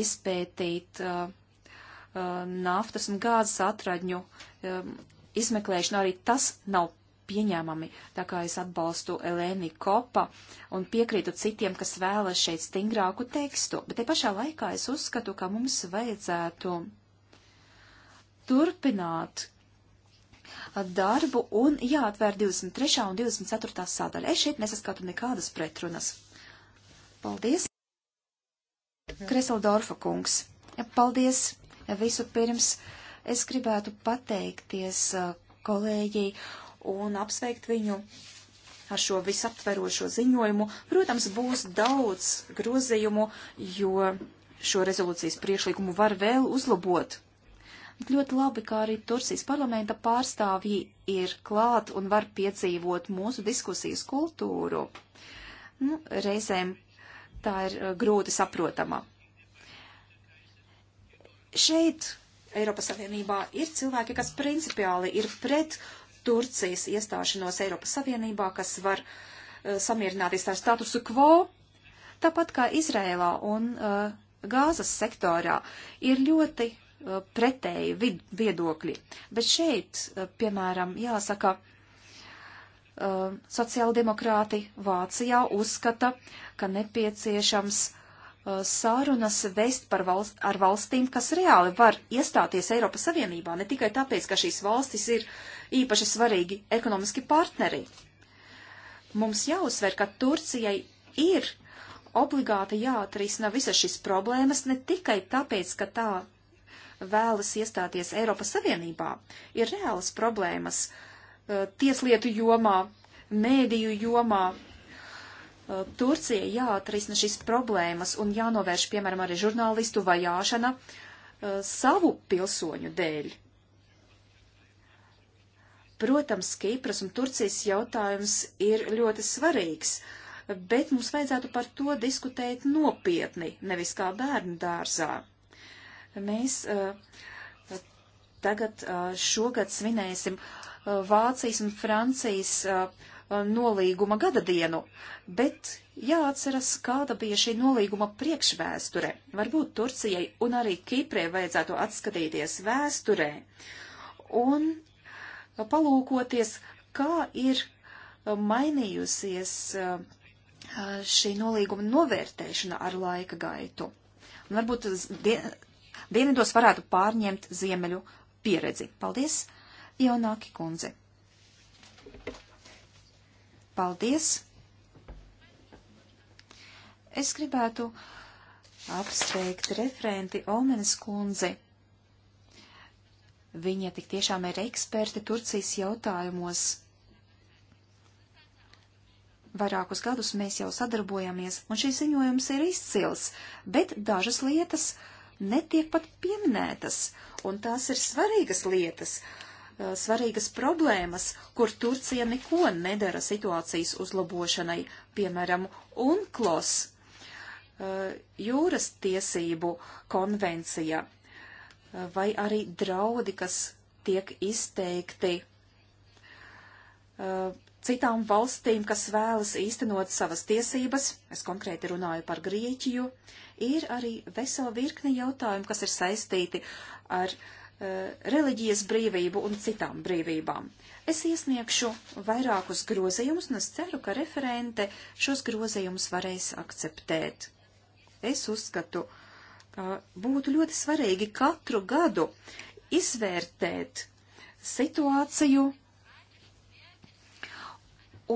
izpētīt uh, uh, naftas un gāzes atradņu um, izmeklēšanu, arī tas nav pieņēmami, tā kā es atbalstu Elēni Kopa un piekrītu citiem, kas vēlas šeit stingrāku tekstu, bet te pašā laikā es uzskatu, ka mums vajadzētu turpināt darbu un jāatvēr 23. un 24. sādaļa. Es šeit nesaskatu nekādas pretrunas. Paldies! Kreseldorfa kungs. Paldies! Visu pirms Es gribētu pateikties uh, kolēģi un apsveikt viņu ar šo visaptverošo ziņojumu. Protams, būs daudz grozījumu, jo šo rezolūcijas priekšlikumu var vēl uzlabot. Ļoti labi, kā arī Turcijas parlamenta pārstāvji ir klāt un var piedzīvot mūsu diskusijas kultūru. Nu, reizēm tā ir uh, grūti saprotama. Šeit Eiropas Savienībā ir cilvēki, kas principiāli ir pret Turcijas iestāšanos Eiropas Savienībā, kas var uh, samierināties ar statusu quo, tāpat kā Izrēlā un uh, gāzes sektorā ir ļoti uh, pretēji vid, viedokļi. Bet šeit, uh, piemēram, jāsaka, sociāldemokrāti Vācijā uzskata, ka nepieciešams Uh, sārunas vest par valst, ar valstīm, kas reāli var iestāties Eiropas Savienībā, ne tikai tāpēc, ka šīs valstis ir īpaši svarīgi ekonomiski partneri. Mums jāuzsver, ka Turcijai ir obligāti jāatrisina visas šīs problēmas ne tikai tāpēc, ka tā vēlas iestāties Eiropas Savienībā, ir reālas problēmas uh, tieslietu jomā, mēdīju jomā, Turcija jāatrisina šīs problēmas un jānovērš, piemēram, arī žurnālistu vajāšana uh, savu pilsoņu dēļ. Protams, Kīpras un Turcijas jautājums ir ļoti svarīgs, bet mums vajadzētu par to diskutēt nopietni, nevis kā bērnu dārzā. Mēs uh, tagad uh, šogad svinēsim Vācijas un Francijas uh, Um, nolīguma gadadienu, bet jāatceras, kāda bija šī nolīguma priekšvēsture. Varbūt Turcijai un arī Kiprē vajadzētu atskatīties vēsturē un palūkoties, kā ir um, mainījusies um, šī nolīguma novērtēšana ar laika gaitu. Un varbūt dienvidos varētu pārņemt ziemeļu pieredzi. Paldies, Jaunāki kundze! Paldies! Es gribētu apsveikt referenti Omenes kundzi. Viņa tik tiešām ir eksperte Turcijas jautājumos. Vairākus gadus mēs jau sadarbojamies, un šis ziņojums ir izcils, bet dažas lietas netiek pat pieminētas, un tās ir svarīgas lietas. Uh, Eh, svarīgas problēmas, kur Turcija neko nedara situācijas uzlabošanai, piemēram, UNCLOS eh, jūras tiesību konvencija, eh, vai arī draudi, kas tiek izteikti citām valstīm, kas vēlas īstenot savas tiesības, es konkrēti runāju par Grieķiju, ir arī vesela virkni jautājumu, kas ir saistīti ar uh, Eh, reliģijas brīvību un citām brīvībām. Es iesniegšu vairākus grozījumus un es ceru, ka referente šos grozījumus varēs akceptēt. Es uzskatu, ka būtu ļoti svarīgi katru gadu izvērtēt situāciju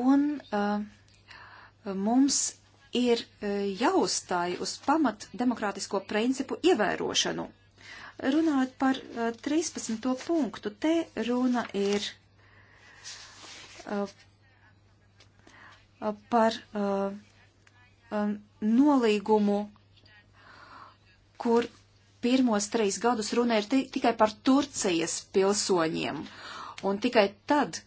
un uh, mums ir eh, jāuzstāj uz pamat demokrātisko principu ievērošanu Runājot par 13. Eh, punktu, te runa ir eh, eh, par nolīgumu, kur pirmos trīs gadus runa ir tikai par Turcijas pilsoņiem, un tikai tad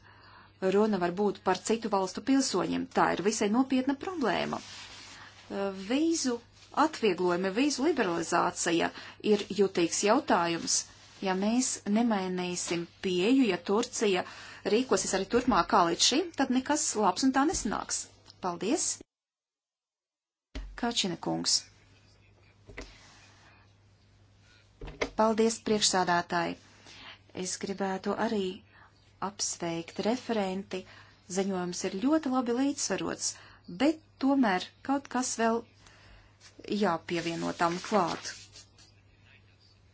runa var būt par citu valstu pilsoņiem. Tā ir visai nopietna problēma. Vīzu atvieglojumi, vīzu liberalizācija ir jutīgs jautājums. Ja mēs nemainīsim pieju, ja Turcija rīkosies arī turpmāk kā līdz šim, tad nekas labs un tā nesanāks. Paldies! Kačina kungs. Paldies, priekšsādātāji! Es gribētu arī apsveikt referenti. Ziņojums ir ļoti labi līdzsvarots, bet tomēr kaut kas vēl jāpievieno tam klāt.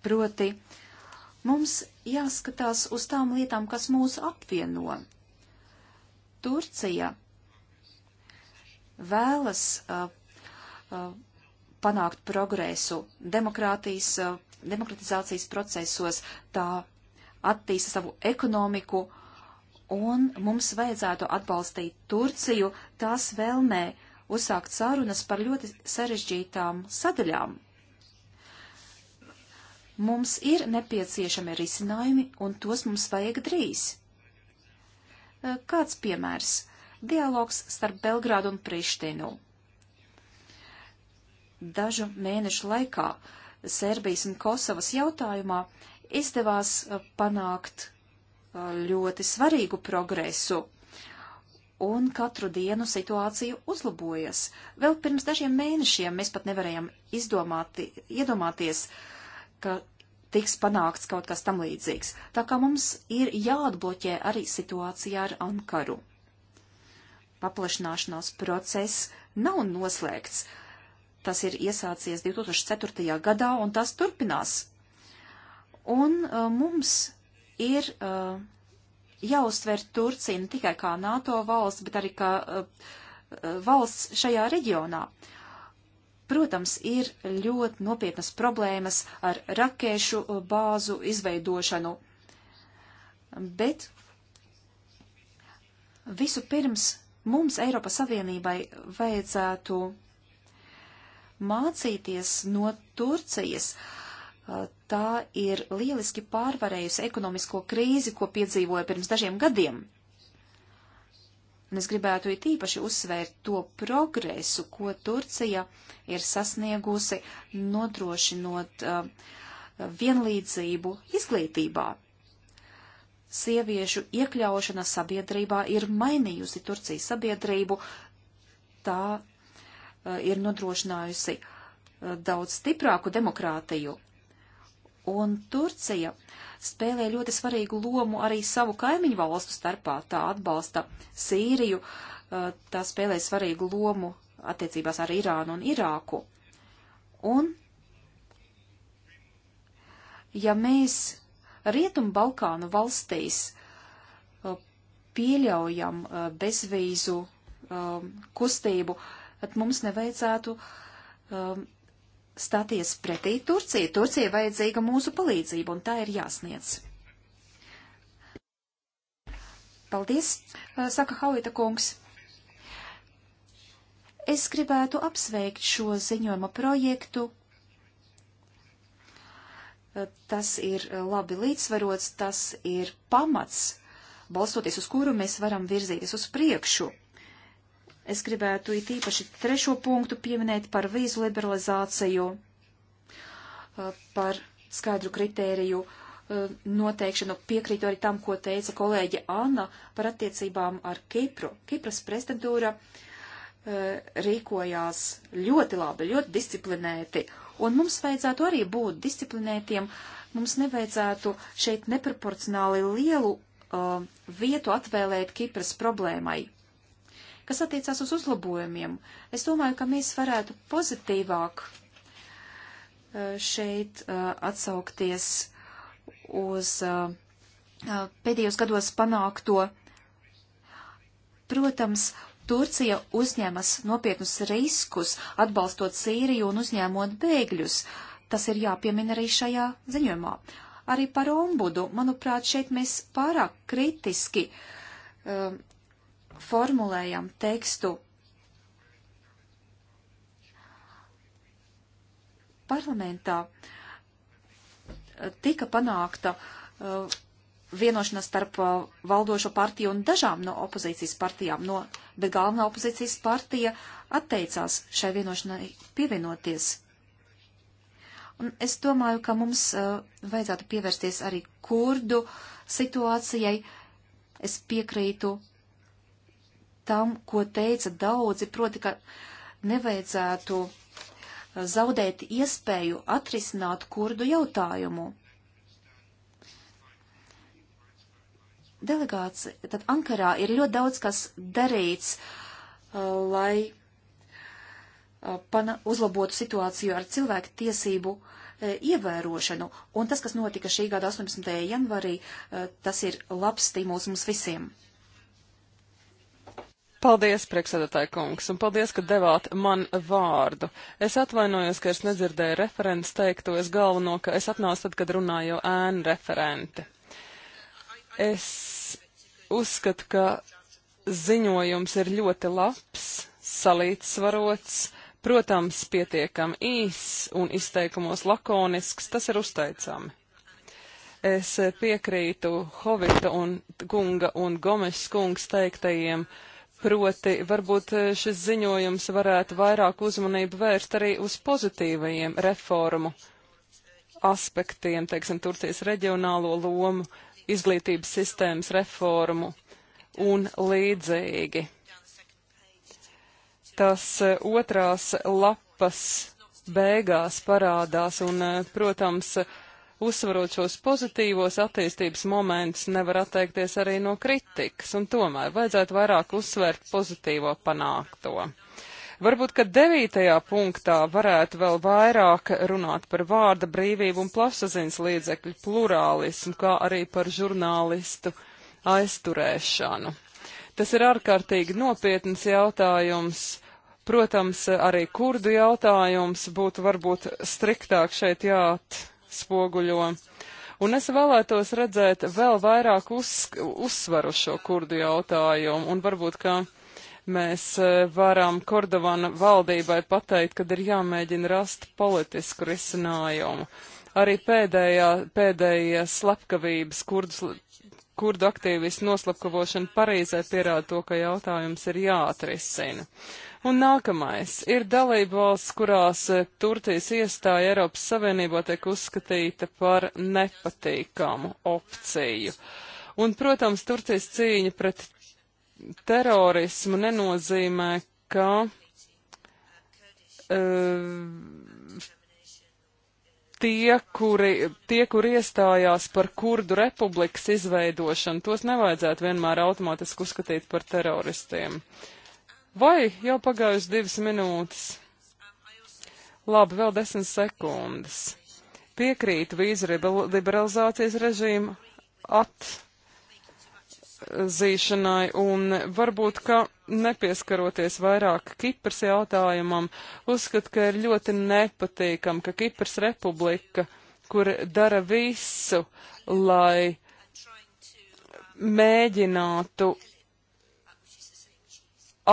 Proti, mums jāskatās uz tām lietām, kas mūs apvieno. Turcija vēlas uh, uh, panākt progresu demokrātijas, uh, demokratizācijas procesos, tā attīsta savu ekonomiku, un mums vajadzētu atbalstīt Turciju tās vēlmē uh, uzsākt sarunas par ļoti sarežģītām sadaļām. Mums ir nepieciešami risinājumi, un tos mums vajag drīz. E, kāds piemērs? Dialogs starp Belgrādu un Prištinu. Dažu mēnešu laikā Serbijas un Kosovas jautājumā izdevās e, panākt e, ļoti svarīgu progresu un katru dienu situācija uzlabojas. Vēl pirms dažiem mēnešiem mēs pat nevarējām izdomāt, iedomāties, ka tiks panākts kaut kas tam līdzīgs. Tā kā mums ir jāatbloķē arī situācija ar Ankaru. Paplašināšanās process nav noslēgts. Tas ir iesācies 2004. gadā un tas turpinās. Un uh, mums ir uh, jāuztver Turcija ne tikai kā NATO valsts, bet arī kā uh, valsts šajā reģionā. Protams, ir ļoti nopietnas problēmas ar rakēšu eh, bāzu izveidošanu, bet visu pirms mums Eiropas Savienībai vajadzētu mācīties no Turcijas, uh, tā ir lieliski pārvarējusi ekonomisko krīzi, ko piedzīvoja pirms dažiem gadiem. Un es gribētu it īpaši uzsvērt to progresu, ko Turcija ir sasniegusi, nodrošinot uh, vienlīdzību izglītībā. Sieviešu iekļaušana sabiedrībā ir mainījusi Turcijas sabiedrību, tā uh, ir nodrošinājusi uh, daudz stiprāku demokrātiju un Turcija spēlē ļoti svarīgu lomu arī savu kaimiņu valstu starpā. Tā atbalsta Sīriju, tā spēlē svarīgu lomu attiecībās ar Irānu un Irāku. Un, ja mēs Rietumu Balkānu valstīs pieļaujam bezvīzu kustību, tad mums nevajadzētu stāties pretī Turcija. Turcija vajadzīga mūsu palīdzība, un tā ir jāsniedz. Paldies, saka Haulita kungs. Es gribētu apsveikt šo ziņojuma projektu. Tas ir labi līdzsvarots, tas ir pamats, balstoties uz kuru mēs varam virzīties uz priekšu. Es gribētu it īpaši trešo punktu pieminēt par vīzu liberalizāciju, uh, par skaidru kritēriju uh, noteikšanu. Piekrītu arī tam, ko teica kolēģe Anna par attiecībām ar Kipru. Kipras prezidentūra uh, rīkojās ļoti labi, ļoti disciplinēti, un mums vajadzētu arī būt disciplinētiem. Mums nevajadzētu šeit neproporcionāli lielu uh, vietu atvēlēt Kipras problēmai Kas attiecās uz uzlabojumiem, es domāju, ka mēs varētu pozitīvāk uh, šeit uh, atsaukties uz uh, pēdējos gados panākto. Protams, Turcija uzņemas nopietnus riskus, atbalstot Sīriju un uzņēmot bēgļus. Tas ir jāpiemina arī šajā ziņojumā. Arī par ombudu, manuprāt, šeit mēs pārāk kritiski um, formulējam tekstu. Parlamentā tika panākta uh, vienošanās starp uh, valdošo partiju un dažām no opozīcijas partijām, no, bet galvenā opozīcijas partija atteicās šai vienošanai pievienoties. Un es domāju, ka mums uh, vajadzētu pievērsties arī kurdu situācijai. Es piekrītu tam, ko teica daudzi, proti, ka nevajadzētu eh, zaudēt iespēju atrisināt kurdu jautājumu. Delegācija, tad Ankarā ir ļoti daudz kas darīts, eh, lai eh, pana, uzlabotu situāciju ar cilvēku tiesību ievērošanu. Un tas, kas notika šī gada 18. janvarī, tas ir labs stimuls mums visiem. Paldies, priekšsēdētāji kungs, un paldies, ka devāt man vārdu. Es atvainojos, ka es nedzirdēju referents teikto, es galveno, ka es atnācu tad, kad runāju ēnu referenti. Es uzskatu, ka ziņojums ir ļoti labs, salīdzsvarots, protams, pietiekami īs un izteikumos lakonisks, tas ir uzteicami. Es piekrītu Hovita un Gunga un Gomes kungs teiktajiem, uh, Proti, varbūt eh, šis ziņojums varētu vairāk uzmanību vērst arī uz pozitīvajiem reformu aspektiem, teiksim, Turcijas reģionālo lomu, izglītības sistēmas reformu un līdzīgi. Tas eh, otrās lapas beigās parādās un, eh, protams, uzsvarot šos pozitīvos attīstības momentus, nevar atteikties arī no kritikas, un tomēr vajadzētu vairāk uzsvērt pozitīvo panākto. Varbūt, ka devītajā punktā varētu vēl vairāk runāt par vārda brīvību un plašsaziņas līdzekļu plurālismu, kā arī par žurnālistu aizturēšanu. Tas ir ārkārtīgi nopietns jautājums. Protams, arī kurdu jautājums būtu varbūt striktāk šeit jāatcerās spoguļo. Un es vēlētos redzēt vēl vairāk uz, uzsvaru šo kurdu jautājumu, un varbūt, ka mēs e, varam Kordovana valdībai pateikt, kad ir jāmēģina rast politisku risinājumu. Arī pēdējā, pēdējie slepkavības kurdus kurdu aktīvistu noslapkavošana Parīzē pierāda to, ka jautājums ir jāatrisina. Un nākamais ir dalība valsts, kurās e, Turcijas iestāja Eiropas Savienībā tiek uzskatīta par nepatīkamu opciju. Un, protams, Turcijas cīņa pret terorismu nenozīmē, ka uh, tie, kuri, tie, kur iestājās par kurdu republikas izveidošanu, tos nevajadzētu vienmēr automātiski uzskatīt par teroristiem. Vai jau pagājusi divas minūtes? Labi, vēl desmit sekundes. Piekrītu vīzu liberalizācijas režīmu at atzīšanai, un varbūt, ka nepieskaroties vairāk Kipras jautājumam, uzskat, ka ir ļoti nepatīkam, ka Kipras republika, kur dara visu, lai mēģinātu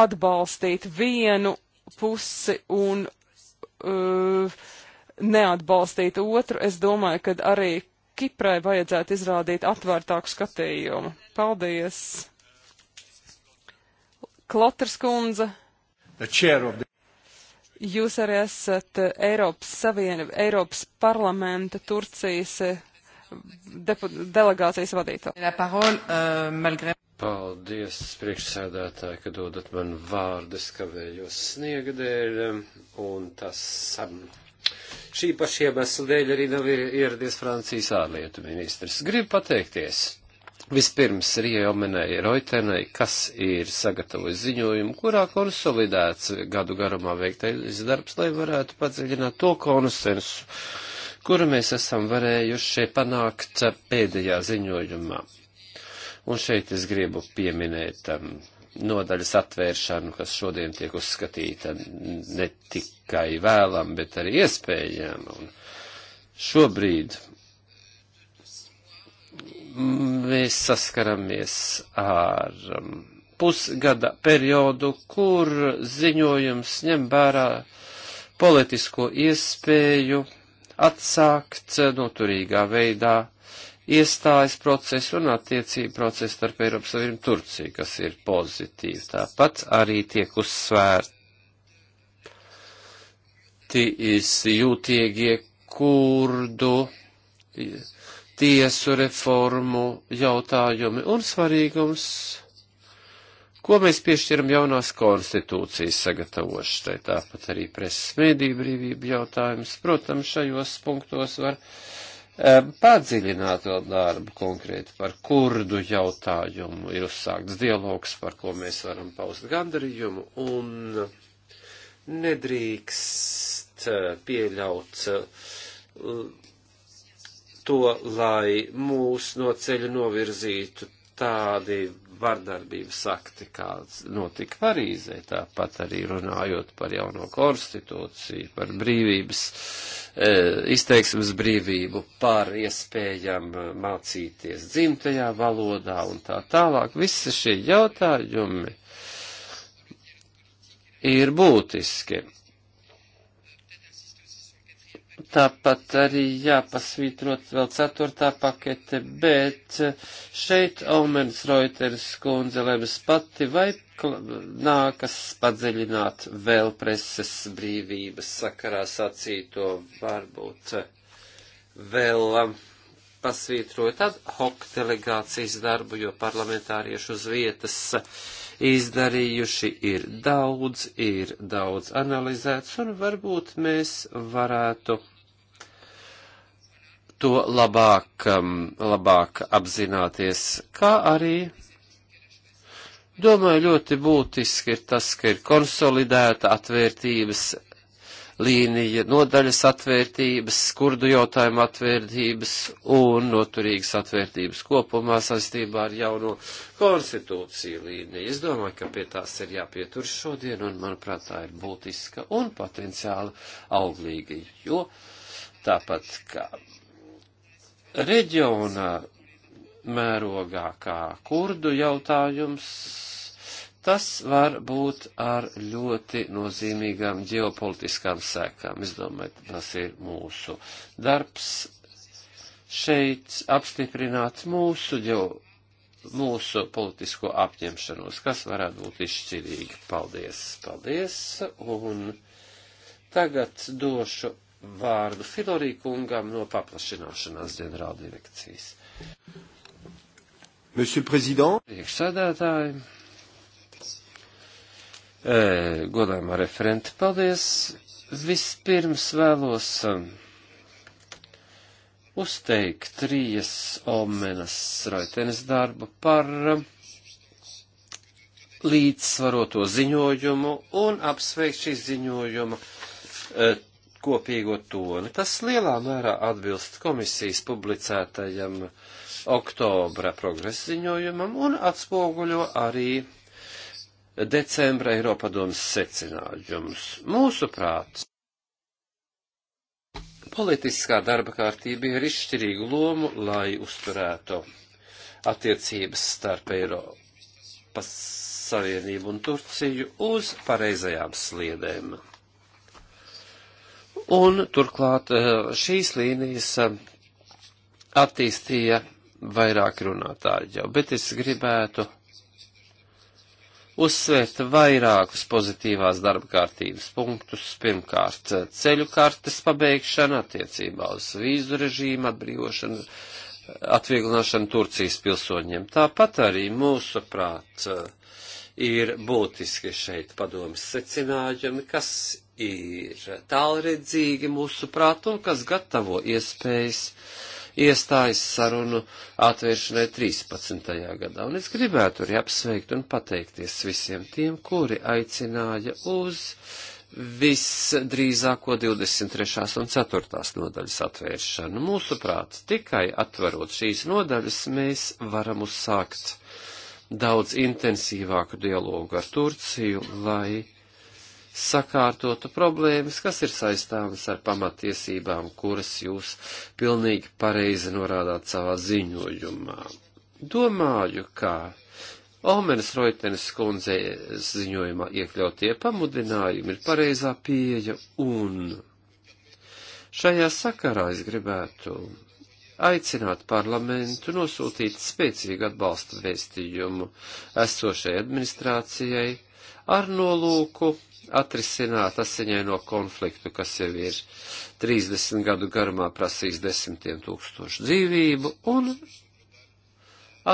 atbalstīt vienu pusi un uh, neatbalstīt otru, es domāju, ka arī Kiprai vajadzētu izrādīt atvērtāku skatījumu. Paldies! Kloters kundze. Jūs arī esat Eiropas Savienība, Eiropas parlamenta Turcijas eh, delegācijas vadītāja. Euh, Paldies, priekšsēdētāji, ka dodat man vārdu, es kavējos sniega dēļ, um, un tas um, Šī paša iemesla dēļ arī nav ieradies Francijas ārlietu ministrs. Gribu pateikties Vispirms Rio minēja Roitenai, kas ir sagatavojis ziņojumu, kurā konsolidēts gadu garumā veiktais darbs, lai varētu padziļināt to konsensu, kuru mēs esam varējuši panākt pēdējā ziņojumā. Un šeit es gribu pieminēt um, nodaļas atvēršanu, kas šodien tiek uzskatīta ne tikai vēlam, bet arī iespējām. Un šobrīd mēs saskaramies ar um, pusgada periodu, kur ziņojums ņem vērā politisko iespēju atsākt noturīgā veidā iestājas procesu un attiecību procesu starp Eiropas Savienību un Turciju, kas ir pozitīvi. Tāpat arī tiek uzsvērti jūtīgie kurdu tiesu reformu jautājumi un svarīgums, ko mēs piešķiram jaunās konstitūcijas sagatavošanai, tāpat arī presas mēdī brīvību jautājums. Protams, šajos punktos var padziļināt vēl darbu konkrēti par kurdu jautājumu. Ir uzsākts dialogs, par ko mēs varam paust gandarījumu, un nedrīkst eh, pieļaut eh, to, lai mūs no ceļa novirzītu tādi vardarbības akti, kāds notika Parīzē, tāpat arī runājot par jauno konstitūciju, par brīvības uh, E, izteiksmes brīvību, par iespējām e, mācīties dzimtajā valodā un tā tālāk. Visi šie jautājumi ir būtiski. Tāpat arī jāpasvītrot vēl ceturtā pakete, bet šeit Omens Reuters kundze lems pati vai nākas padziļināt vēl preses brīvības sakarā sacīto varbūt eh, vēl eh, pasvītrojot ad hoc delegācijas darbu, jo parlamentārieši uz vietas eh, izdarījuši ir daudz, ir daudz analizēts, un varbūt mēs varētu to labāk, mm, labāk apzināties, kā arī Domāju, ļoti būtiski ir tas, ka ir konsolidēta atvērtības līnija, nodaļas atvērtības, skurdu jautājumu atvērtības un noturīgas atvērtības kopumā saistībā ar jauno konstitūciju līniju. Es domāju, ka pie tās ir jāpietur šodien un, manuprāt, tā ir būtiska un potenciāli auglīga, jo tāpat kā reģionā mērogā kā kurdu jautājums tas var būt ar ļoti nozīmīgām ģeopolitiskām sēkām. Es domāju, tas ir mūsu darbs šeit apstiprināt mūsu ģeo, mūsu politisko apņemšanos, kas varētu būt izšķirīgi. Paldies, paldies, un tagad došu vārdu Filorī kungam no paplašināšanās ģenerāldirekcijas. Monsieur Président. Priekšsēdētāji godājumā referenti. Paldies! Vispirms vēlos um, uzteikt trijas omenas raitenes darbu par um, līdzsvaroto ziņojumu un apsveikt šī ziņojuma kopīgo toni. Tas lielā mērā atbilst komisijas publicētajam oktobra progresa ziņojumam un atspoguļo arī decembra Eiropadomas secinājumus. Mūsuprāt, politiskā darba kārtība ir izšķirīga lomu, lai uzturētu attiecības starp Eiropas Savienību un Turciju uz pareizajām sliedēm. Un turklāt šīs līnijas attīstīja vairāk runātāji jau, bet es gribētu uzsvērt vairākus pozitīvās darba kārtības punktus. Pirmkārt, ceļu kartes pabeigšana attiecībā uz vīzu režīmu atbrīvošanu, atvieglināšanu Turcijas pilsoņiem. Tāpat arī mūsu prāt ir būtiski šeit padomas secinājumi, kas ir tālredzīgi mūsu prāt un kas gatavo iespējas iestājas sarunu atvēršanai 13. gadā. Un es gribētu arī apsveikt un pateikties visiem tiem, kuri aicināja uz visdrīzāko 23. un 4. nodaļas atvēršanu. Mūsuprāt, tikai atverot šīs nodaļas, mēs varam uzsākt daudz intensīvāku dialogu ar Turciju, lai sakārtotu problēmas, kas ir saistāmas ar pamatiesībām, kuras jūs pilnīgi pareizi norādāt savā ziņojumā. Domāju, ka Omenas Roitenes kundze ziņojumā iekļautie pamudinājumi ir pareizā pieeja un šajā sakarā es gribētu aicināt parlamentu nosūtīt spēcīgu atbalsta vēstījumu esošajai administrācijai ar nolūku atrisināt asiņaino konfliktu, kas jau ir 30 gadu garumā prasīs desmitiem tūkstošu dzīvību, un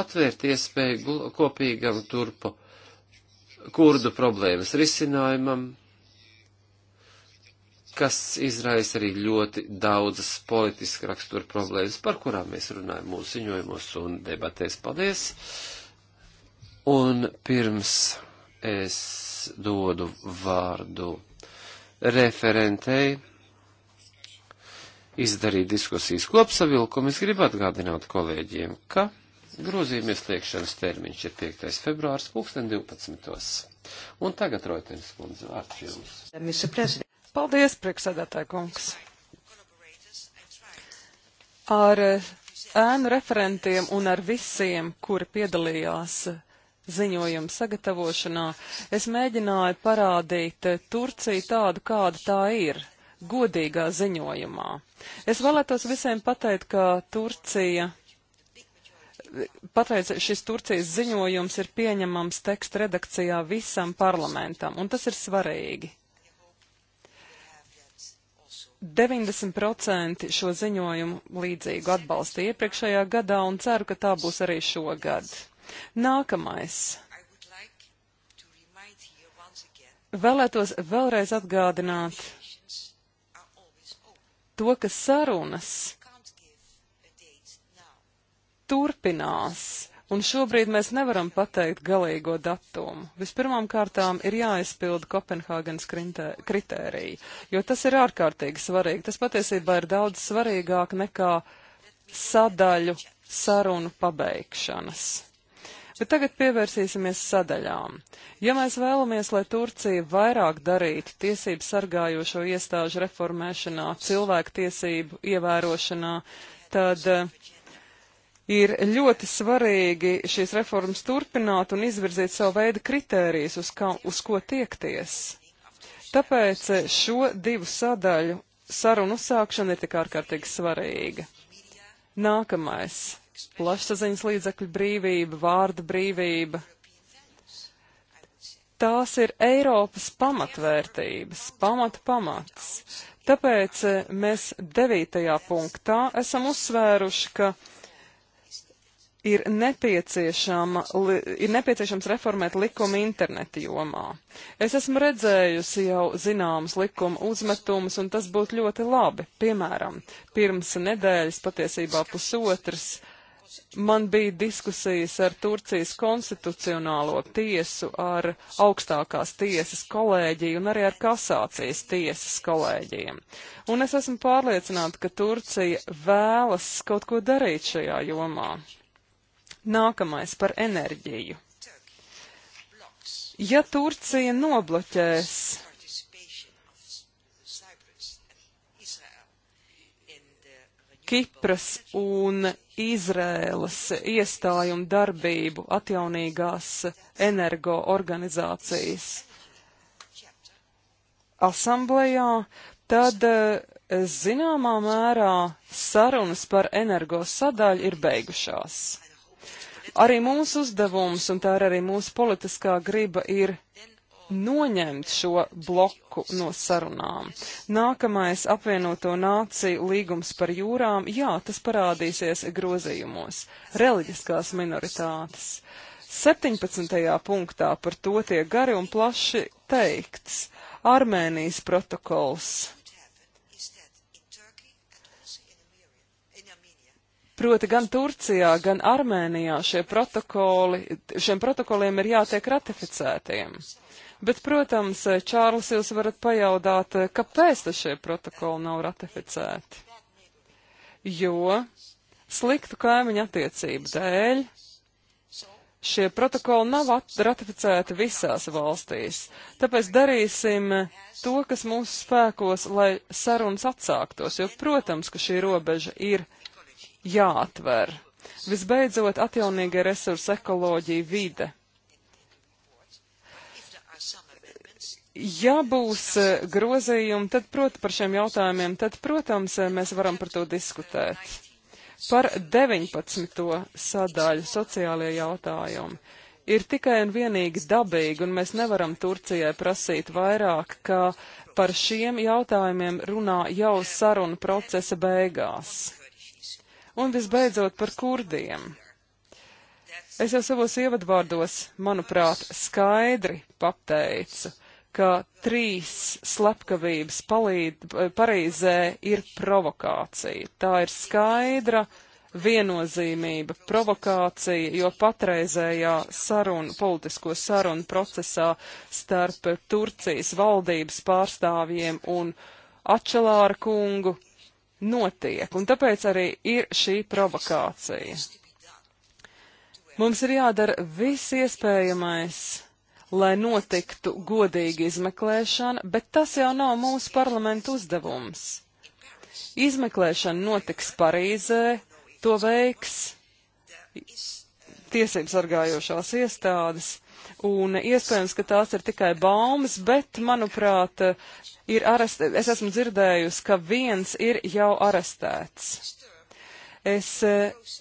atvērt iespēju kopīgam turpu kurdu problēmas risinājumam, kas izraisa arī ļoti daudzas politiski rakstura problēmas, par kurām mēs runājam mūsu ziņojumos un debatēs. Paldies! Un pirms es dodu vārdu referentei izdarīt diskusijas kopsavilkumu. Es gribu atgādināt kolēģiem, ka grozījuma iesniegšanas termiņš ir 5. februārs 2012. Un tagad, Roitenis kundze, vārds jums. Paldies, priekšsēdētāji kungs. Ar eh, ēnu referentiem un ar visiem, kuri piedalījās ziņojuma sagatavošanā, es mēģināju parādīt eh, Turciju tādu, kāda tā ir, godīgā ziņojumā. Es vēlētos visiem pateikt, ka Turcija. Patreiz šis Turcijas ziņojums ir pieņemams teksta redakcijā visam parlamentam, un tas ir svarīgi. 90% šo ziņojumu līdzīgu atbalsta iepriekšējā gadā un ceru, ka tā būs arī šogad. Nākamais. Vēlētos vēlreiz atgādināt to, ka sarunas turpinās. Un šobrīd mēs nevaram pateikt galīgo datumu. Vispirmām kārtām ir jāizpilda Kopenhāgenes kritērija, jo tas ir ārkārtīgi svarīgi. Tas patiesībā ir daudz svarīgāk nekā sadaļu sarunu pabeigšanas. Bet tagad pievērsīsimies sadaļām. Ja mēs vēlamies, lai Turcija vairāk darītu tiesību sargājošo iestāžu reformēšanā, cilvēku tiesību ievērošanā, tad eh, ir ļoti svarīgi šīs reformas turpināt un izvirzīt savu veidu kritērijas, uz, kā, uz ko tiekties. Tāpēc eh, šo divu sadaļu sarunu sākšana ir tik ārkārtīgi svarīga. Nākamais plašsaziņas līdzekļu brīvība, vārda brīvība. Tās ir Eiropas pamatvērtības, pamata pamats. Tāpēc eh, mēs devītajā punktā esam uzsvēruši, ka ir, ir nepieciešams reformēt likumu interneta jomā. Es esmu redzējusi jau zināmas likuma uzmetumus, un tas būtu ļoti labi. Piemēram, pirms nedēļas, patiesībā pusotras, man bija diskusijas ar Turcijas konstitucionālo tiesu, ar augstākās tiesas kolēģiju un arī ar kasācijas tiesas kolēģiem. Un es esmu pārliecināta, ka Turcija vēlas kaut ko darīt šajā jomā. Nākamais par enerģiju. Ja Turcija nobloķēs Kipras un Izrēlas iestājumu darbību atjaunīgās energoorganizācijas asamblējā, tad eh, zināmā mērā sarunas par energo sadaļu ir beigušās. Arī mūsu uzdevums, un tā ir arī mūsu politiskā griba, ir noņemt šo bloku no sarunām. Nākamais apvienoto nāciju līgums par jūrām, jā, tas parādīsies grozījumos. Reliģiskās minoritātes. 17. punktā par to tiek gari un plaši teikts. Armēnijas protokols. Proti gan Turcijā, gan Armēnijā šie protokoli, šiem protokoliem ir jātiek ratificētiem. Bet, protams, Čārlis, jūs varat pajautāt, kāpēc šie protokoli nav ratificēti? Jo sliktu kaimiņu attiecību dēļ šie protokoli nav ratificēti visās valstīs. Tāpēc darīsim to, kas mūsu spēkos, lai sarunas atsāktos, jo, protams, ka šī robeža ir jāatver. Visbeidzot, atjaunīgie resursi, ekoloģija, vide. Ja būs e, grozījumi, tad, prot, par šiem jautājumiem, tad, protams, e, mēs varam par to diskutēt. Par 19. sadaļu sociālajie jautājumi ir tikai un vienīgi dabīgi, un mēs nevaram Turcijai prasīt vairāk, ka par šiem jautājumiem runā jau saruna procesa beigās. Un visbeidzot par kurdiem. Es jau savos ievadvārdos, manuprāt, skaidri pateicu, ka trīs slepkavības palīd, Parīzē ir provokācija. Tā ir skaidra viennozīmība, provokācija, jo patreizējā saruna, politisko sarunu procesā starp Turcijas valdības pārstāvjiem un Ačelāra kungu notiek, un tāpēc arī ir šī provokācija. Mums ir jādara viss iespējamais, lai notiktu godīgi izmeklēšana, bet tas jau nav mūsu parlamentu uzdevums. Izmeklēšana notiks Parīzē, to veiks tiesības sargājošās iestādes, un iespējams, ka tās ir tikai baumas, bet, manuprāt, ir arest... es esmu dzirdējusi, ka viens ir jau arestēts. Es eh,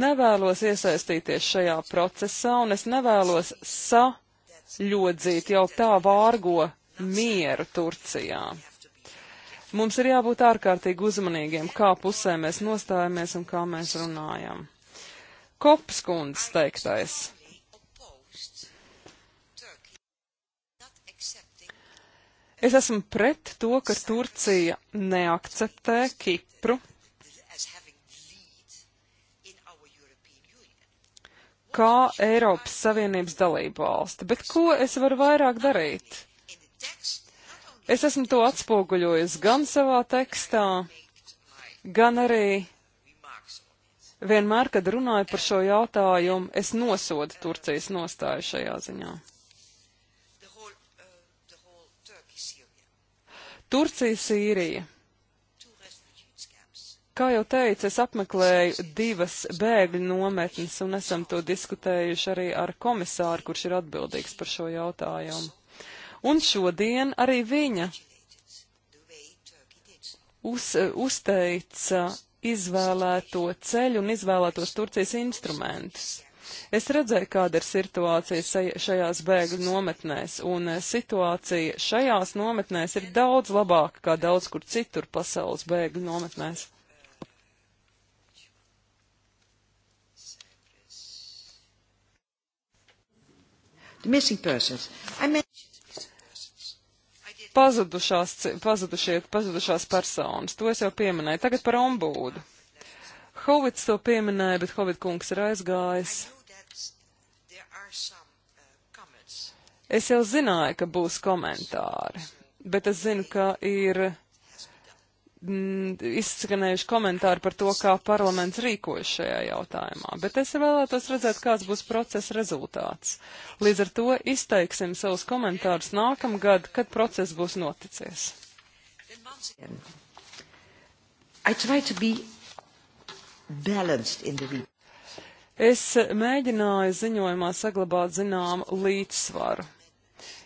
nevēlos iesaistīties šajā procesā, un es nevēlos sa ļodzīt jau tā vārgo mieru Turcijā. Mums ir jābūt ārkārtīgi uzmanīgiem, kā pusē mēs nostājamies un kā mēs runājam. Kops kundzes teiktais. Es esmu pret to, ka Turcija neakceptē Kipru kā Eiropas Savienības dalību valsti. Bet ko es varu vairāk darīt? Es esmu to atspoguļojis gan savā tekstā, gan arī vienmēr, kad runāju par šo jautājumu, es nosodu Turcijas nostāju šajā ziņā. Turcija, Sīrija. Kā jau teicu, es apmeklēju divas bēgļu nometnes un esam to diskutējuši arī ar komisāru, kurš ir atbildīgs par šo jautājumu. Un šodien arī viņa uz, uzteica izvēlēto ceļu un izvēlētos Turcijas instrumentus. Es redzēju, kāda ir situācija šajās bēgļu nometnēs, un e, situācija šajās nometnēs ir daudz labāka kā daudz kur citur pasaules bēgļu nometnēs. the missing persons. I mentioned... Pazudušās, pazudušie, pazudušās personas, to es jau pieminēju. Tagad par ombūdu. Hovits to pieminēja, bet Hovit kungs ir aizgājis. Uh, es jau zināju, ka būs komentāri, bet es zinu, ka ir Mm, izskanējuši komentāri par to, kā parlaments rīkojas šajā jautājumā, bet es vēlētos redzēt, kāds būs procesa rezultāts. Līdz ar to izteiksim savus komentārus nākamgad, kad process būs noticies. Es mēģināju ziņojumā saglabāt zināmu līdzsvaru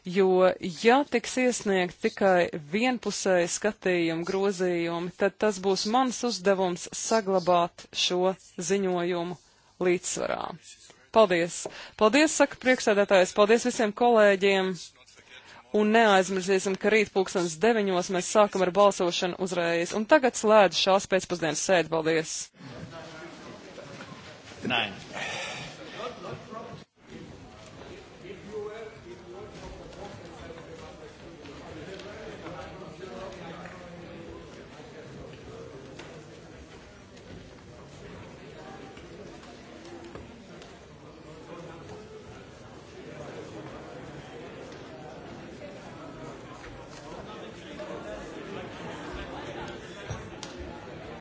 jo ja tiks iesniegt tikai vienpusēji skatījumi grozījumi, tad tas būs mans uzdevums saglabāt šo ziņojumu līdzsvarā. Paldies! Paldies, saka priekšsēdētājs, paldies visiem kolēģiem! Un neaizmirsīsim, ka rīt pulkstens deviņos mēs sākam ar balsošanu uzreiz. Un tagad slēdz šās pēcpusdienas sēdi. Paldies! Nine.